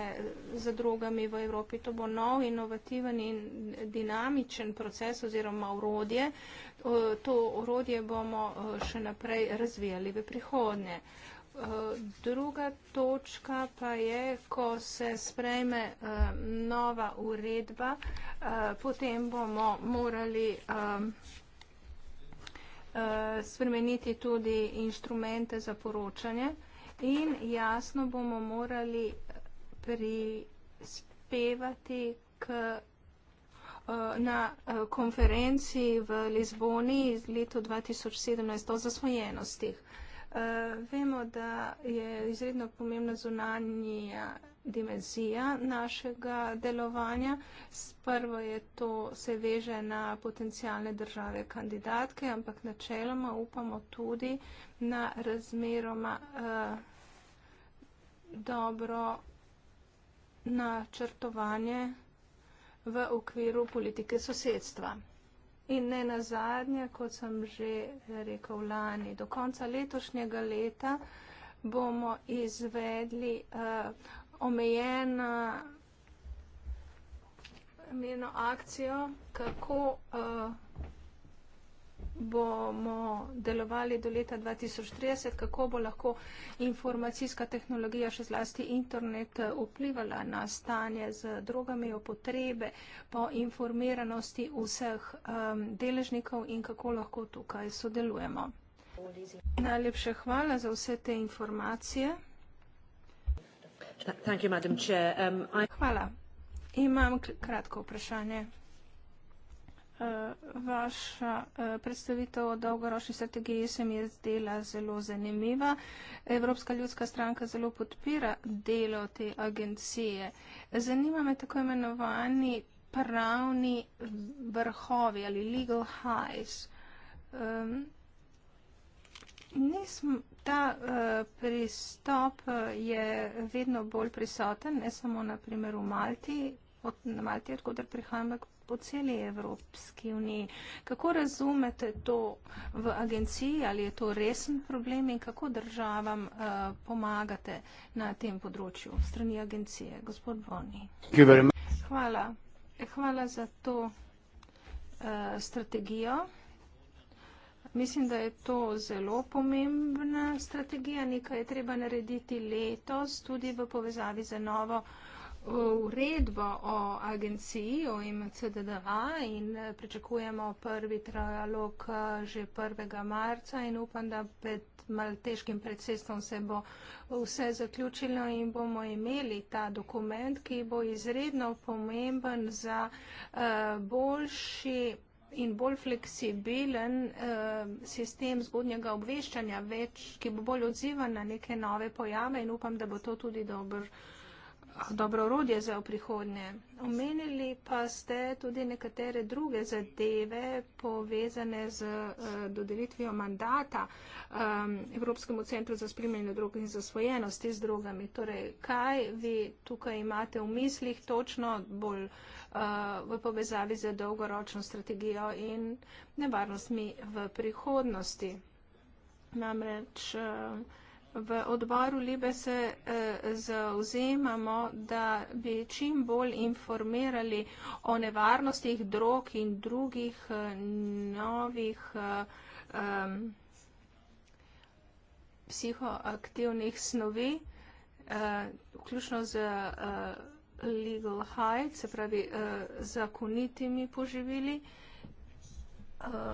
za drogami v Evropi. To bo nov, inovativen in dinamičen proces oziroma urodje. To urodje bomo eh, še naprej razvijali v prihodnje. Eh, druga točka pa je, ko se sprejme nova uredba, potem bomo morali Eh, spremeniti tudi inštrumente za poročanje in jasno bomo morali prispevati k, eh, na eh, konferenci v Lizboni iz leto 2017 o zasvojenostih. Vemo, da je izredno pomembna zunanja dimenzija našega delovanja. Prvo je to se veže na potencijalne države kandidatke, ampak načeloma upamo tudi na razmeroma eh, dobro načrtovanje v okviru politike sosedstva. In ne nazadnje, kot sem že rekel lani, do konca letošnjega leta bomo izvedli eh, omejen na njeno akcijo, kako eh, bomo delovali do leta 2030, kako bo lahko informacijska tehnologija, še zlasti internet, eh, vplivala na stanje z drogami, o potrebe po informiranosti vseh um, deležnikov in kako lahko tukaj sodelujemo. Najlepše hvala za vse te informacije. Um, Hvala. Imam kratko vprašanje. Uh, vaša uh, predstavitev o dolgoročni strategiji se mi je zdela zelo zanimiva. Evropska ljudska stranka zelo podpira delo te agencije. Zanima me tako imenovani pravni vrhovi ali legal highs. Um, nism, ta uh, pristop eh, je vedno bolj prisoten, ne samo na primer v Malti, od Malti, odkudar prihajam, po celi Evropski uniji. Kako razumete to v agenciji, ali je to resen problem in kako državam uh, pomagate na tem področju strani agencije, gospod Boni? Hvala. Hvala za to uh, strategijo. Mislim, da je to zelo pomembna strategija, nekaj je treba narediti letos, tudi v povezavi za novo uh, uredbo o agenciji, o MCDDA in uh, pričakujemo prvi trialog uh, že 1. marca in upam, da pred mal težkim predsestvom se bo vse zaključilo in bomo imeli ta dokument, ki bo izredno pomemben za boljši in bolj fleksibilen eh, sistem zgodnjega obveščanja, več, ki bo bolj odzivan na neke nove pojave in upam, da bo to tudi dober, dobro orodje za v prihodnje. Omenili pa ste tudi nekatere druge zadeve povezane z eh, dodelitvijo mandata eh, Evropskemu centru za spremljanje drog in zasvojenosti z drogami. Torej, kaj vi tukaj imate v mislih točno bolj? Eh, Eh, v povezavi z dolgoročno strategijo in nevarnostmi v prihodnosti. Namreč eh, v odboru Libe se eh, zauzemamo, da bi čim bolj informirali o nevarnostih drog in drugih novih psihoaktivnih snovi, vključno z legal high, se pravi uh, zakonitimi poživili. Uh,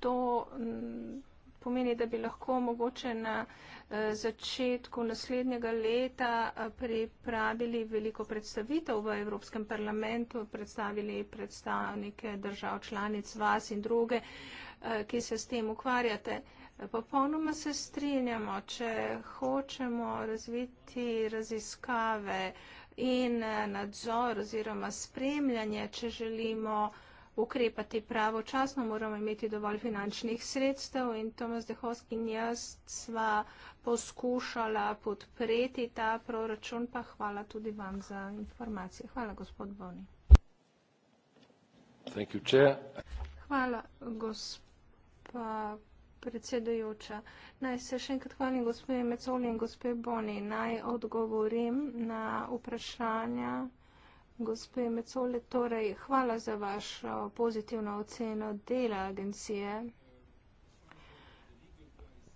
to mm, pomeni, da bi lahko mogoče na eh, začetku naslednjega leta pripravili veliko predstavitev v Evropskem parlamentu, predstavili predstavnike držav članic, vas in druge, ki se s tem ukvarjate. Uh, Popolnoma se strinjamo, če hočemo razviti raziskave in eh, nadzor oziroma spremljanje, če želimo ukrepati pravočasno, moramo imeti dovolj finančnih sredstev in Tomas Dehovski in jaz sva poskušala podpreti ta proračun, pa hvala tudi vam za informacije. Hvala, gospod Boni. Hvala, gospod predsedujoča. Naj se še enkrat hvalim gospodin Mecoli in gospod Boni. Naj odgovorim na vprašanja gospod Mecoli. Torej, hvala za vašo pozitivno oceno dela agencije.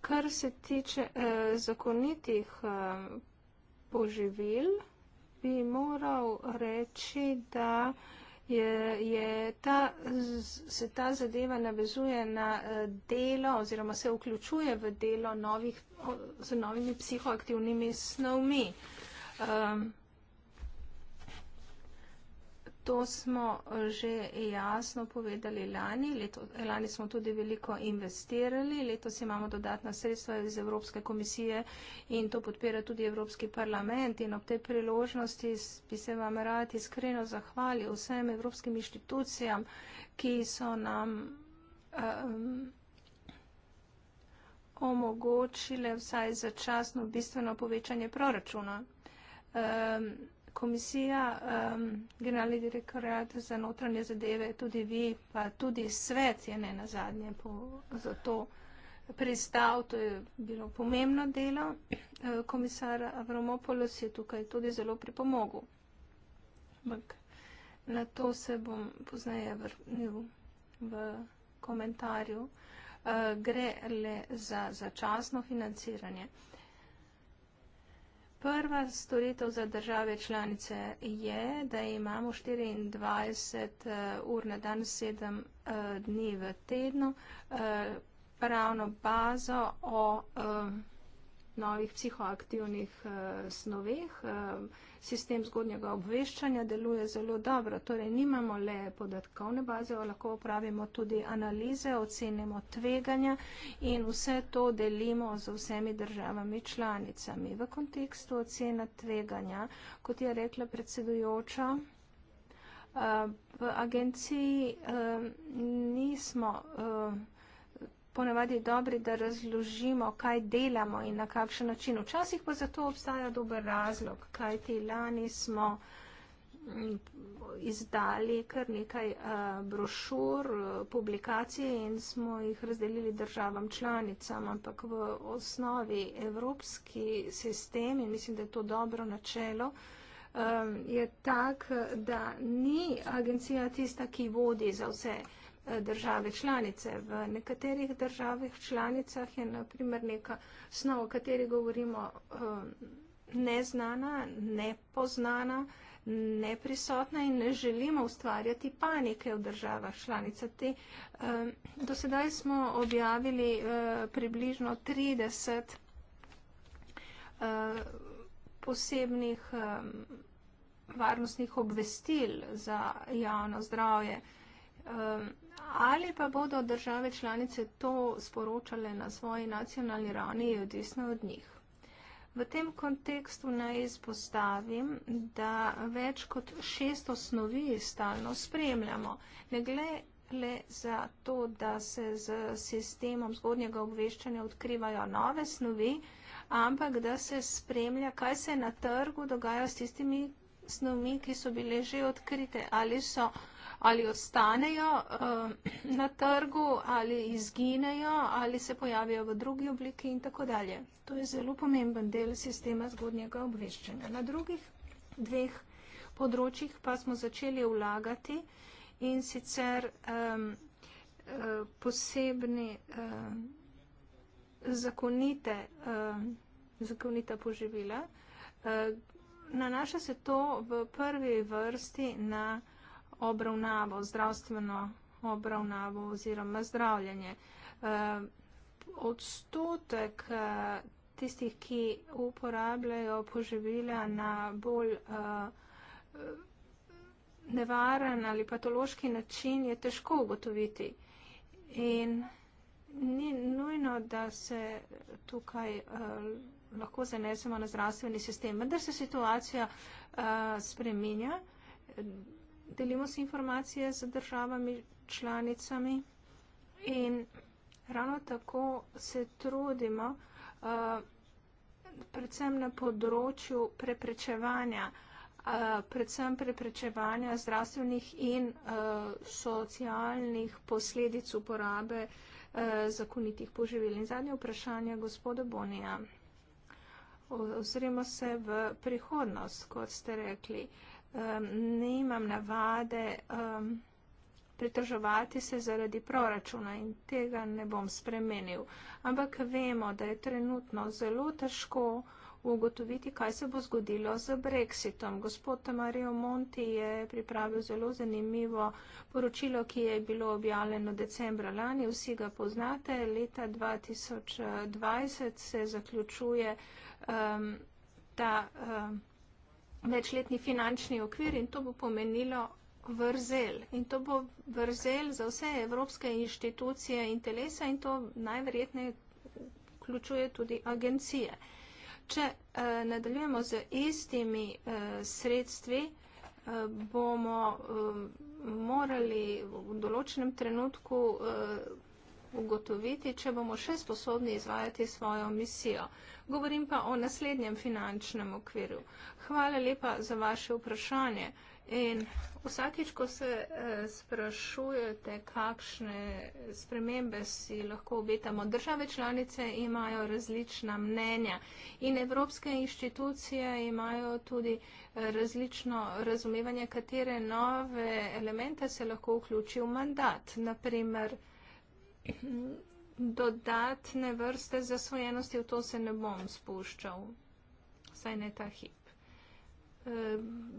Kar se tiče eh, zakonitih eh, poživil, bi moral reči, da eh, je, je ta, se ta zadeva navezuje na eh, delo oziroma se vključuje v delo novih, z novimi psihoaktivnimi snovmi. Um, To smo eh, že jasno povedali lani. Leto, lani smo tudi veliko investirali. Letos imamo dodatna sredstva iz Evropske komisije in to podpira tudi Evropski parlament. In ob tej priložnosti bi se vam rad iskreno zahvalil vsem evropskim inštitucijam, ki so nam. Um, omogočile vsaj začasno bistveno povečanje proračuna. Um, komisija, um, generalni direktorat za notranje zadeve, tudi vi, pa tudi svet je ne na zadnje po, za to pristal. To je bilo pomembno delo. E, komisar Avromopolos je tukaj tudi zelo pripomogel. Ampak na to se bom pozneje vrnil v komentarju. Uh, gre le za začasno financiranje. Uh, prva storitev za države članice je, da imamo 24 eh, ur na dan, 7 eh, dni v tednu, eh, pravno bazo o. Um, novih psihoaktivnih uh, snoveh. Um, sistem zgodnjega obveščanja deluje zelo dobro, torej nimamo le podatkovne baze, lahko upravimo tudi analize, ocenimo tveganja in vse to delimo z vsemi državami članicami. V kontekstu ocena tveganja, kot je rekla predsedujoča, uh, v agenciji uh, nismo. Uh, ponavadi dobri, da razložimo, kaj delamo in na kakšen način. Včasih pa zato obstaja dober razlog, kaj ti lani smo mm, izdali kar nekaj eh, brošur, eh, publikacij in smo jih razdelili državam članicam, ampak v osnovi evropski sistem in mislim, da je to dobro načelo, eh, je tak, da ni agencija tista, ki vodi za vse države članice. V nekaterih državah članicah je naprimer neka snov, o kateri govorimo, um, neznana, nepoznana, neprisotna in ne želimo ustvarjati panike v državah članica. Te, um, do sedaj smo objavili uh, približno 30 uh, posebnih um, varnostnih obvestil za javno zdravje. Ali pa bodo države članice to sporočale na svoji nacionalni ravni, je odvisno od njih. V tem kontekstu naj izpostavim, da več kot šest osnovi stalno spremljamo. Ne gre le za to, da se z sistemom zgodnjega obveščanja odkrivajo nove snovi, ampak da se spremlja, kaj se na trgu dogaja s tistimi snovmi, ki so bile že odkrite ali so odkrite ali ostanejo uh, na trgu, ali izginejo, ali se pojavijo v drugi obliki in tako dalje. To je zelo pomemben del sistema zgodnjega obveščanja. Na drugih dveh področjih pa smo začeli vlagati in sicer um, uh, posebni uh, zakonite, uh, zakonita poživila. Uh, nanaša se to v prvi vrsti na obravnavo, zdravstveno obravnavo oziroma zdravljanje. E, odstotek e, tistih, ki uporabljajo poživila na bolj e, nevaren ali patološki način, je težko ugotoviti. In ni nujno, da se tukaj lahko zanesemo na zdravstveni sistem, vendar se situacija spreminja delimo se informacije z državami članicami in ravno tako se trudimo uh, predvsem na področju preprečevanja, uh, predvsem preprečevanja zdravstvenih in uh, socialnih posledic uporabe uh, zakonitih poživil. In zadnje vprašanje, gospoda Bonija. Ozrimo se v prihodnost, kot ste rekli. Uh, um, nimam navade um, pritoževati se zaradi proračuna in tega ne bom spremenil. Ampak vemo, da je trenutno zelo težko ugotoviti, kaj se bo zgodilo z Brexitom. Gospod Mario Monti je pripravil zelo zanimivo poročilo, ki je bilo objavljeno decembra lani. Vsi ga poznate. Leta 2020 se zaključuje um, ta. Um, večletni finančni okvir in to bo pomenilo vrzel. In to bo vrzel za vse evropske inštitucije in telesa in to najverjetneje vključuje tudi agencije. Če eh, nadaljujemo z istimi eh, sredstvi, eh, bomo eh, morali v določenem trenutku eh, ugotoviti, če bomo še sposobni izvajati svojo misijo. Govorim pa o naslednjem finančnem okviru. Hvala lepa za vaše vprašanje. In vsakič, ko se eh, sprašujete, kakšne spremembe si lahko obetamo, države članice imajo različna mnenja in evropske inštitucije imajo tudi eh, različno razumevanje, katere nove elemente se lahko vključi v mandat. Naprimer, dodatne vrste zasvojenosti, v to se ne bom spuščal, saj ne ta hip. E,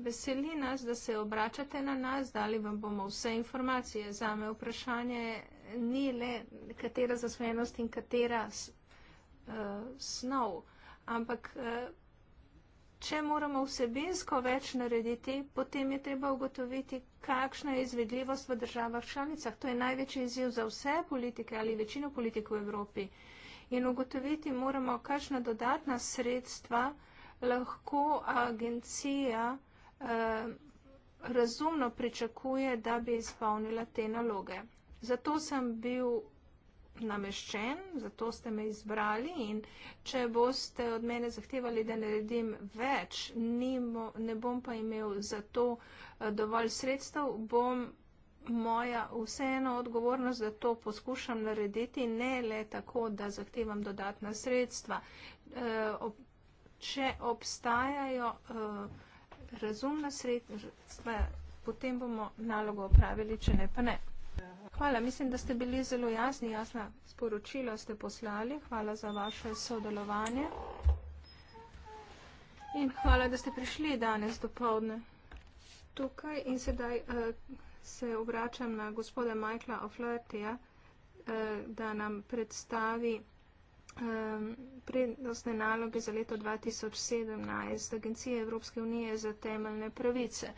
veseli nas, da se obračate na nas, dali vam bomo vse informacije. Za me vprašanje ni le, katera zasvojenost in katera e, snov, ampak e, Če moramo vsebinsko več narediti, potem je treba ugotoviti, kakšna je izvedljivost v državah članicah. To je največji izziv za vse politike ali večino politik v Evropi. In ugotoviti moramo, kakšna dodatna sredstva lahko agencija eh, razumno pričakuje, da bi izpolnila te naloge. Zato sem bil nameščen, zato ste me izbrali in če boste od mene zahtevali, da naredim več, nimo, ne bom pa imel za to eh, dovolj sredstev, bom moja vseeno odgovornost za to poskušam narediti, ne le tako, da zahtevam dodatna sredstva. E, ob, če obstajajo e, razumna sredstva, potem bomo nalogo opravili, če ne pa ne. Hvala, mislim, da ste bili zelo jasni, jasna sporočila ste poslali. Hvala za vaše sodelovanje. In hvala, da ste prišli danes do povdne tukaj. In sedaj uh, se obračam na gospoda Majkla Oflertija, uh, eh, da nam predstavi um, prednostne naloge za leto 2017 Agencije Evropske unije za temeljne pravice.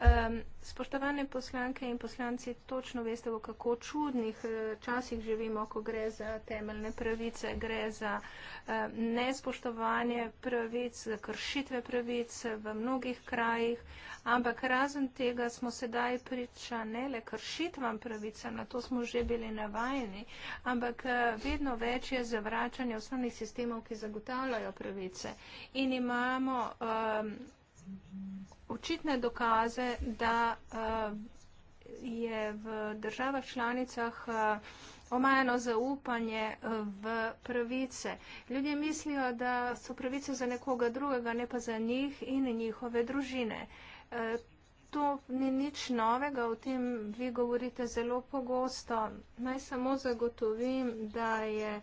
Um, spoštovane poslanke in poslanci, točno veste, v kako čudnih eh, časih živimo, ko gre za temeljne pravice, gre za um, nespoštovanje pravic, za kršitve pravic v mnogih krajih, ampak razen tega smo sedaj priča ne le kršitvam pravice, na to smo že bili navajeni, ampak eh, vedno več je zavračanje osnovnih sistemov, ki zagotavljajo pravice. In imamo um, očitne dokaze, da eh, je v državah članicah eh, omajeno zaupanje eh, v pravice. Ljudje mislijo, da so pravice za nekoga drugega, ne pa za njih in njihove družine to ni nič novega, o tem vi govorite zelo pogosto. Naj samo zagotovim, da je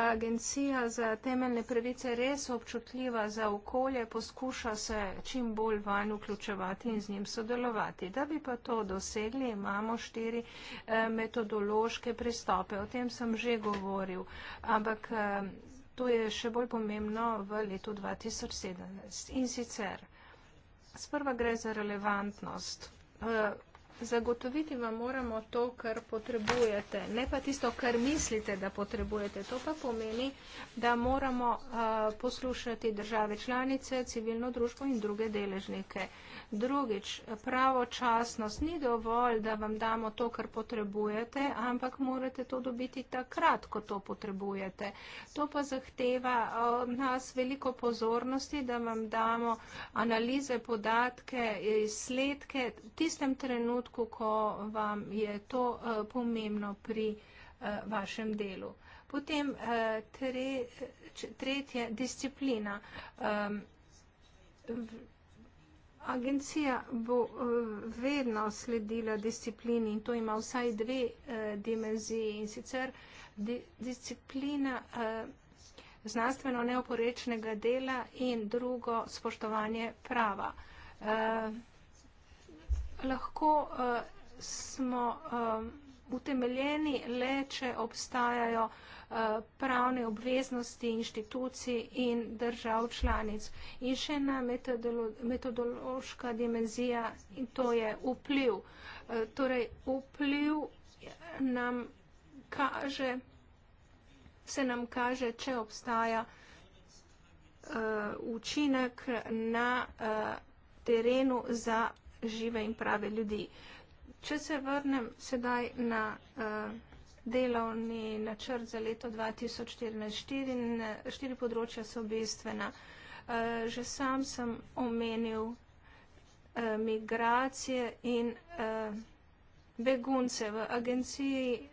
Agencija za temeljne pravice res občutljiva za okolje, poskuša se čim bolj vanj vključevati in z njim sodelovati. Da bi pa to dosegli, imamo štiri eh, metodološke pristope. O tem sem že govoril, ampak eh, to je še bolj pomembno v letu 2017. In sicer Sprva gre za relevantnost. Eh, zagotoviti vam moramo to, kar potrebujete, ne pa tisto, kar mislite, da potrebujete. To pa pomeni, da moramo eh, poslušati države članice, civilno družbo in druge deležnike. Drugič, pravočasnost ni dovolj, da vam damo to, kar potrebujete, ampak morate to dobiti takrat, ko to potrebujete. To pa zahteva od eh, nas veliko pozornosti, da vam damo analize, podatke, izsledke v tistem trenutku, ko vam je to eh, pomembno pri eh, vašem delu. Potem tre, tretje, disciplina. Ehm, Agencija bo uh, vedno sledila disciplini in to ima vsaj dve uh, dimenziji in sicer di disciplina uh, znanstveno neoporečnega dela in drugo spoštovanje prava. Uh, lahko uh, smo. Uh, utemeljeni le, če obstajajo eh, pravne obveznosti inštitucij in držav članic. In še ena metodološka dimenzija in to je vpliv. Eh, torej vpliv nam kaže, se nam kaže, če obstaja eh, učinek na terenu za žive in prave ljudi. Če se vrnem sedaj na uh, delovni načrt za leto 2014, štiri področja so bistvena. Uh, že sam sem omenil uh, migracije in uh, begunce. V agenciji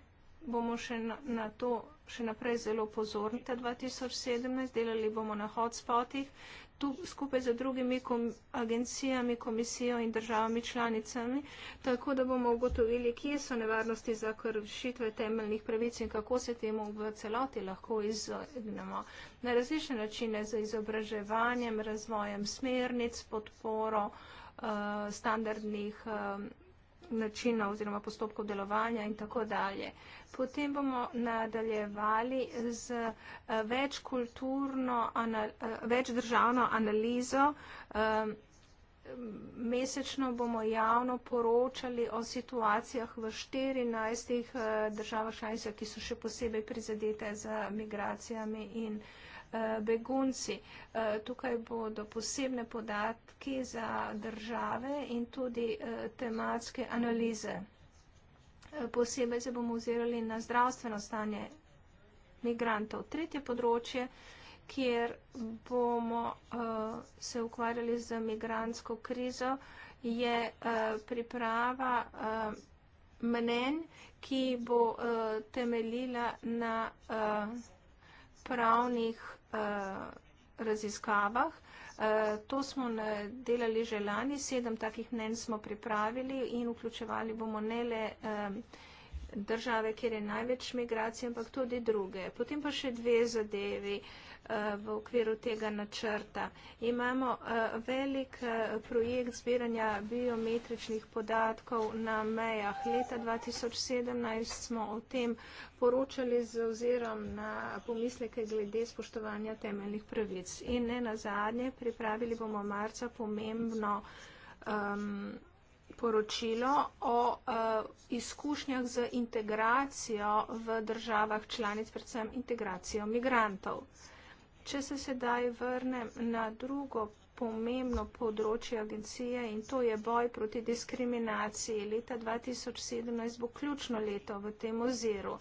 bomo še na, na to še naprej zelo pozorni. Ta 2017 delali bomo na hotspotih, tu skupaj z drugimi kom agencijami, komisijo in državami članicami, tako da bomo ugotovili, kje so nevarnosti za kršitve temeljnih pravic in kako se temu v celoti lahko izognemo. Na različne načine z izobraževanjem, razvojem smernic, podporo eh, standardnih eh, načina oziroma postopkov delovanja in tako dalje. Potem bomo nadaljevali z eh, več kulturno, eh, več državno analizo. Eh, mesečno bomo javno poročali o situacijah v 14 državah članicah, ki so še posebej prizadete za migracijami in migracijami. Eh, begunci. Eh, tukaj bodo posebne podatki za države in tudi eh, tematske analize. Posebej se bomo ozirali na zdravstveno stanje migrantov. Tretje področje, kjer bomo se ukvarjali z migransko krizo, je priprava mnen, ki bo temeljila na pravnih Eh, raziskavah. Eh, to smo delali že lani, sedem takih mnen smo pripravili in vključevali bomo ne le eh, države, kjer je največ migracij, ampak tudi druge. Potem pa še dve zadevi. Eh, v okviru tega načrta. Imamo eh, velik eh, projekt zbiranja biometričnih podatkov na mejah. Leta 2017 smo o tem poročali z ozirom na pomisleke glede spoštovanja temeljnih pravic. In ne na zadnje, pripravili bomo marca pomembno um, poročilo o uh, izkušnjah z integracijo v državah članic, predvsem integracijo migrantov. Če se sedaj vrnem na drugo pomembno področje agencije in to je boj proti diskriminaciji. Leta 2017 bo ključno leto v tem oziru.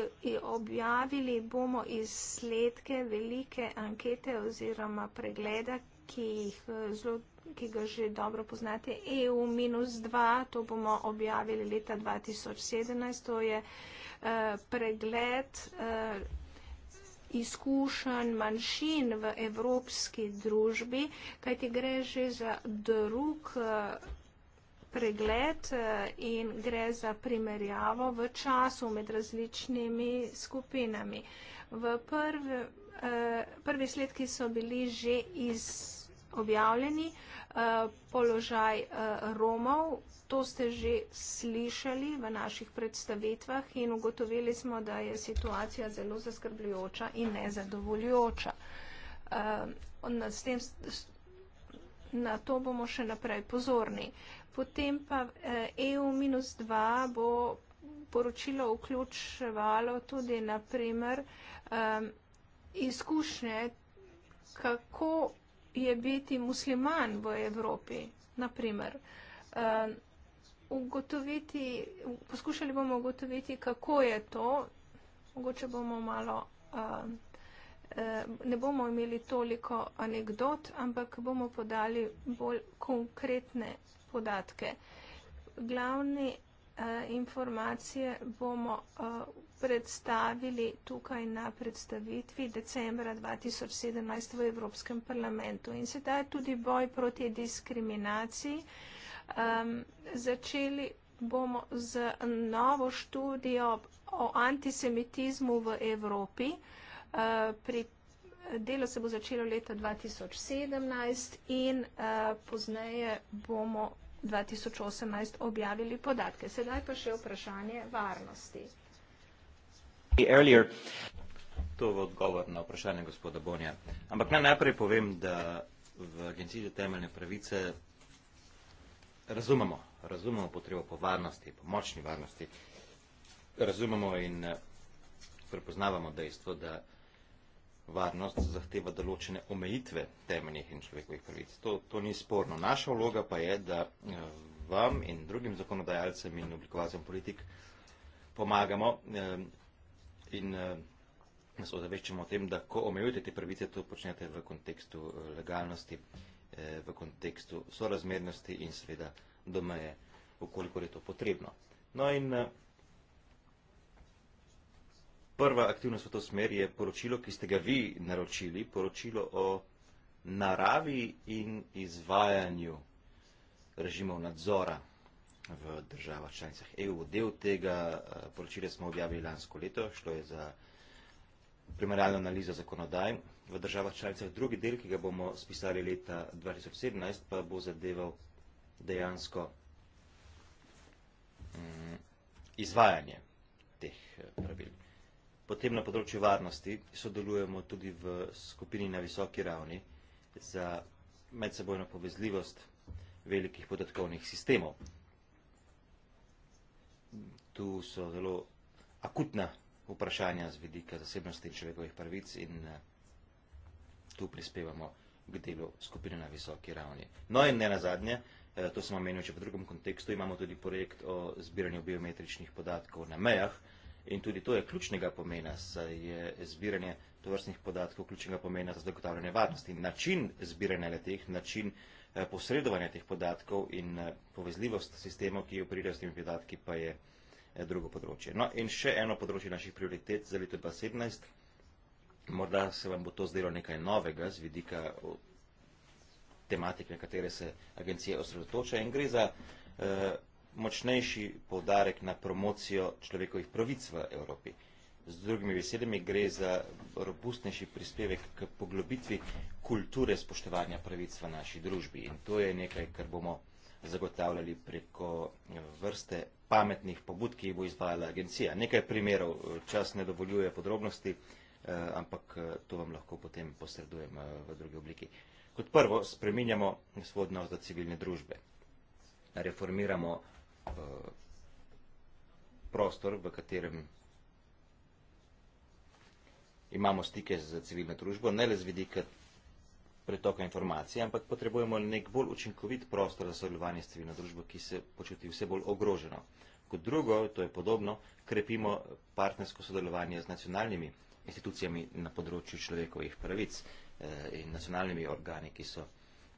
E, objavili bomo izsledke velike ankete oziroma pregleda, ki, jih, zelo, ki ga že dobro poznate, EU-2, to bomo objavili leta 2017, to je uh, pregled. Uh, izkušenj manjšin v evropski družbi, kajti gre že za drug eh, pregled eh, in gre za primerjavo v času med različnimi skupinami. V prvi, eh, prvi sledki so bili že iz objavljeni. Eh, položaj eh, Romov, to ste že slišali v naših predstavitvah in ugotovili smo, da je situacija zelo zaskrbljujoča in nezadovoljujoča. Eh, na to bomo še naprej pozorni. Potem pa EU-2 e bo poročilo vključevalo tudi naprimer izkušnje, kako je biti musliman v Evropi, naprimer. Ehm, ugotoviti, poskušali bomo ugotoviti, kako je to, mogoče bomo malo, ehm, ehm, ne bomo imeli toliko anegdot, ampak bomo podali bolj konkretne podatke. Glavne informacije bomo predstavili tukaj na predstavitvi decembra 2017 v Evropskem parlamentu. In sedaj je tudi boj proti diskriminaciji. Um, začeli bomo z novo študijo o antisemitizmu v Evropi. Uh, pri, delo se bo začelo leta 2017 in uh, pozneje bomo 2018 objavili podatke. Sedaj pa še vprašanje varnosti. To v odgovor na vprašanje gospoda Bonja. Ampak naj najprej povem, da v Agenciji za temeljne pravice razumemo, razumemo potrebo po varnosti, po močni varnosti. Razumemo in eh, prepoznavamo dejstvo, da varnost zahteva določene omejitve temeljnih in človekovih pravic. To, to ni sporno. Naša vloga pa je, da eh, vam in drugim zakonodajalcem in oblikovalcem politik pomagamo eh, in uh, nas ozaveščamo o tem, da ko omejujete te pravice, to počnete v kontekstu eh, legalnosti, eh, v kontekstu sorazmernosti in seveda doma je, koliko je to potrebno. No in uh, prva aktivnost v to smer je poročilo, ki ste ga vi naročili, poročilo o naravi in izvajanju režimov nadzora v državah članicah EU. Del tega eh, poročila smo objavili lansko leto, šlo je za primarjalno analizo zakonodaj v državah članicah. Drugi del, ki ga bomo spisali leta 2017, pa bo zadeval dejansko mm, izvajanje teh eh, pravil. Potem na področju varnosti sodelujemo tudi v skupini na visoki ravni za medsebojno povezljivost velikih podatkovnih sistemov tu so zelo akutna vprašanja z vidika zasebnosti in človekovih prvic in eh, tu prispevamo k delu skupine na visoki ravni. No in ne nazadnje, eh, to sem omenil še v drugem kontekstu, imamo tudi projekt o zbiranju biometričnih podatkov na mejah in tudi to je ključnega pomena, saj je zbiranje tovrstnih podatkov ključnega pomena za zagotavljanje varnosti. Način zbiranja le teh, način Eh, posredovanje teh podatkov in eh, povezljivost sistemov, ki operirajo s temi podatki, pa je eh, drugo področje. No in še eno področje naših prioritet za leto 2017, morda se vam bo to zdelo nekaj novega z vidika tematik, na katere se agencije osredotoča in gre za močnejši povdarek na promocijo človekovih pravic v Evropi z drugimi besedami gre za robustnejši prispevek k poglobitvi kulture spoštovanja pravic v naši družbi. In to je nekaj, kar bomo zagotavljali preko eh, vrste pametnih pobud, ki jih bo izvajala agencija. Nekaj primerov, eh, čas ne dovoljuje podrobnosti, eh, ampak to vam lahko potem posredujem v drugi obliki. Kot prvo, spreminjamo svodno za civilne družbe. Reformiramo prostor, v katerem imamo stike z civilno družbo, ne le z vidika pretoka informacij, ampak potrebujemo nek bolj učinkovit prostor za sodelovanje s civilno družbo, ki se počuti vse bolj ogroženo. Kot drugo, to je podobno, krepimo partnersko sodelovanje z nacionalnimi institucijami na področju človekovih pravic eh, in nacionalnimi organi, ki so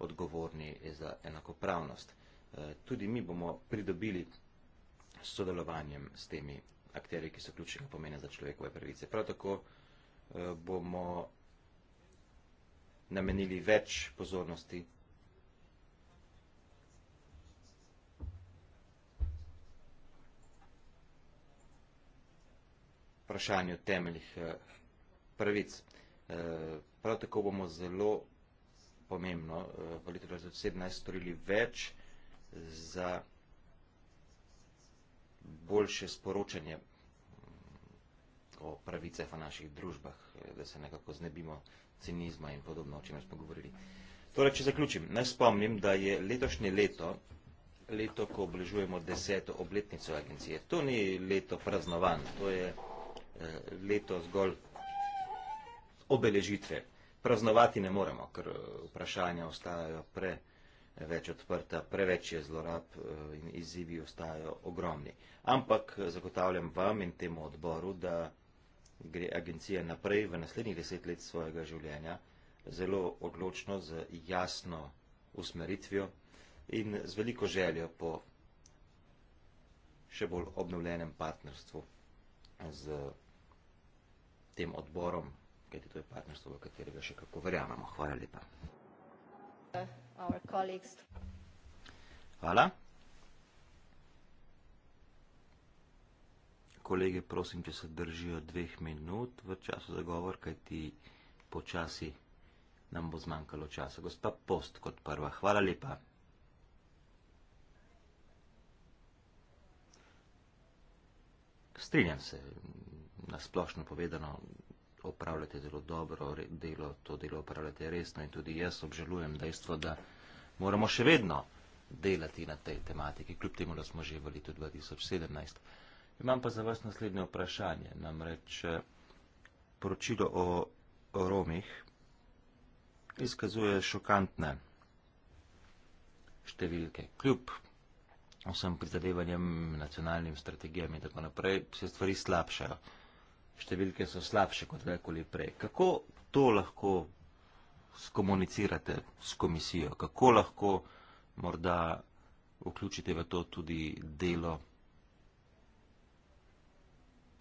odgovorni za enakopravnost. Eh, tudi mi bomo pridobili sodelovanjem s temi akterji, ki so ključnega pomena za človekove pravice. Prav tako Eh, bomo namenili več pozornosti. vprašanju temeljih eh, prvic. Eh, prav tako bomo zelo pomembno v letu 2017 storili več za boljše sporočanje o pravicah v naših družbah, eh, da se nekako znebimo cinizma in podobno, o čemer smo govorili. Torej, če zaključim, naj spomnim, da je letošnje leto, leto, ko obležujemo deseto obletnico agencije. To ni leto praznovanj, to je eh, leto zgolj obeležitve. Praznovati ne moremo, ker eh, vprašanja ostajajo preveč odprta, preveč je zlorab in izzivi ostajajo ogromni. Ampak zagotavljam vam in temu odboru, da gre agencija naprej v naslednjih deset let svojega življenja zelo odločno, z jasno usmeritvijo in z veliko željo po še bolj obnovljenem partnerstvu z tem odborom, kajti to je partnerstvo, v katerega še kako verjamemo. Hvala lepa. Hvala. kolege prosim, če se držijo dveh minut v času zagovor, kaj ti počasi nam bo zmanjkalo časa. Gospa Post kot prva. Hvala lepa. Strinjam se, nasplošno povedano, opravljate zelo dobro delo, to delo opravljate resno in tudi jaz obžalujem dejstvo, da moramo še vedno delati na tej tematiki, kljub temu, da smo že v letu 2017. Imam pa za vas naslednje vprašanje. Namreč eh, poročilo o Romih izkazuje šokantne številke. Kljub vsem prizadevanjem, nacionalnim strategijam in tako naprej, se stvari slabšajo. Številke so slabše kot kakoli prej. Kako to lahko skomunicirate s komisijo? Kako lahko morda vključite v to tudi delo?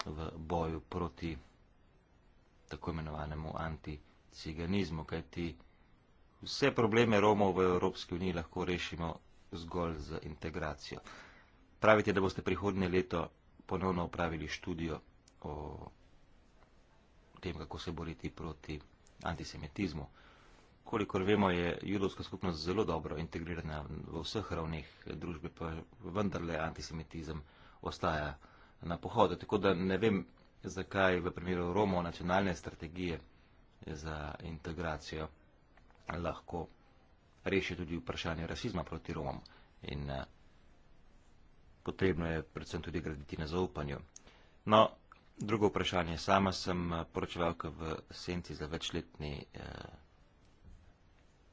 v boju proti tako imenovanemu anticiganizmu, kajti vse probleme Romov v Evropski uniji lahko rešimo zgolj z integracijo. Pravite, da boste prihodnje leto ponovno upravili študijo o tem, kako se boriti proti antisemitizmu. Kolikor vemo, je judovska skupnost zelo dobro integrirana v vseh ravneh družbe, pa vendarle antisemitizem ostaja na pohode. Tako da ne vem, zakaj v primeru Romov nacionalne strategije za integracijo lahko reši tudi vprašanje rasizma proti Romom. In eh, potrebno je predvsem tudi graditi na zaupanju. No, drugo vprašanje. Sama sem eh, poročevalka v senci za večletni eh,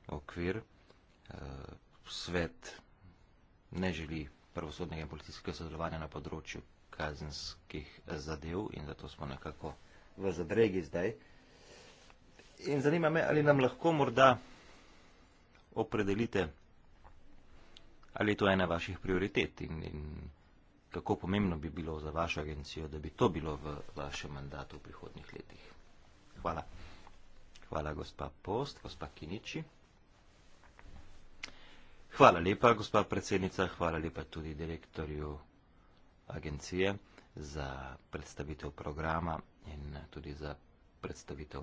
okvir. Eh, svet ne želi pravosodnega in policijskega sodelovanja na področju kazenskih eh, zadev in zato smo nekako v zadregi zdaj. In zanima me, ali nam lahko morda opredelite, ali je to ena vaših prioritet in, in kako pomembno bi bilo za vašo agencijo, da bi to bilo v vašem mandatu v prihodnih letih. Hvala. Hvala, gospa Post, gospa Kiniči. Hvala lepa, gospa predsednica, hvala lepa tudi direktorju agencije za predstavitev programa in tudi za predstavitev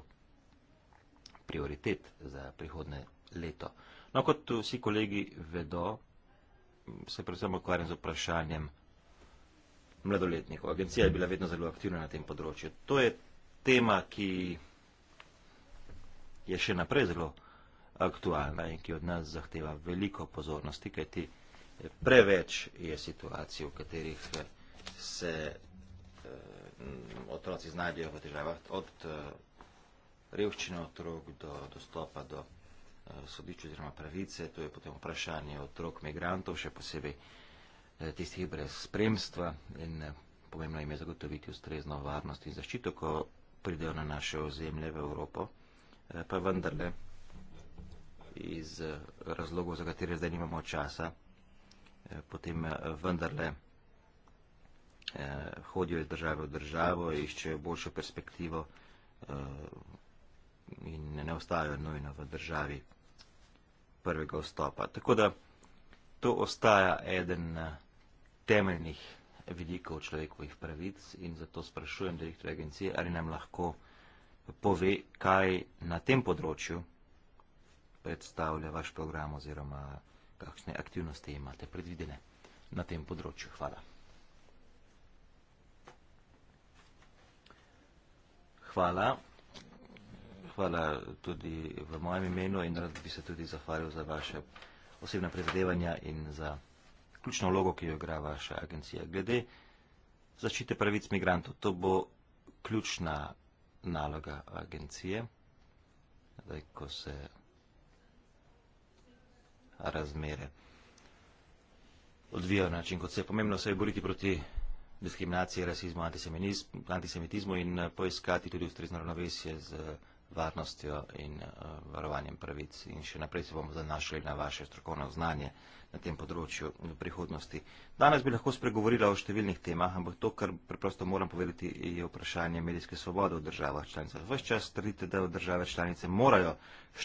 prioritet za prihodne leto. No, kot vsi kolegi vedo, se predvsem ukvarjam z vprašanjem mladoletnikov. Agencija je bila vedno zelo aktivna na tem področju. To je tema, ki je še naprej zelo aktualna in ki od nas zahteva veliko pozornosti, kajti ti Preveč je situacij, v katerih se eh, otroci znajdejo v težavah, od eh, revščine otrok do dostopa do eh, sodiča oziroma pravice, to je potem vprašanje otrok migrantov, še posebej tistih brez spremstva in pomembno jim je zagotoviti ustrezno varnost in zaščito, ko pridejo na naše ozemlje v Evropo, pa vendarle iz razlogov, za katere zdaj nimamo časa, Eh, potem eh, vendarle eh, hodijo iz države v državo, iščejo boljšo perspektivo in ne ostajajo nujno v državi prvega vstopa. Tako da to ostaja eden temeljnih vidikov človekovih pravic in zato sprašujem direktorja agencije, ali nam lahko pove, kaj na tem področju predstavlja vaš program oziroma kakšne aktivnosti imate predvidene na tem področju. Hvala. Hvala. Hvala tudi v mojem imenu in rad bi se tudi zahvalil za vaše osebne prizadevanja in za ključno vlogo, ki jo igra vaša agencija. Glede zaščite pravic migrantov, to bo ključna naloga agencije. Zdaj, ko se razmere odvijajo na način, kot se je pomembno se je boriti proti diskriminaciji, rasizmu, antisemitizmu in eh, poiskati tudi ustrezno ravnovesje z varnostjo in eh, varovanjem pravic. In še naprej se bomo zanašali na vaše strokovno znanje na tem področju v prihodnosti. Danes bi lahko spregovorila o številnih temah, ampak to, kar preprosto moram povedati, je vprašanje medijske svobode v državah članicah. Ves čas trdite, da v države članice morajo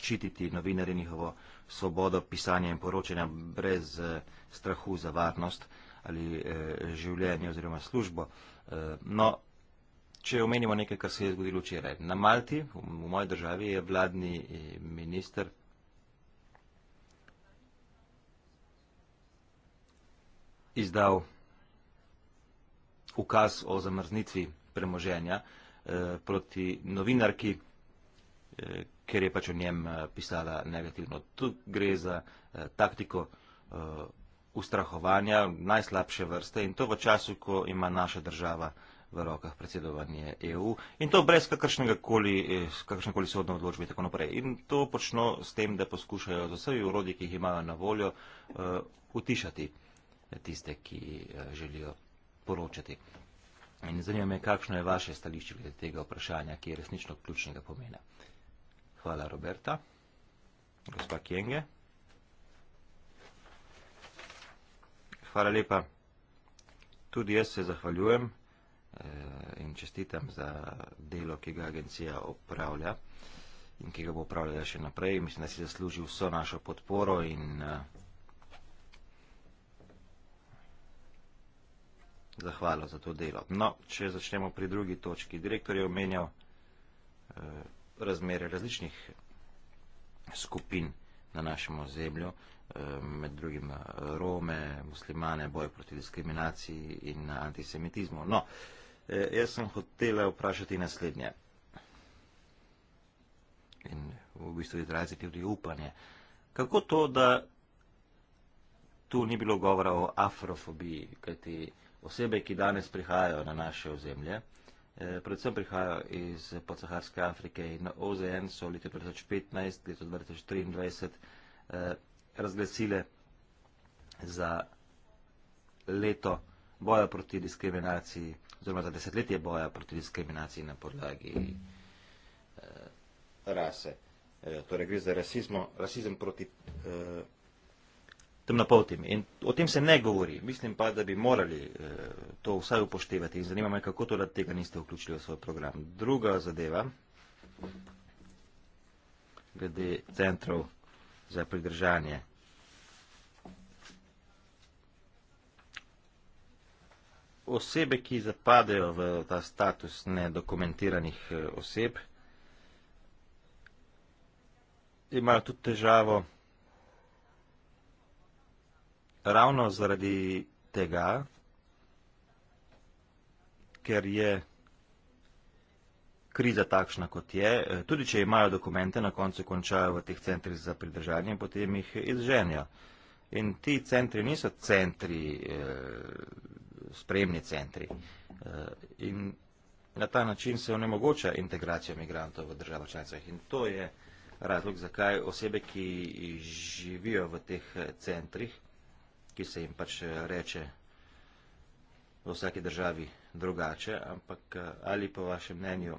ščititi novinarje njihovo svobodo pisanja in poročanja brez eh, strahu za varnost ali eh, življenje oziroma službo. Eh, no, če omenimo nekaj, kar se je zgodilo včeraj. Na Malti, v, v moji državi, je vladni eh, minister. izdal ukaz o zamrznitvi premoženja eh, proti novinarki, eh, ker je pač o njem eh, pisala negativno. Tu gre za eh, taktiko eh, ustrahovanja najslabše vrste in to v času, ko ima naša država v rokah predsedovanje EU in to brez kakršne koli eh, sodne odločbe in tako naprej. In to počno s tem, da poskušajo z vsemi urodji, ki jih imajo na voljo, eh, utišati tiste, ki eh, želijo poročati. In zanima me, kakšno je vaše stališče glede tega vprašanja, ki je resnično ključnega pomena. Uh, Hvala, Roberta. Gospa Kjenge. Hvala lepa. Tudi jaz se zahvaljujem eh, in čestitam za delo, ki ga agencija opravlja in ki ga bo upravljala še naprej. Mislim, da si zaslužil vso našo podporo in eh, zahvalo za to delo. No, če začnemo pri drugi točki. Direktor je omenjal eh, razmere različnih skupin na našem ozemlju, eh, med drugim eh, Rome, muslimane, boj proti diskriminaciji in antisemitizmu. No, eh, jaz sem hotela vprašati naslednje. In v bistvu izraziti tudi upanje. Kako to, da tu ni bilo govora o afrofobiji, kajti osebe, ki danes prihajajo na naše ozemlje, Eh, predvsem prihajajo iz podsaharske Afrike in OZN so leta 2015, leta 2023 eh, razglasile za leto boja proti diskriminaciji, oziroma za desetletje boja proti diskriminaciji na podlagi eh, rase. Torej gre za rasizmo, rasizem proti temnopoltimi. In o tem se ne govori. Mislim pa, da bi morali eh, to vsaj upoštevati in zanima me, kako to, torej da tega niste vključili v svoj program. Druga zadeva, glede centrov za pridržanje. Osebe, ki zapadejo v ta status nedokumentiranih eh, oseb, imajo tudi težavo, ravno zaradi tega, ker je kriza takšna, kot je, eh, tudi če imajo dokumente, na koncu končajo v teh centrih za pridržanje in potem jih izženijo. In ti centri niso centri, eh, spremni centri. Eh, in na ta način se onemogoča integracija migrantov v državo članicah. In to je razlog, zakaj osebe, ki živijo v teh eh, centrih, ki se jim pač eh, reče v vsaki državi drugače, ampak eh, ali po vašem mnenju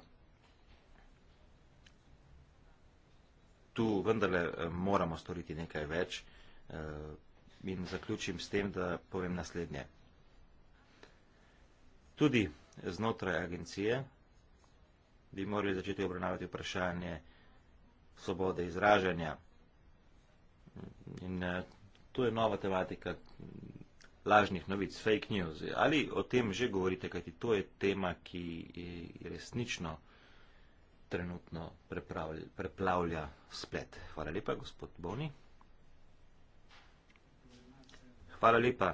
tu vendarle eh, moramo storiti nekaj več in zaključim s tem, da povem naslednje. Tudi znotraj agencije bi morali začeti obravnavati vprašanje svobode izražanja in to je nova tematika, lažnih novic, fake news. Ali o tem že govorite, kajti to je tema, ki je resnično trenutno preplavlja splet. Hvala lepa, gospod Boni. Hvala lepa.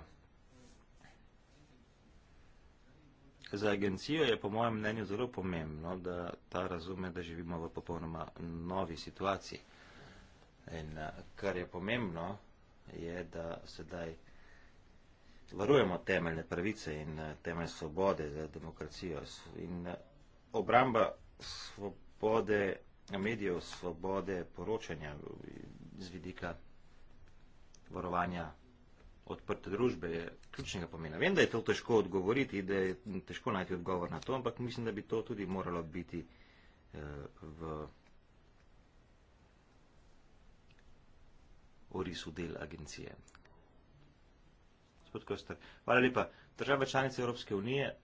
Za agencijo je po mojem mnenju zelo pomembno, da ta razume, da živimo v popolnoma novi situaciji. In eh, kar je pomembno, je, da sedaj vsega, varujemo temeljne pravice in eh, temelj svobode za demokracijo. In eh, obramba svobode medijev, svobode poročanja z vidika varovanja odprte družbe je ključnega pomena. Vem, da je to težko odgovoriti, da je težko najti odgovor na to, ampak mislim, da bi to tudi moralo biti eh, v orisu del agencije gospod Koster. Hvala lepa. Države članice Evropske unije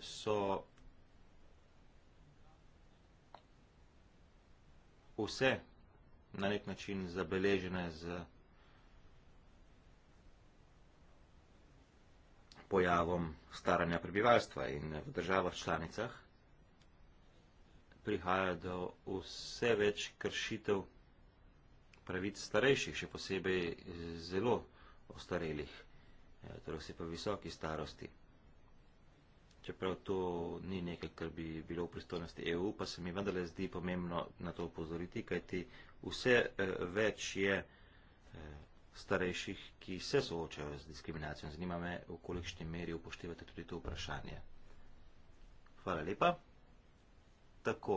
so vse na nek način zabeležene z pojavom staranja prebivalstva in v državah članicah prihaja do vse več kršitev pravic starejših, še posebej zelo ostarelih, eh, torej vse pa visoki starosti. Čeprav to ni nekaj, kar bi bilo v pristojnosti EU, pa se mi vendarle zdi pomembno na to upozoriti, kajti vse eh, več je eh, starejših, ki se soočajo z diskriminacijo. Zanima me, v kolikšni meri upoštevate tudi to vprašanje. Hvala lepa. Tako,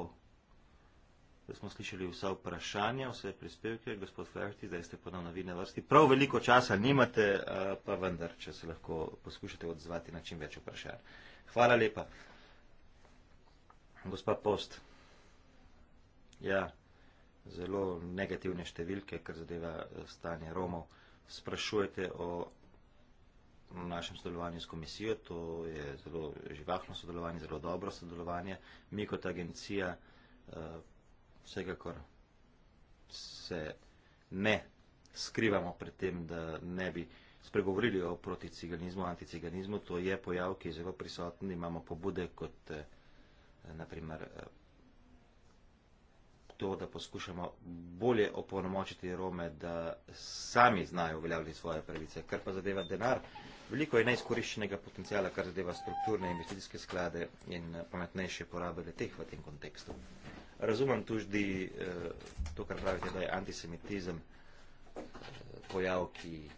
da smo slišali vsa vprašanja, vse prispevke. Gospod Flaherty, zdaj ste ponovno vidne vrsti. Prav veliko časa nimate, eh, pa vendar, če se lahko poskušate odzvati na čim več vprašanj. Hvala lepa. Gospa Post. Ja, zelo negativne številke, kar zadeva eh, stanje Romov. Sprašujete o našem sodelovanju s komisijo, to je zelo živahno sodelovanje, zelo dobro sodelovanje. Mi kot agencija eh, Vsekakor se ne skrivamo pred tem, da ne bi spregovorili o proticiganizmu, anticiganizmu. To je pojav, ki je zelo prisoten. Imamo pobude kot eh, naprimer eh, to, da poskušamo bolje opolnomočiti Rome, da sami znajo uveljavljati svoje pravice. Kar pa zadeva denar, veliko je neizkoriščenega potencijala, kar zadeva strukturne investicijske sklade in eh, pametnejše porabe teh v tem kontekstu razumem tudi eh, to, kar pravite, da je antisemitizem eh, pojav, ki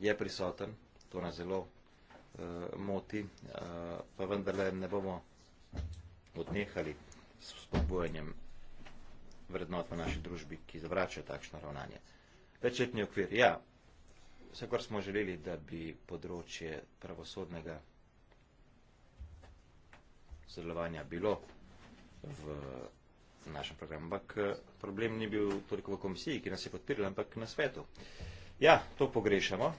je prisoten, to nas zelo eh, moti, pa vendarle ne bomo odnehali s spodbojanjem vrednot v naši družbi, ki zavračajo takšno ravnanje. Večetni okvir, ja, vsekor smo želeli, da bi področje pravosodnega sodelovanja bilo v našem programu. Ampak eh, problem ni bil toliko v komisiji, ki nas je podpirala, ampak na svetu. Ja, to pogrešamo.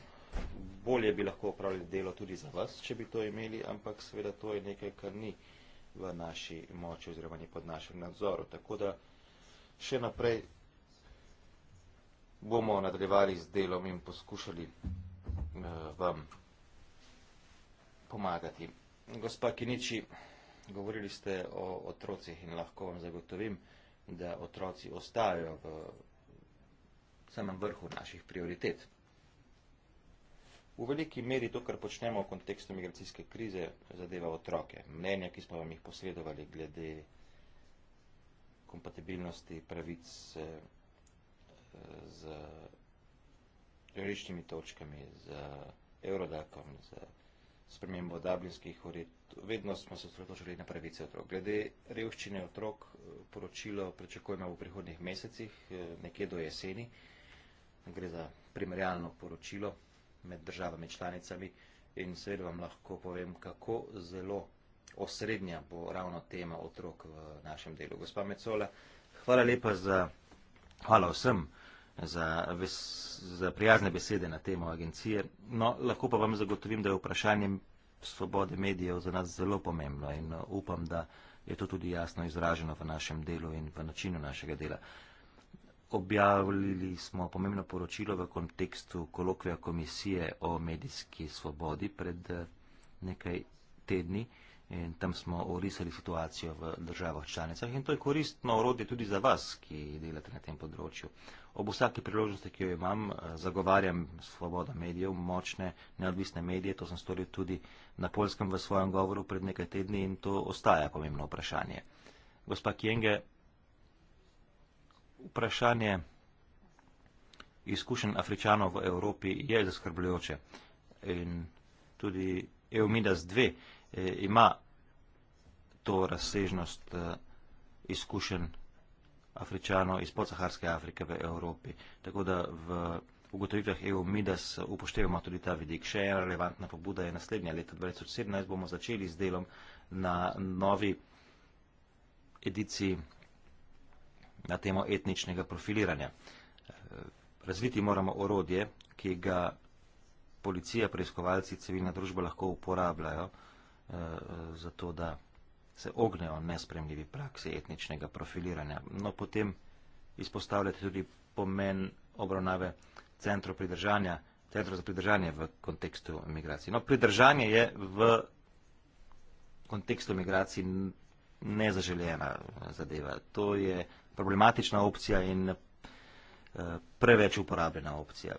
Bolje bi lahko opravili delo tudi za vas, če bi to imeli, ampak seveda to je nekaj, kar ni v naši moči oziroma ni pod našem nadzoru. Tako da še naprej bomo nadaljevali z delom in poskušali uh, vam pomagati. Gospa Kiniči, Govorili ste o otrocih in lahko vam zagotovim, da otroci ostajajo v samem vrhu naših prioritet. V veliki meri to, kar počnemo v kontekstu migracijske krize, zadeva otroke. Mnenja, ki smo vam jih posredovali glede kompatibilnosti pravic eh, z juriščnimi točkami, z Eurodakom, z spremembo dublinskih ured. Vedno smo se sredočili na pravice otrok. Glede revščine otrok, poročilo pričakujemo v prihodnih mesecih, nekje do jeseni. Gre za primerjalno poročilo med državami članicami in seveda vam lahko povem, kako zelo osrednja bo ravno tema otrok v našem delu. Gospa Mecola, hvala lepa za, hvala vsem za, ves, za prijazne besede na temo agencije. No, lahko pa vam zagotovim, da je vprašanje svobode medijev za nas zelo pomembno in uh, upam, da je to tudi jasno izraženo v našem delu in v načinu našega dela. Objavili smo pomembno poročilo v kontekstu kolokvija komisije o medijski svobodi pred uh, nekaj tedni. In tam smo orisali situacijo v državah članicah in to je koristno orodje tudi za vas, ki delate na tem področju. Ob vsaki priložnosti, ki jo imam, eh, zagovarjam svobodo medijev, močne, neodvisne medije, to sem storil tudi na polskem v svojem govoru pred nekaj tedni in to ostaja pomembno vprašanje. Gospa Kjenge, vprašanje izkušenj Afričanov v Evropi je zaskrbljujoče in tudi Eumidas 2 eh, ima to razsežnost eh, izkušenj Afričano iz podsaharske Afrike v Evropi. Tako da v ugotovitvah EU MIDAS upoštevamo tudi ta vidik. Še ena relevantna pobuda je naslednja leta 2017 bomo začeli z delom na novi ediciji na temo etničnega profiliranja. Eh, razviti moramo orodje, ki ga policija, preiskovalci, civilna družba lahko uporabljajo. Eh, zato, da se ognejo nespremljivi praksi etničnega profiliranja. No, potem izpostavljate tudi pomen obravnave centrov pridržanja, centrov za pridržanje v kontekstu migracij. No, pridržanje je v kontekstu migracij nezaželjena zadeva. To je problematična opcija in eh, preveč uporabljena opcija.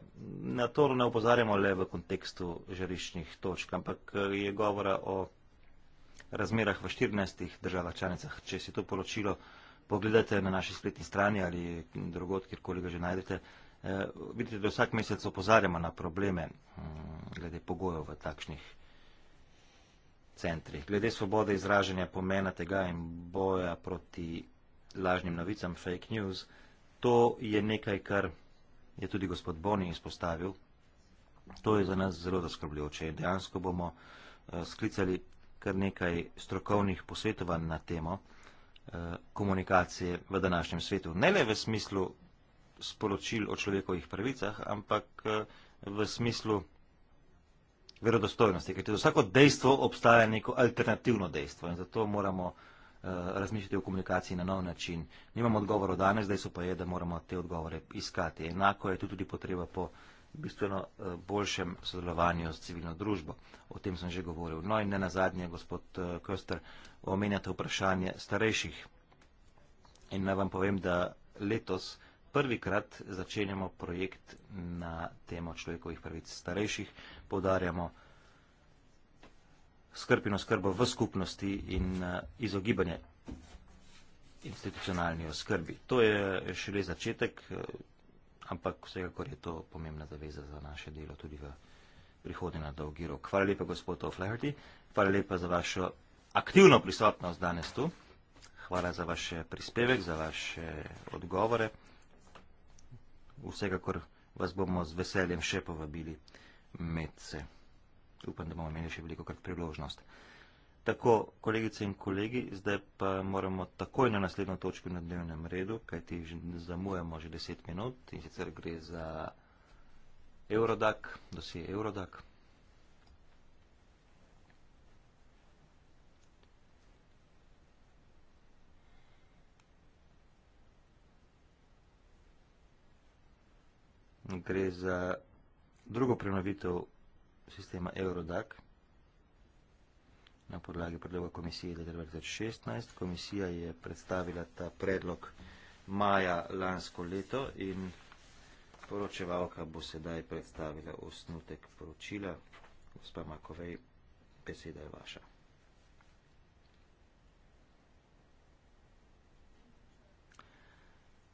Na to ne upozarjamo le v kontekstu žariščnih točk, ampak eh, je govora o razmerah v 14 državah članicah. Če si to poročilo pogledate na naši spletni strani ali drugot, kjerkoli ga že najdete, eh, vidite, da vsak mesec opozarjamo na probleme mm, glede pogojev v takšnih centrih. Glede svobode izražanja pomena tega in boja proti lažnim novicam, fake news, to je nekaj, kar je tudi gospod Boni izpostavil. To je za nas zelo zaskrbljujoče. Dejansko bomo eh, sklicali kar nekaj strokovnih posvetovanj na temo eh, komunikacije v današnjem svetu. Ne le v smislu sporočil o človekovih pravicah, ampak eh, v smislu verodostojnosti, ker za vsako dejstvo obstaja neko alternativno dejstvo in zato moramo eh, razmišljati o komunikaciji na nov način. Nimamo odgovorov danes, zdaj so pa je, da moramo te odgovore iskati. Enako je tu tudi potreba po bistveno eh, boljšem sodelovanju s civilno družbo. O tem sem že govoril. No in ne nazadnje, gospod eh, Köster, omenjate vprašanje starejših. In naj vam povem, da letos prvikrat začenjamo projekt na temo človekovih pravic starejših. Podarjamo skrpino skrbo v skupnosti in eh, izogibanje institucionalni oskrbi. To je šele začetek, ampak vsekakor je to pomembna zaveza za naše delo tudi v prihodnje na dolgi rok. Hvala lepa, gospod O'Flaherty, hvala lepa za vašo aktivno prisotnost danes tu, hvala za vaše prispevek, za vaše odgovore. Vsekakor vas bomo z veseljem še povabili med se. Upam, da bomo imeli še veliko krat priložnost. Tako, kolegice in kolegi, zdaj pa moramo takoj na naslednjo točko na dnevnem redu, kajti že zamujamo že deset minut in sicer gre za Eurodak, dosje Eurodak. Gre za drugo prenovitev sistema Eurodac, na podlagi predloga komisije leta 2016. Komisija je predstavila ta predlog maja lansko leto in poročevalka bo sedaj predstavila osnutek poročila. Gospa Makovej, beseda je vaša.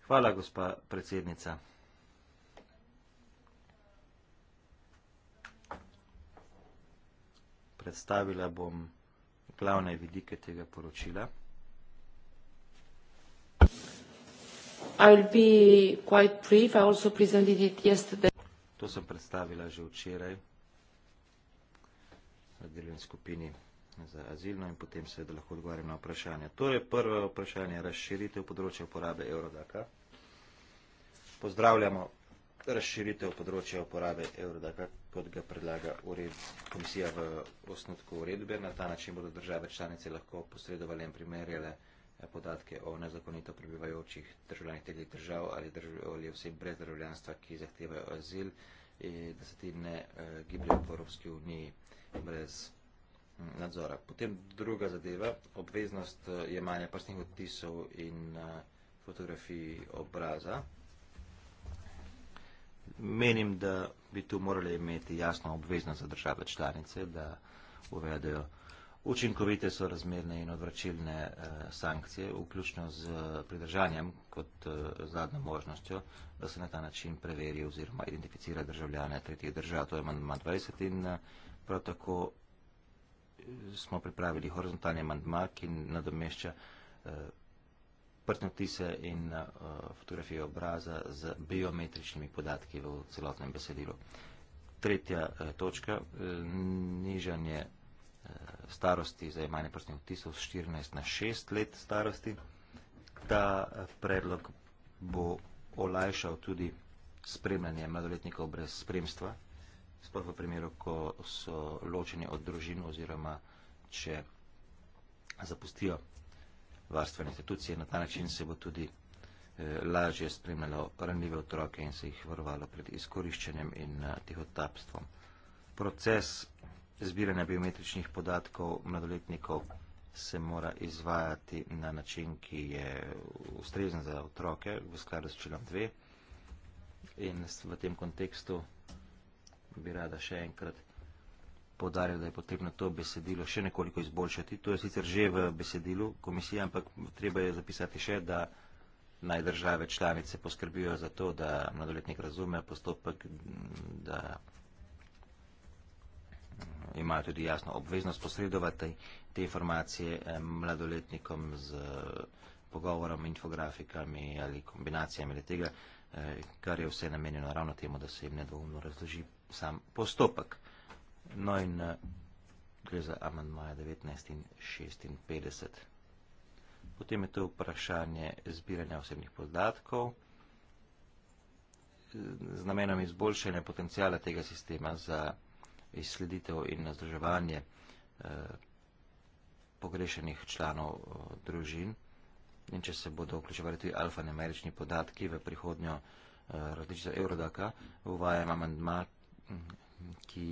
Hvala, gospa predsednica. Predstavila bom glavne vidike tega poročila. Brief, to sem predstavila že včeraj v delovni skupini za azilno in potem se lahko odgovarjam na vprašanje. Torej, prvo vprašanje je razširitev področja uporabe Eurodaka. Pozdravljamo razširitev področja uporabe Eurodaka, kot ga predlaga ured, komisija v osnutku uredbe. Na ta način bodo države članice lahko posredovali in primerjale eh, podatke o nezakonito prebivajočih državljanih teh držav ali, držav, ali vseh brez državljanstva, ki zahtevajo azil, in da se ti ne eh, gibljajo po Evropski uniji brez hm, nadzora. Potem druga zadeva, obveznost eh, jemanja prstnih odtisov in eh, fotografij obraza menim, da bi tu morali imeti jasno obveznost za države članice, da uvedejo učinkovite sorazmerne in odvračilne eh, sankcije, vključno z pridržanjem kot eh, zadnjo možnostjo, da se na ta način preveri oziroma identificira državljane tretjih držav. To je mandma 20 in eh, prav tako eh, smo pripravili horizontalni mandma, ki nadomešča eh, prtne vtise in uh, fotografije obraza z biometričnimi podatki v celotnem besedilu. Tretja uh, točka, uh, nižanje uh, starosti za imanje prstnih vtisov z 14 na 6 let starosti. Ta uh, predlog bo olajšal tudi spremljanje mladoletnikov brez spremstva, sploh v primeru, ko so ločeni od družin oziroma če zapustijo varstva institucije. Na ta način se bo tudi eh, lažje spremljalo ranljive otroke in se jih varovalo pred izkoriščenjem in eh, tihotapstvom. Proces zbiranja biometričnih podatkov mladoletnikov se mora izvajati na način, ki je ustrezen za otroke v skladu s členom 2. In v tem kontekstu bi rada še enkrat podarjal, da je potrebno to besedilo še nekoliko izboljšati. To je sicer že v besedilu komisije, ampak treba je zapisati še, da naj države članice poskrbijo za to, da mladoletnik razume postopek, da mm, imajo tudi jasno obveznost posredovati te informacije eh, mladoletnikom z eh, pogovorom, infografikami ali kombinacijami ali tega, eh, kar je vse namenjeno ravno temu, da se jim nedvoumno razloži sam postopek. No in eh, gre za amantmaja 19 in 56. Potem je to vprašanje zbiranja osebnih podatkov z namenom izboljšanja potencijala tega sistema za izsleditev in nazdrževanje eh, pogrešenih članov eh, družin in če se bodo vključevali tudi alfanemerični podatki v prihodnjo različica Eurodaka, uvajam amandma, mm, ki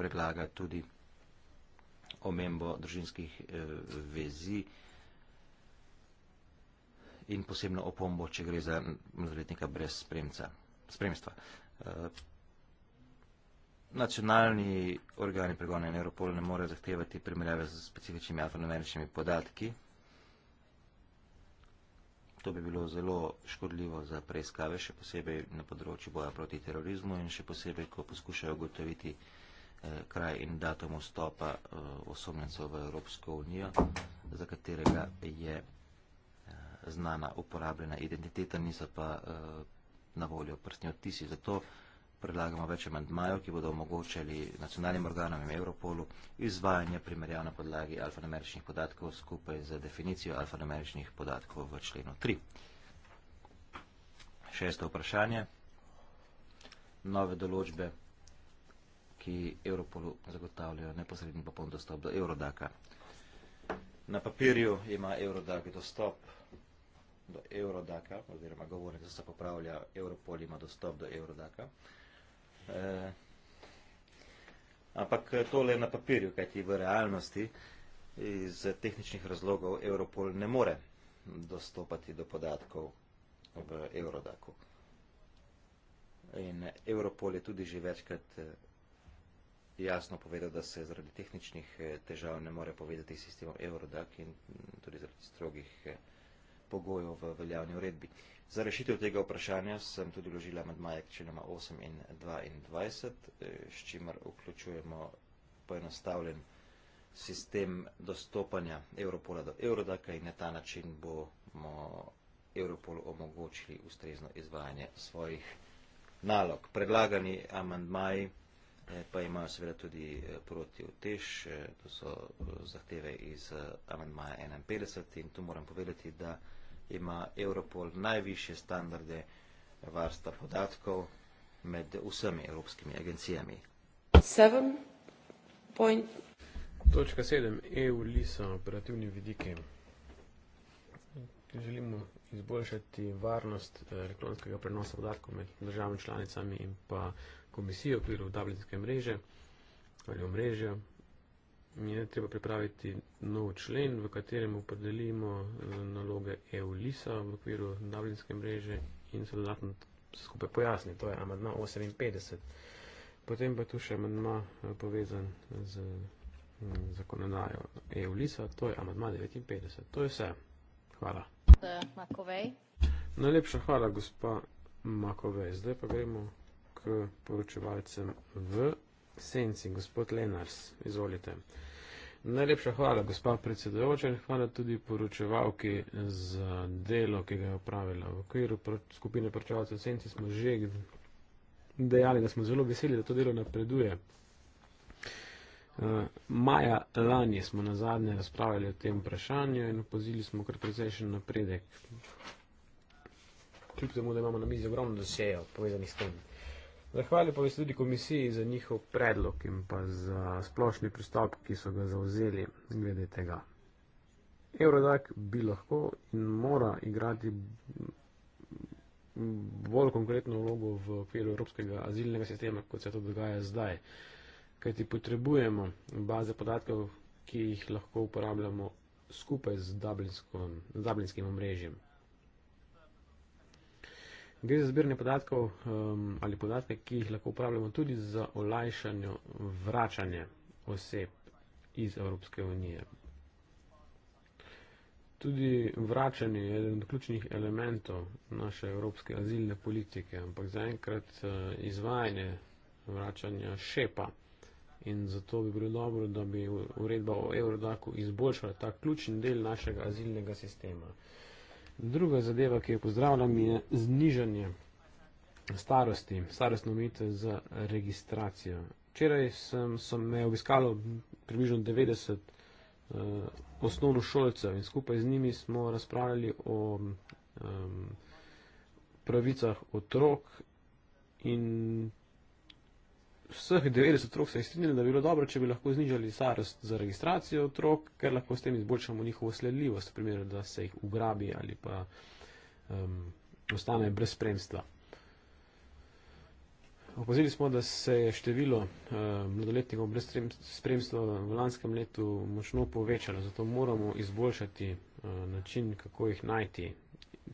predlaga tudi omembo družinskih eh, vezi in posebno opombo, če gre za mladoletnika brez spremca, spremstva. Eh, nacionalni organi pregona in Europol ne morejo zahtevati primerjave z specifičnimi afroameričnimi podatki. To bi bilo zelo škodljivo za preiskave, še posebej na področju boja proti terorizmu in še posebej, ko poskušajo ugotoviti, Eh, kraj in datum vstopa eh, osumljencev v Evropsko unijo, za katerega je eh, znana uporabljena identiteta, niso pa na voljo prstni odtisi. Zato predlagamo več amendmajev, ki bodo omogočali nacionalnim organom in Evropolu izvajanje primerjav na podlagi alfanumeričnih podatkov skupaj z definicijo alfanumeričnih podatkov v členu 3. Šesto vprašanje. Nove določbe ki Europolu zagotavljajo neposredni popoln dostop do Eurodaka. Na papirju ima Eurodak dostop do Eurodaka, oziroma govornik, da se popravlja, Europol ima dostop do Eurodaka. E, ampak eh, tole je na papirju, kajti v realnosti iz tehničnih razlogov Europol ne more dostopati do podatkov v Eurodaku. In Europol je tudi že večkrat eh, jasno povedal, da se zaradi tehničnih eh, težav ne more povedati s sistemom Eurodac in tudi zaradi strogih eh, pogojev v veljavni uredbi. Za rešitev tega vprašanja sem tudi vložila med majek členoma 8 in 22, eh, s čimer vključujemo poenostavljen sistem dostopanja Europola do Eurodaka in na ta način bomo Europolu omogočili ustrezno izvajanje svojih nalog. Predlagani amandmaji Eh, pa imajo seveda tudi eh, proti vtež, eh, to so zahteve iz amantmaja 51 in tu moram povedati, da ima Europol najviše standarde varstva podatkov med vsemi evropskimi agencijami. Point. Točka 7. EU-LISA operativni vidiki. Želimo izboljšati varnost elektronskega prenosa podatkov med državami članicami in pa komisijo v okviru tablinske mreže ali omrežja, je treba pripraviti nov člen, v katerem opredelimo eh, naloge EULISA v okviru tablinske mreže in se dodatno skupaj pojasni. To je amadna 58. Potem pa tu še amadma eh, povezan z mm, zakonodajo EULISA, to je amadma 59. To je vse. Hvala. Eh, Makovej. Najlepša hvala, gospa Makovej. Zdaj pa gremo poročevalcem v senci. Gospod Lenars, izvolite. Najlepša hvala, gospod predsedujoča, in hvala tudi poročevalki za delo, ki ga je opravila. V okviru skupine poročevalcev v senci smo že dejali, da smo zelo veseli, da to delo napreduje. Eh, maja lani smo na zadnje razpravljali o tem vprašanju in opozili smo kar precejšen napredek. Kljub temu, da imamo na mizi ogromno dosejev povezanih s tem. Zahvaljujem pa se tudi komisiji za njihov predlog in pa za splošni pristop, ki so ga zauzeli glede tega. Eurodak bi lahko in mora igrati bolj konkretno vlogo v okviru evropskega azilnega sistema, kot se to dogaja zdaj. Kaj ti potrebujemo baze podatkov, ki jih lahko uporabljamo skupaj z, z dublinskim omrežjem. Gre za zbiranje podatkov um, ali podatke, ki jih lahko uporabljamo tudi za olajšanje vračanja oseb iz Evropske unije. Tudi vračanje je eden od ključnih elementov naše evropske azilne politike, ampak zaenkrat uh, izvajanje vračanja šepa in zato bi bilo dobro, da bi uredba o Eurodaku izboljšala ta ključni del našega azilnega sistema. Druga zadeva, ki jo pozdravljam, je znižanje starosti, starostno omejitev za registracijo. Včeraj sem, sem me obiskalo približno 90 eh, osnovno šolcev in skupaj z njimi smo razpravljali o eh, pravicah otrok in vseh 90 otrok se je strinjalo, da bi bilo dobro, če bi lahko znižali starost za registracijo otrok, ker lahko s tem izboljšamo njihovo sledljivost, v primeru, da se jih ugrabi ali pa um, ostane brez spremstva. Opazili smo, da se je število uh, mladoletnikov brez spremstva v lanskem letu močno povečalo, zato moramo izboljšati uh, način, kako jih najti.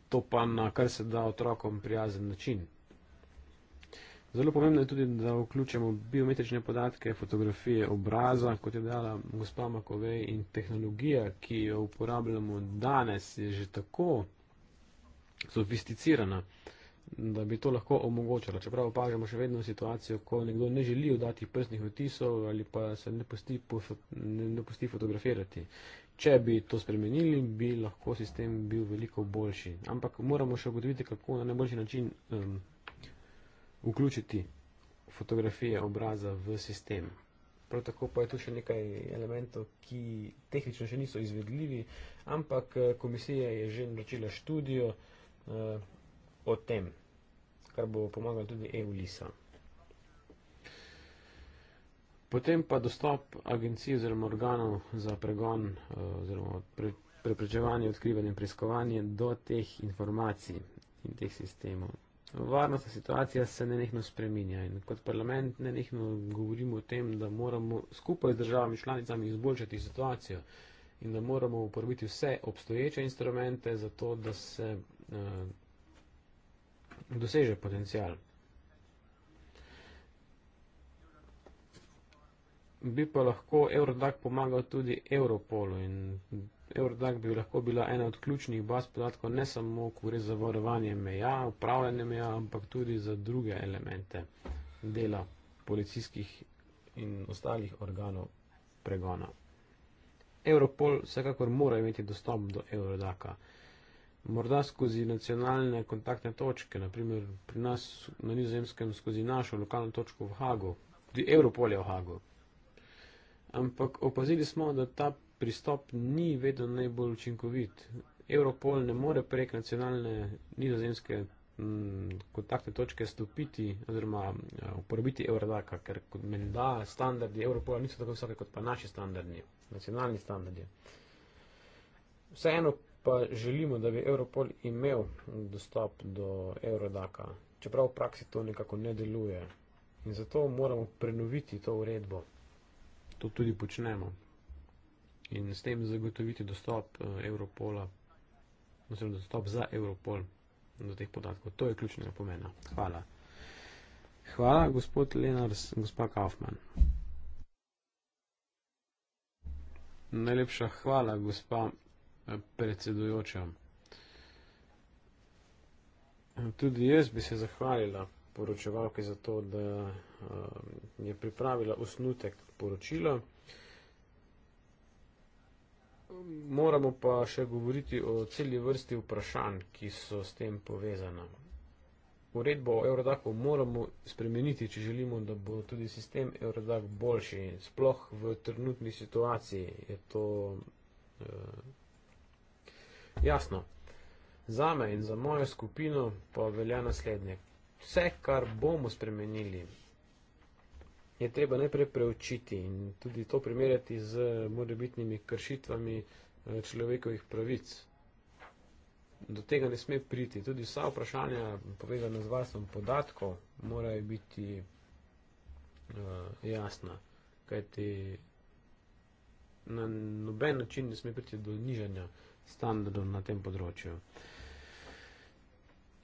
To pa na kar se da otrokom prijazen način. Zelo pomembno je tudi, da vključimo biometrične podatke, fotografije obraza, kot je dala gospa Makovej, in tehnologija, ki jo uporabljamo danes, je že tako sofisticirana, da bi to lahko omogočila. Čeprav opažamo še vedno situacijo, ko nekdo ne želi dati prstnih otisov ali pa se ne pusti, ne, ne pusti fotografirati. Če bi to spremenili, bi lahko sistem bil veliko boljši. Ampak moramo še ugotoviti, kako na najboljši način. Um, vključiti fotografije obraza v sistem. Prav tako pa je tu še nekaj elementov, ki tehnično še niso izvedljivi, ampak eh, komisija je že naročila študijo uh, o tem, kar bo pomagalo tudi EULISA. Potem pa dostop agencij oziroma organov za pregon eh, oziroma pre, preprečevanje, odkrivanje in preiskovanje do teh informacij in teh sistemov. Varnostna situacija se nenehno spreminja in kot parlament nenehno govorimo o tem, da moramo skupaj z državami članicami izboljšati situacijo in da moramo uporabiti vse obstoječe instrumente za to, da se uh, doseže potencijal. Bi pa lahko Eurodac pomagal tudi Europolu in Eurodac bi lahko bila ena od ključnih baz podatkov, ne samo, ko gre za varovanje meja, upravljanje meja, ampak tudi za druge elemente dela policijskih in ostalih organov pregona. Europol vsekakor mora imeti dostop do Eurodaka. Morda skozi nacionalne kontaktne točke, naprimer pri nas na nizozemskem skozi našo lokalno točko v Hagu, tudi Europol je v Hagu. Ampak opazili smo, da ta pristop ni vedno najbolj učinkovit. Europol ne more prek nacionalne nizozemske mm, kontaktne točke stopiti oziroma eh, uporabiti Eurodaka, ker kot menda standardi Europola niso tako visoke kot pa naši standardi, nacionalni standardi. Vseeno pa želimo, da bi Europol imel dostop do Eurodaka, čeprav v praksi to nekako ne deluje. In zato moramo prenoviti to uredbo. To tudi počnemo in s tem zagotoviti dostop Evropola, eh, oziroma dostop za Evropol do teh podatkov. To je ključnega pomena. Hvala. Hvala, gospod Lenars, gospa Kaufman. Najlepša hvala, gospa eh, predsedujoča. Tudi jaz bi se zahvalila poročevalki za to, da eh, je pripravila osnutek poročila moramo pa še govoriti o celi vrsti vprašanj, ki so s tem povezana. Uredbo o Eurodaku moramo spremeniti, če želimo, da bo tudi sistem Eurodak boljši. Sploh v trenutni situaciji je to eh, jasno. Za me in za mojo skupino pa velja naslednje. Vse, kar bomo spremenili, je treba najprej preučiti in tudi to primerjati z morebitnimi kršitvami eh, človekovih pravic. Do tega ne sme priti. Tudi vsa vprašanja povezana z varstvom podatkov morajo biti uh, jasna, kajti na noben način ne sme priti do nižanja standardov na tem področju. Uh,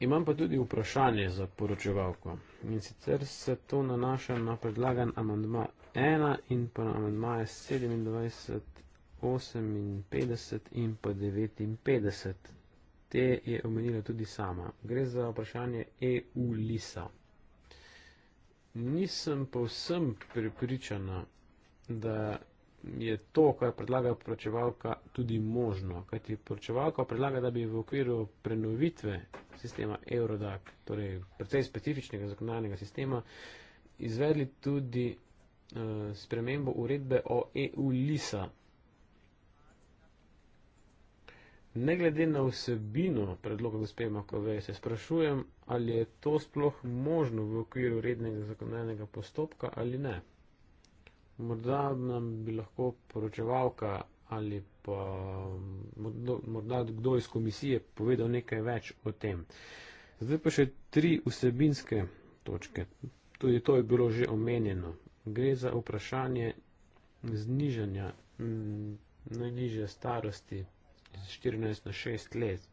Imam pa tudi vprašanje za poročevalko in sicer se to nanaša na predlagan amandma 1 in pa na amandmaje 27, 58 in pa 59. Te je omenila tudi sama. Gre za vprašanje EU Lisa. Nisem povsem prepričana, da je to, kar predlaga poročevalka, tudi možno. Kajti poročevalka predlaga, da bi v okviru prenovitve sistema Eurodac, torej precej specifičnega zakonarnega sistema, izvedli tudi uh, spremembo uredbe o EU-LISA. Ne glede na vsebino predloga gospe Makove, se sprašujem, ali je to sploh možno v okviru rednega zakonodajnega postopka ali ne. Morda nam bi lahko poročevalka ali pa morda kdo iz komisije povedal nekaj več o tem. Zdaj pa še tri vsebinske točke. Tudi to je bilo že omenjeno. Gre za vprašanje znižanja najnižje starosti z 14 na 6 let.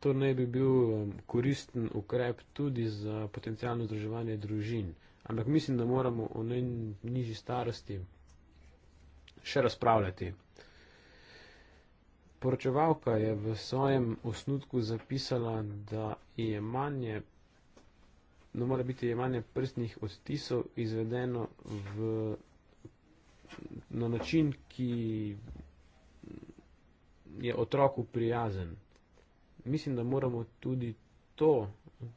To naj bi bil um, koristen ukrep tudi za potencijalno združevanje družin. Ampak mislim, da moramo o najnižji starosti še razpravljati. Poročevalka je v svojem osnutku zapisala, da je manje, no mora biti je manje prstnih odtisov izvedeno v, na način, ki je otroku prijazen mislim, da moramo tudi to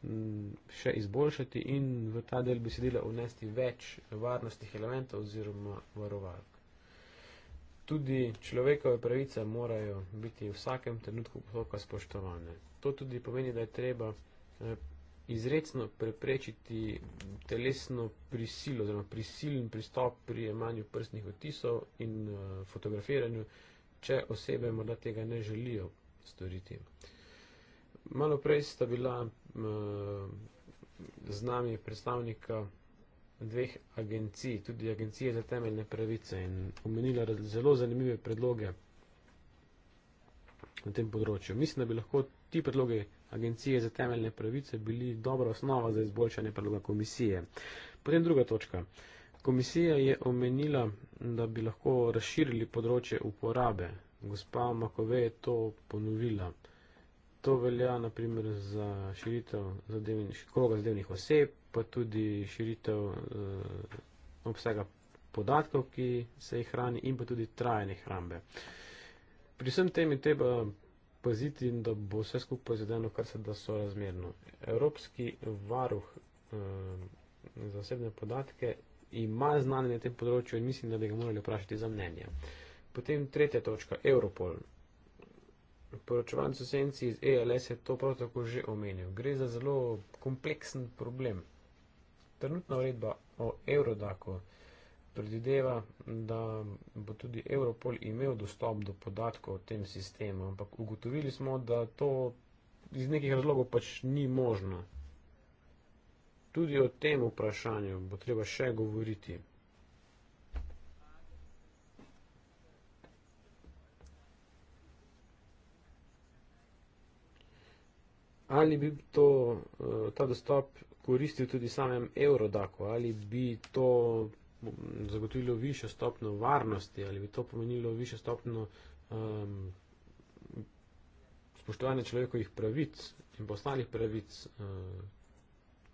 mm, še izboljšati in v ta del besedila vnesti več varnostnih elementov oziroma varovalk. Tudi človekove pravice morajo biti v vsakem trenutku postopka spoštovane. To tudi pomeni, da je treba eh, izredno preprečiti telesno prisilo oziroma prisilen pristop pri jemanju prstnih otisov in eh, fotografiranju, če osebe morda tega ne želijo storiti. Malo prej sta bila z nami predstavnika dveh agencij, tudi Agencije za temeljne pravice in omenila zelo zanimive predloge na tem področju. Mislim, da bi lahko ti predloge Agencije za temeljne pravice bili dobra osnova za izboljšanje predloga komisije. Potem druga točka. Komisija je omenila, da bi lahko razširili področje uporabe. Gospa Makove je to ponovila. To velja, naprimer, za širitev kroga zadevnih oseb, pa tudi širitev eh, obsega podatkov, ki se jih hrani, in pa tudi trajne hrambe. Pri vsem tem je treba paziti, da bo vse skupaj zadevno, kar se da sorazmerno. Evropski varuh eh, za osebne podatke ima znanje na tem področju in mislim, da bi ga morali vprašati za mnenje. Potem tretja točka, Europol poročevalcu senci iz ELS je to prav tako že omenil. Gre za zelo kompleksen problem. Trenutna uredba o Eurodaku predvideva, da bo tudi Europol imel dostop do podatkov o tem sistemu, ampak ugotovili smo, da to iz nekih razlogov pač ni možno. Tudi o tem vprašanju bo treba še govoriti. ali bi to, eh, ta dostop koristil tudi samem Eurodaku, ali bi to mm, zagotovilo višjo stopno varnosti, ali bi to pomenilo višjo stopno um, spoštovanja človekovih pravic in ostalih pravic um,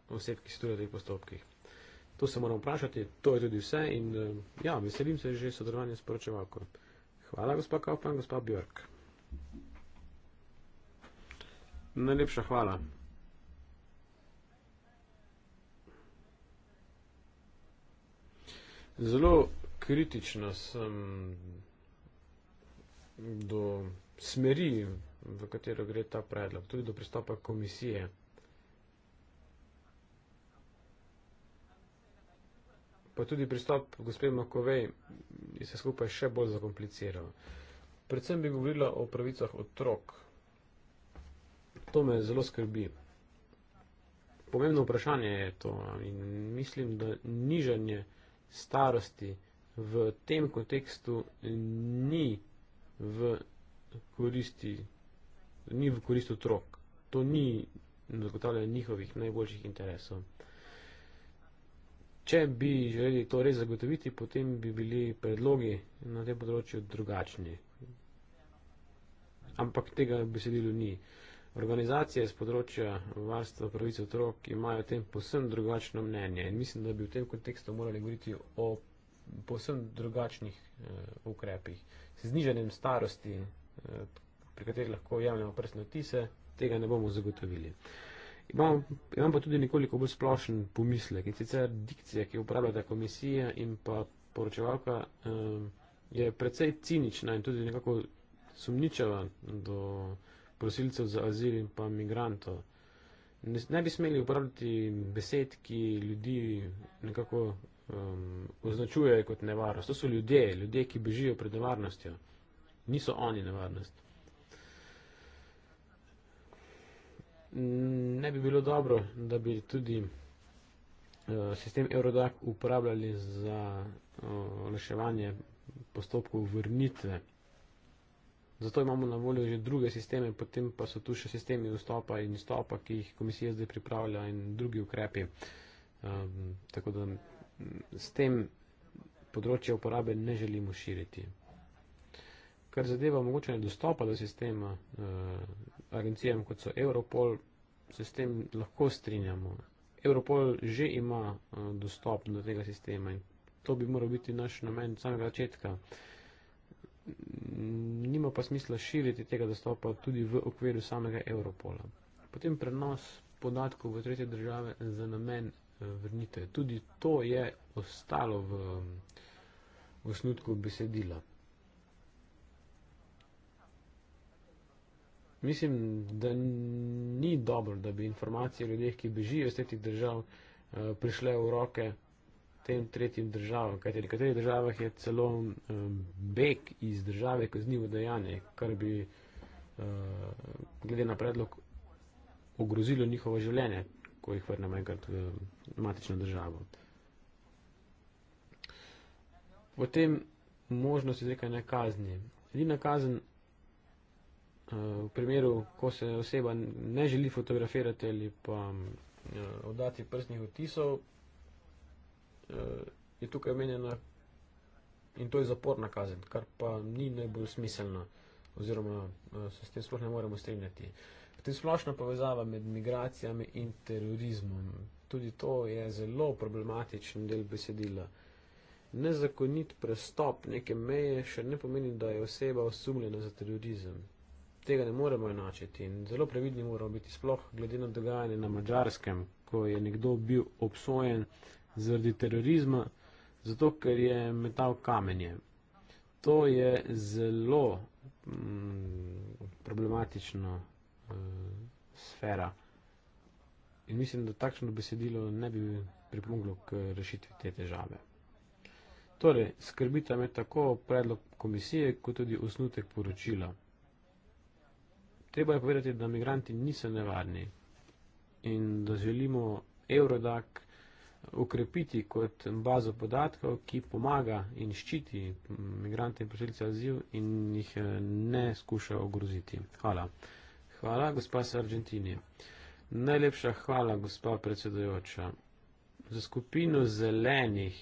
oseb, ki storijo v teh postopkih. To se moramo vprašati, to je tudi vse in eh, ja, veselim se že sodelovanja s poročevalko. Hvala, gospod Kaufman, gospod Björk. Najlepša hvala. Zelo kritična sem do smeri, v katero gre ta predlog, tudi do pristopa komisije. Pa tudi pristop gospod Makovej je se skupaj še bolj zakompliciral. Predvsem bi govorila o pravicah otrok. To me zelo skrbi. Pomembno vprašanje je to in mislim, da nižanje starosti v tem kontekstu ni v koristi, ni v koristi otrok. To ni zagotavljanje njihovih najboljših interesov. Če bi želeli to res zagotoviti, potem bi bili predlogi na tem področju drugačni. Ampak tega besedilo ni. Organizacije z področja varstva pravic otrok imajo o tem posebno drugačno mnenje in mislim, da bi v tem kontekstu morali govoriti o posebno drugačnih eh, ukrepih. S znižanjem starosti, eh, pri kateri lahko javljamo prstne otise, tega ne bomo zagotovili. Imam, imam pa tudi nekoliko bolj splošen pomislek in sicer dikcija, ki uporablja ta komisija in pa poročevalka, eh, je precej cinična in tudi nekako sumničava do prosilcev za azil in pa imigrantov. Ne, ne bi smeli uporabljati besed, ki ljudi nekako um, označujejo kot nevarnost. To so ljudje, ljudje, ki bežijo pred nevarnostjo. Niso oni nevarnost. Ne bi bilo dobro, da bi tudi uh, sistem Eurodac uporabljali za uh, reševanje postopkov vrnitve. Zato imamo na voljo že druge sisteme, potem pa so tu še sistemi vstopa in izstopa, ki jih komisija zdaj pripravlja in drugi ukrepi. Um, tako da s tem področje uporabe ne želimo širiti. Kar zadeva mogoče nedostopa do sistema uh, agencijam, kot so Europol, se s tem lahko strinjamo. Europol že ima uh, dostop do tega sistema in to bi moral biti naš namen samega začetka. Uh, nima pa smisla širiti tega dostopa tudi v okviru samega Europola. Potem prenos podatkov v tretje države za namen eh, vrnitve. Tudi to je ostalo v osnutku besedila. Mislim, da ni dobro, da bi informacije o ljudeh, ki bežijo iz tretjih držav, eh, prišle v roke tem tretjim državam, kajte v nekaterih državah je celo um, beg iz države kaznivo dejanje, kar bi uh, glede na predlog ogrozilo njihovo življenje, ko jih vrnemo enkrat v matično državo. Potem možnost izrekanja kazni. Edina kazen uh, v primeru, ko se oseba ne želi fotografirati ali pa um, oddati prstnih odtisov, Eh, je tukaj omenjena in to je zaporna kazen, kar pa ni najbolj smiselna oziroma eh, se s tem sploh ne moremo strinjati. Potem splošna povezava med migracijami in terorizmom. Tudi to je zelo problematičen del besedila. Nezakonit prestop neke meje še ne pomeni, da je oseba osumljena za terorizem. Tega ne moremo enačiti in zelo previdni moramo biti sploh glede na dogajanje na Mačarskem, ko je nekdo bil obsojen zaradi terorizma, zato ker je metal kamenje. To je zelo mm, problematična eh, sfera. In mislim, da takšno besedilo ne bi pripomoglo k rešitvi te težave. Torej, skrbita me tako predlog komisije, kot tudi osnutek poročila. Treba je povedati, da migranti niso nevarni in da želimo Eurodac okrepiti kot bazo podatkov, ki pomaga in ščiti migrante in prosilce aziv in jih eh, ne skuša ogroziti. Hvala. Hvala, gospa iz Argentine. Najlepša hvala, gospa predsedojoča. Za skupino zelenih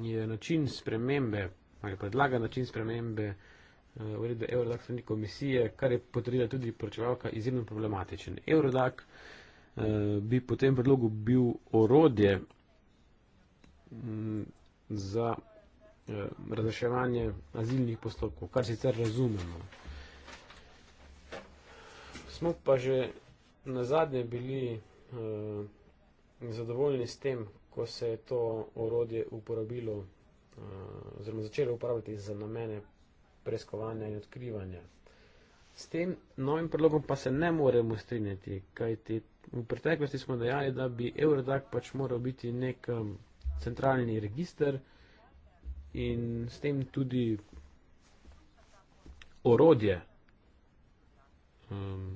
je način spremembe ali predlaga način spremembe eh, uredbe Eurodac strani komisije, kar je potrdila tudi poročevalka, izjemno problematičen. Eurodac Eh, bi po tem predlogu bil orodje mm, za eh, razreševanje azilnih postopkov, kar sicer razumemo. Smo pa že na zadnje bili eh, zadovoljni s tem, ko se je to orodje uporabilo oziroma začelo uporabljati za namene preiskovanja in odkrivanja. S tem novim predlogom pa se ne moremo strinjati, kajti V preteklosti smo dejali, da bi Eurodac pač moral biti nek um, centralni register in s tem tudi orodje, um,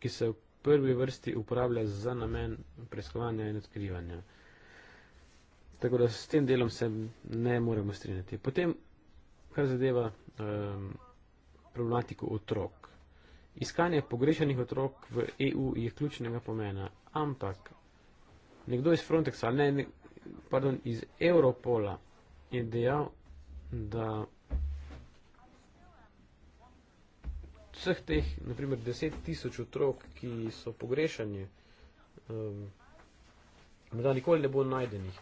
ki se v prvi vrsti uporablja za namen preiskovanja in odkrivanja. Tako da s tem delom se ne moremo strinjati. Potem, kar zadeva um, problematiko otrok. Iskanje pogrešanih otrok v EU je ključnega pomena, ampak nekdo iz Frontexa, ne, ne, pardon, iz Europola je dejal, da vseh teh, naprimer, deset tisoč otrok, ki so pogrešani, um, da nikoli ne bo najdenih.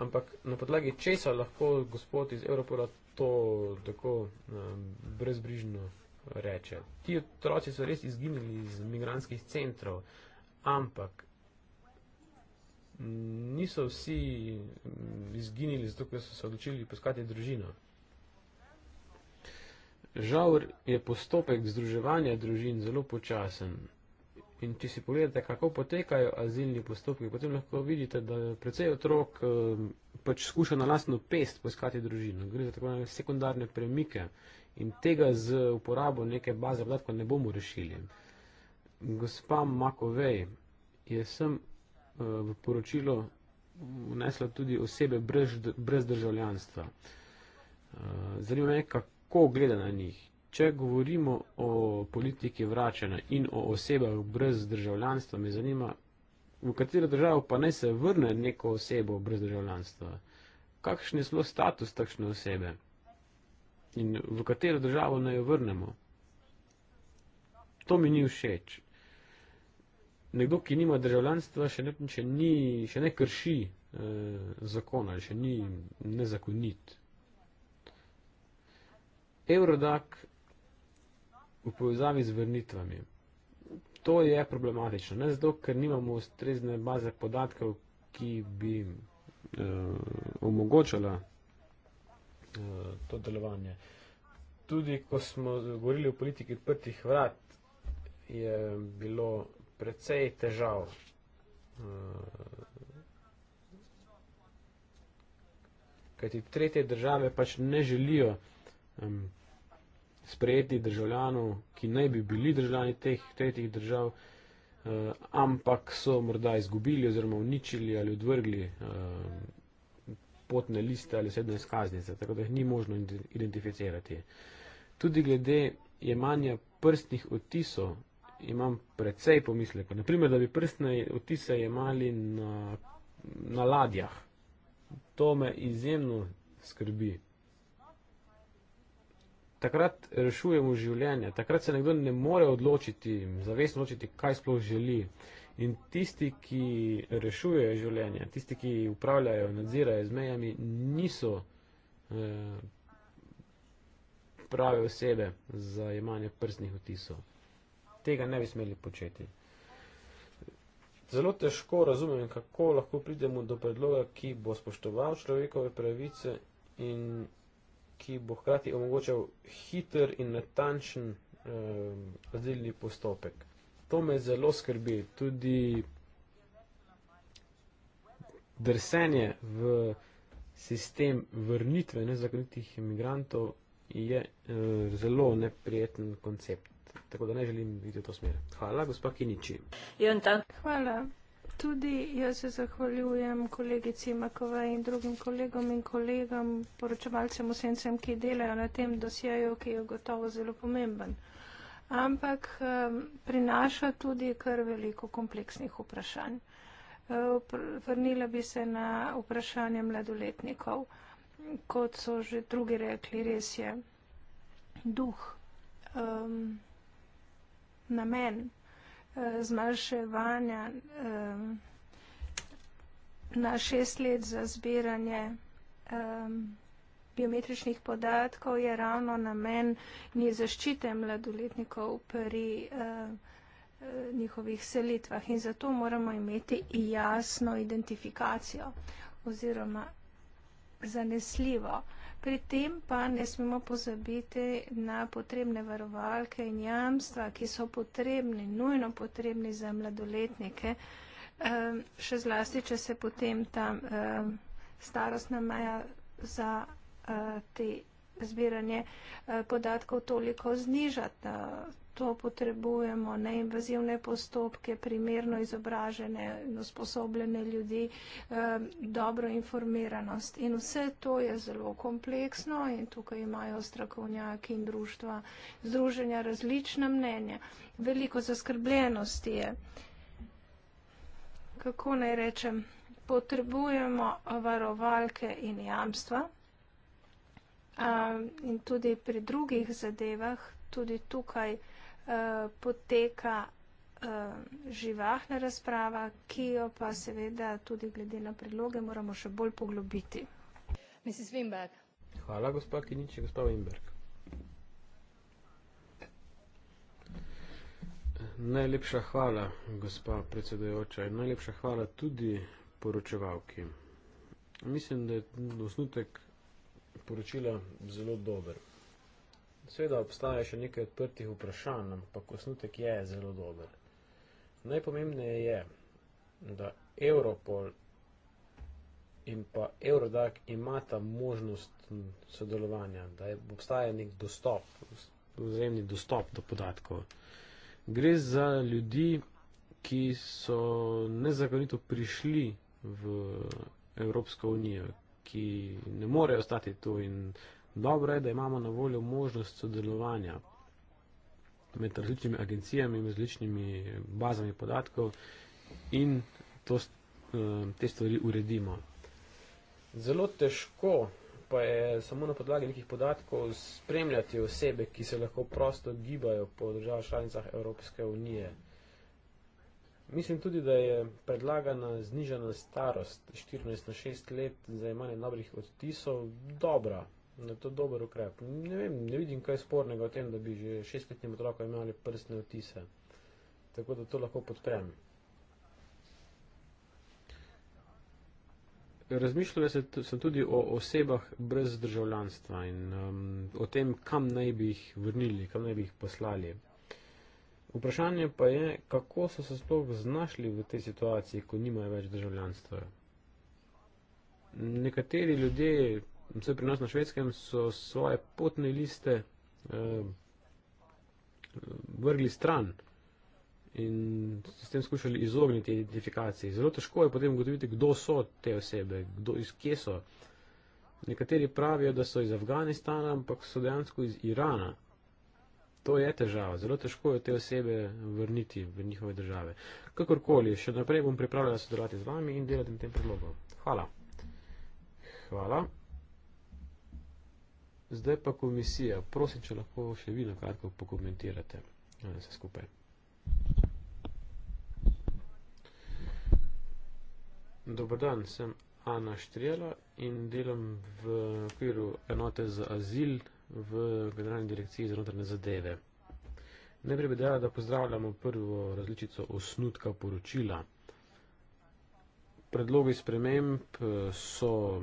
Ampak na podlagi česa lahko gospod iz Europola to tako um, brezbrižno reče. Ti otroci so res izginili iz imigranskih centrov, ampak niso vsi mm, izginili, zato ker so se odločili poskati družino. Žal je postopek združevanja družin zelo počasen. In če si pogledate, kako potekajo azilni postopki, potem lahko vidite, da precej otrok eh, pač skuša na lastno pest poiskati družino. Gre za tako sekundarne premike. Uh, In tega z uporabo neke baze podatkov ne bomo rešili. Gospa Makovej je sem eh, v poročilo vnesla tudi osebe brez, brez državljanstva. Eh, zanima me, kako gleda na njih. Če govorimo o politiki vračanja in o osebah brez državljanstva, me zanima, v katero državo pa naj se vrne neko osebo brez državljanstva. Kakšen je slo status takšne osebe? in v katero državo naj jo vrnemo. To mi ni všeč. Nekdo, ki nima državljanstva, še ne, še ni, še ne krši eh, zakona, še ni nezakonit. Eurodak v povezavi z vrnitvami. To je problematično. Ne zato, ker nimamo ustrezne baze podatkov, ki bi eh, omogočala Eh, to delovanje. Tudi, ko smo govorili o politiki odprtih vrat, je bilo precej težav. Eh, kajti tretje države pač ne želijo um, sprejeti državljanov, ki naj bi bili državljani teh tretjih držav, uh, ampak so morda izgubili oziroma uničili ali odvrgli um, potne liste ali sedne izkaznice, tako da jih ni možno identificirati. Tudi glede jemanja prstnih otisov imam precej pomisleka. Naprimer, da bi prstne otise jemali na, na ladjah. To me izjemno skrbi. Takrat rešujemo življenje, takrat se nekdo ne more odločiti, zavestno odločiti, kaj sploh želi. Uh, In tisti, ki rešujejo življenje, tisti, ki upravljajo, nadzirajo z mejami, niso eh, prave osebe za jemanje prstnih otisov. Tega ne bi smeli početi. Zelo težko razumem, kako lahko pridemo do predloga, ki bo spoštoval človekove pravice in ki bo hkrati omogočal hiter in natančen eh, azilni postopek to me zelo skrbi. Tudi drsenje v sistem vrnitve nezakonitih imigrantov je e, zelo neprijeten koncept. Tako da ne želim videti v to smer. Hvala, gospa Kiniči. Hvala. Tudi jaz se zahvaljujem kolegici Makove in drugim kolegom in kolegom, poročevalcem, vsem, ki delajo na tem dosjeju, ki je gotovo zelo pomemben ampak um, prinaša tudi kar veliko kompleksnih vprašanj. Eh, vrnila bi se na vprašanje mladoletnikov, kot so že drugi rekli, res je duh, um, namen uh, zmanjševanja um, na šest let za zbiranje um, biometričnih podatkov je ravno namen ni zaščite mladoletnikov pri eh, njihovih selitvah in zato moramo imeti jasno identifikacijo oziroma zanesljivo. Pri tem pa ne smemo pozabiti na potrebne varovalke in jamstva, ki so potrebni, nujno potrebni za mladoletnike, eh, še zlasti, če se potem ta eh, starostna meja za mladoletnike te zbiranje podatkov toliko znižati. To potrebujemo neinvazivne postopke, primerno izobražene in usposobljene ljudi, dobro informiranost. In vse to je zelo kompleksno in tukaj imajo strakovnjaki in društva združenja različna mnenja. Veliko zaskrbljenosti je. Kako naj rečem, potrebujemo varovalke in jamstva. Ehm, in tudi pri drugih zadevah, tudi tukaj eh, poteka ehm, živahna razprava, ki jo pa seveda tudi glede na predloge moramo še bolj poglobiti. Mrs. Wimberg. Hvala, gospa Kinič, gospa Wimberg. Najlepša hvala, gospa predsedojoča, in najlepša hvala tudi poročevalki. Mislim, da je osnutek poročila zelo dober. Sveda obstaja še nekaj odprtih vprašanj, ampak osnutek je zelo dober. Najpomembneje je, da Europol in pa Eurodac imata možnost sodelovanja, da je, obstaja nek dostop, vzajemni dostop do podatkov. Gre za ljudi, ki so nezakonito prišli v Evropsko unijo, ki ne morejo ostati tu in dobro je, da imamo na voljo možnost sodelovanja med različnimi agencijami, med različnimi bazami podatkov in to, eh, te stvari uredimo. Zelo težko pa je samo na podlagi nekih podatkov spremljati osebe, ki se lahko prosto gibajo po državah članicah Evropske unije. Mislim tudi, da je predlagana znižena starost 14 na 6 let za imanje dobrih odtisov dobra. Da je to dober ukrep. Ne, vem, ne vidim kaj spornega v tem, da bi že šestletnim otrokom imeli prstne otise. Tako da to lahko podprem. Razmišljal sem tudi o osebah brez državljanstva in um, o tem, kam naj bi jih vrnili, kam naj bi jih poslali. Vprašanje pa je, kako so se sploh znašli v tej situaciji, ko nimajo več državljanstva. Nekateri ljudje, vse pri nas na švedskem, so svoje potne liste eh, vrgli stran in s tem skušali izogniti identifikaciji. Zelo težko je potem ugotoviti, kdo so te osebe, kdo, iz kje so. Nekateri pravijo, da so iz Afganistana, ampak so dejansko iz Irana. To je težava. Zelo težko je te osebe vrniti v njihove države. Kakorkoli, še naprej bom pripravljena sodelovati z vami in delati na tem predlogu. Hvala. Hvala. Zdaj pa komisija. Prosim, če lahko še vi nekako pokomentirate eh, vse skupaj. Dobar dan, sem Ana Štrijela in delam v okviru enote za azil v Generalni direkciji za notrne zadeve. Najprej bi dejala, da pozdravljamo prvo različico osnutka poročila. Predlogi sprememb eh, so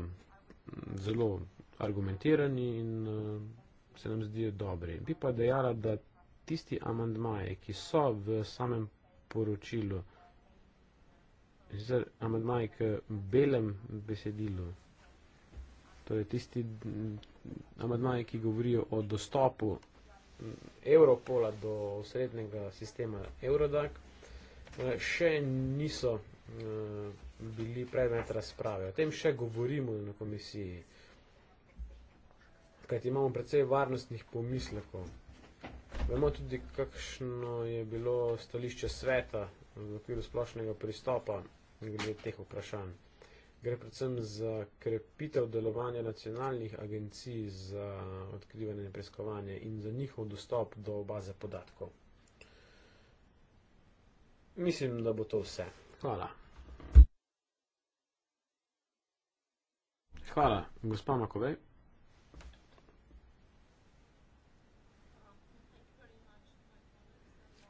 zelo argumentirani in eh, se nam zdijo dobri. Bi pa dejala, da tisti amandmaje, ki so v samem poročilu, amandmaje k belem besedilu, torej tisti mm, amadmaji, ki govorijo o dostopu mm, Evropola do srednjega sistema Eurodac, eh, še niso eh, bili predmet razprave. O tem še govorimo na komisiji, kajti imamo predvsej varnostnih pomislekov. Vemo tudi, kakšno je bilo stališče sveta v okviru splošnega pristopa glede teh vprašanj gre predvsem za krepitev delovanja nacionalnih agencij za odkrivanje in preiskovanje in za njihov dostop do baze podatkov. Mislim, da bo to vse. Hvala. Hvala, gospa Makovej.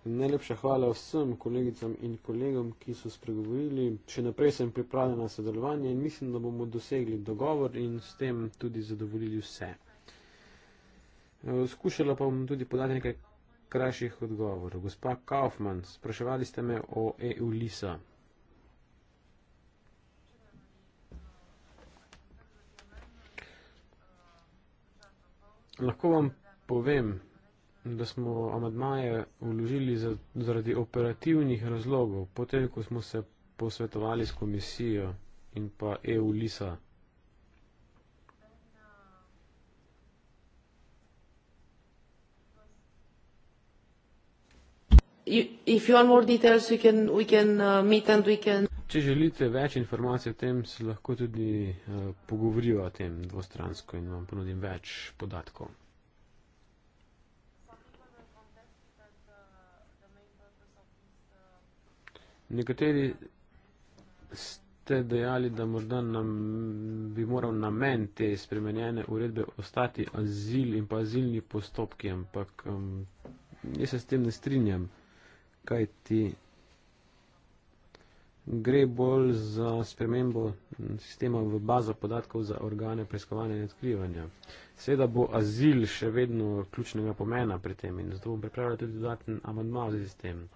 Najlepša hvala vsem kolegicam in kolegom, ki so spregovorili. Še naprej sem pripravljena na sodelovanje in mislim, da bomo dosegli dogovor in s tem tudi zadovoljili vse. E, skušala pa bom tudi podati nekaj krajših odgovorov. Gospa Kaufmann, spraševali ste me o EU LISA. Lahko vam povem, da smo amadmaje vložili za, zaradi operativnih razlogov, potem, ko smo se posvetovali s komisijo in pa EU-LISA. Uh, Če želite več informacij o tem, se lahko tudi uh, pogovorimo o tem dvostransko in vam ponudim več podatkov. Nekateri ste dejali, da morda nam bi moral namen te spremenjene uredbe ostati azil in pa azilni postopki, ampak um, jaz se s tem ne strinjam, kaj ti gre bolj za spremembo sistema v bazo podatkov za organe preiskovanja in odkrivanja. Seveda bo azil še vedno ključnega pomena pri tem in zato bom pripravila tudi dodaten amandma v zvezi s tem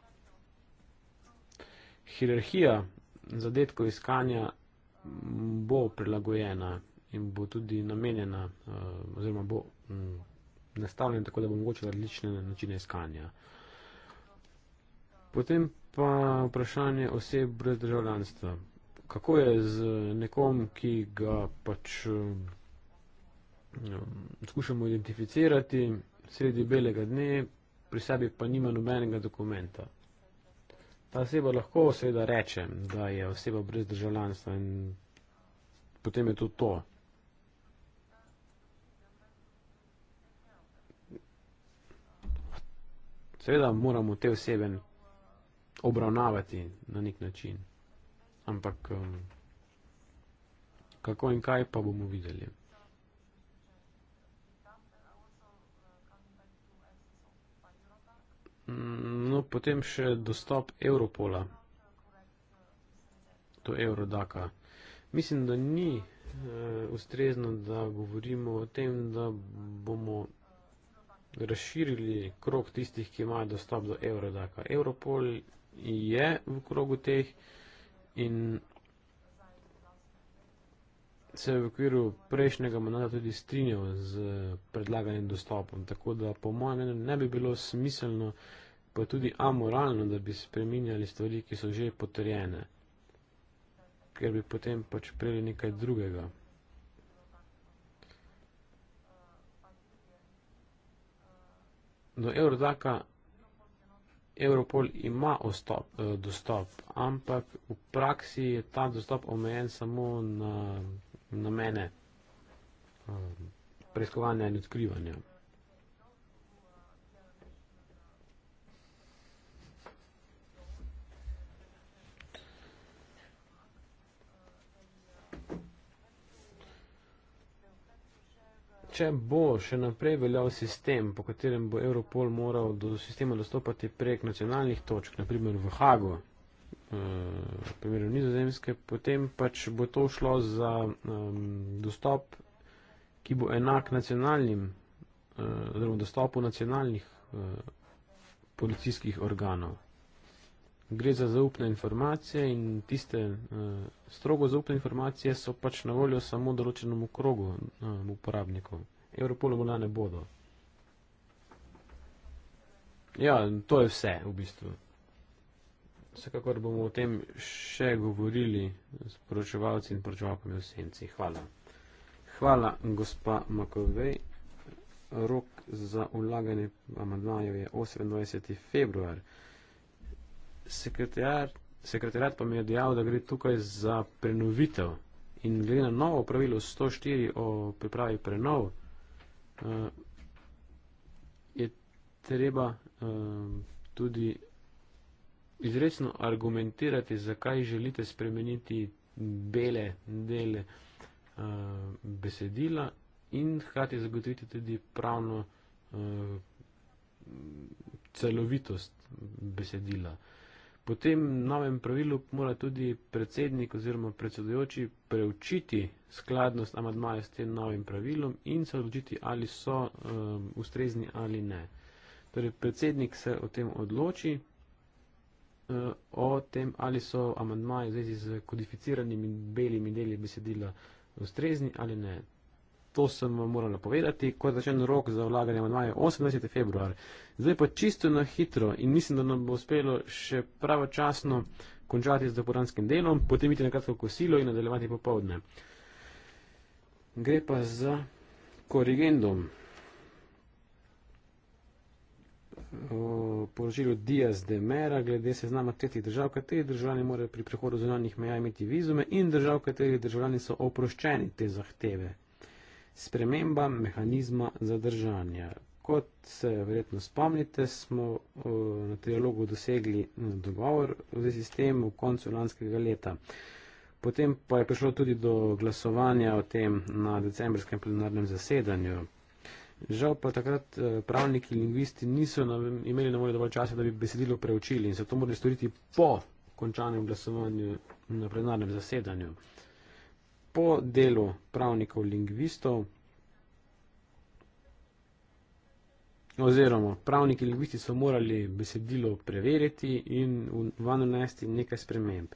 hierarhija zadetkov iskanja bo prilagojena in bo tudi namenjena eh, oziroma bo mm, nastavljena tako, da bo mogoče različne načine iskanja. Potem pa vprašanje oseb brez državljanstva. Kako je z nekom, ki ga pač um, skušamo identificirati sredi belega dne, pri sebi pa nima nobenega dokumenta? ta oseba lahko seveda reče, da je oseba brez državljanstva in potem je to to. Seveda moramo te osebe obravnavati na nek način, ampak um, kako in kaj pa bomo videli. Mm, no, potem še dostop Europola do Eurodaka. Mislim, da ni uh, ustrezno, da govorimo o tem, da bomo razširili krog tistih, ki imajo dostop do Eurodaka. Europol je v krogu teh in se je v okviru prejšnjega mandata tudi strinjal z predlaganim dostopom. Tako da po mojem mnenju ne bi bilo smiselno uh, pa tudi amoralno, da bi spreminjali stvari, ki so že potrjene, ker bi potem pač prijeli nekaj drugega. Do Eurodaka Europol ima ostop, eh, dostop, ampak v praksi je ta dostop omejen samo na, na mene, eh, preiskovanja in odkrivanja. če bo še naprej veljal sistem, po katerem bo Europol moral do sistema dostopati prek nacionalnih točk, naprimer v Hagu, eh, v primeru nizozemske, potem pač bo to šlo za um, dostop, ki bo enak nacionalnim, uh, oziroma dostopu nacionalnih uh, policijskih organov gre za zaupne informacije in tiste uh, strogo zaupne informacije so pač na voljo samo določenemu krogu uh, uporabnikov. Evropolo bo na ne bodo. Ja, to je vse v bistvu. Vsekakor bomo o tem še govorili s poročevalci in poročevalkami v senci. Hvala. Hvala, gospa Makovej. Rok za ulaganje amandmajev je 28. februar sekretar, sekretarat pa mi je dejal, da gre tukaj za prenovitev. In glede na novo pravilo 104 o pripravi prenov, eh, je treba eh, tudi izrecno argumentirati, zakaj želite spremeniti bele dele eh, besedila in hkrati zagotoviti tudi pravno celovitost besedila. Uh, Po tem novem pravilu mora tudi predsednik oziroma predsedujoči preučiti skladnost amadmaja s tem novim pravilom in se odločiti, ali so um, ustrezni ali ne. Torej, predsednik se o tem odloči, uh, o tem, ali so amadmaje v zvezi z kodificiranimi belimi deli besedila ustrezni ali ne to sem vam moral napovedati, ko je začel rok za vlaganje amandmaje 18. februar. Zdaj pa čisto na hitro in mislim, da nam bo uspelo še pravočasno končati z dopodanskim delom, potem iti na kratko kosilo in nadaljevati popovdne. Gre pa za korigendum. Poročilo Diaz de Mera glede seznama tretjih držav, katerih državljani morajo pri prehodu zunanjih meja imeti vizume in držav, katerih državljani so oproščeni te zahteve sprememba mehanizma zadržanja. Kot se verjetno spomnite, smo eh, na trialogu dosegli eh, dogovor v zvezi s tem v koncu lanskega leta. Potem pa je prišlo tudi do glasovanja o tem na decembrskem plenarnem zasedanju. Žal pa takrat eh, pravniki in lingvisti niso imeli na voljo dovolj časa, da bi besedilo preučili in se to morali storiti po končanem glasovanju na plenarnem zasedanju po delu pravnikov lingvistov oziroma pravniki lingvisti so morali besedilo preveriti in vanunesti nekaj sprememb.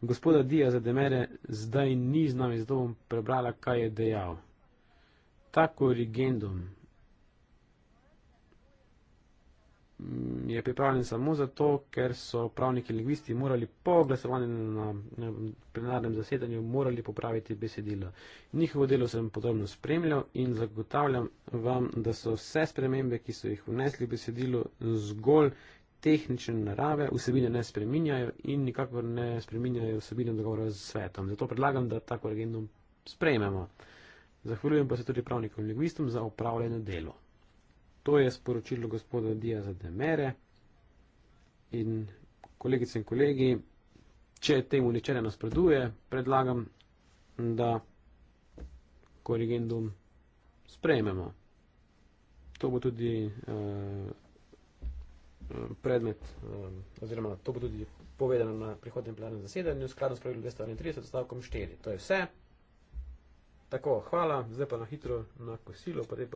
Gospoda Dija za Demere zdaj ni z nami, zato bom prebrala, kaj je dejal. Ta korigendum, je pripravljen samo zato, ker so pravniki lingvisti morali po glasovanju na plenarnem zasedanju morali popraviti besedilo. Njihovo delo sem podrobno spremljal in zagotavljam vam, da so vse spremembe, ki so jih vnesli v besedilo, zgolj tehnične narave, vsebine ne spreminjajo in nikakor ne spreminjajo vsebine dogovora z svetom. Zato predlagam, da tako legendum sprejmemo. Zahvaljujem pa se tudi pravnikom in lingvistom za upravljeno delo. To je sporočilo gospoda Diaza de Mere in kolegice in kolegi, če temu ničene nasprotuje, predlagam, da korigendum sprejmemo. To bo tudi eh, predmet eh, oziroma to bo tudi povedano na prihodnem plenarnem zasedanju skladno s pravilom 234 stavkom 4. To je vse. Tako, hvala, zdaj pa na hitro na kosilo.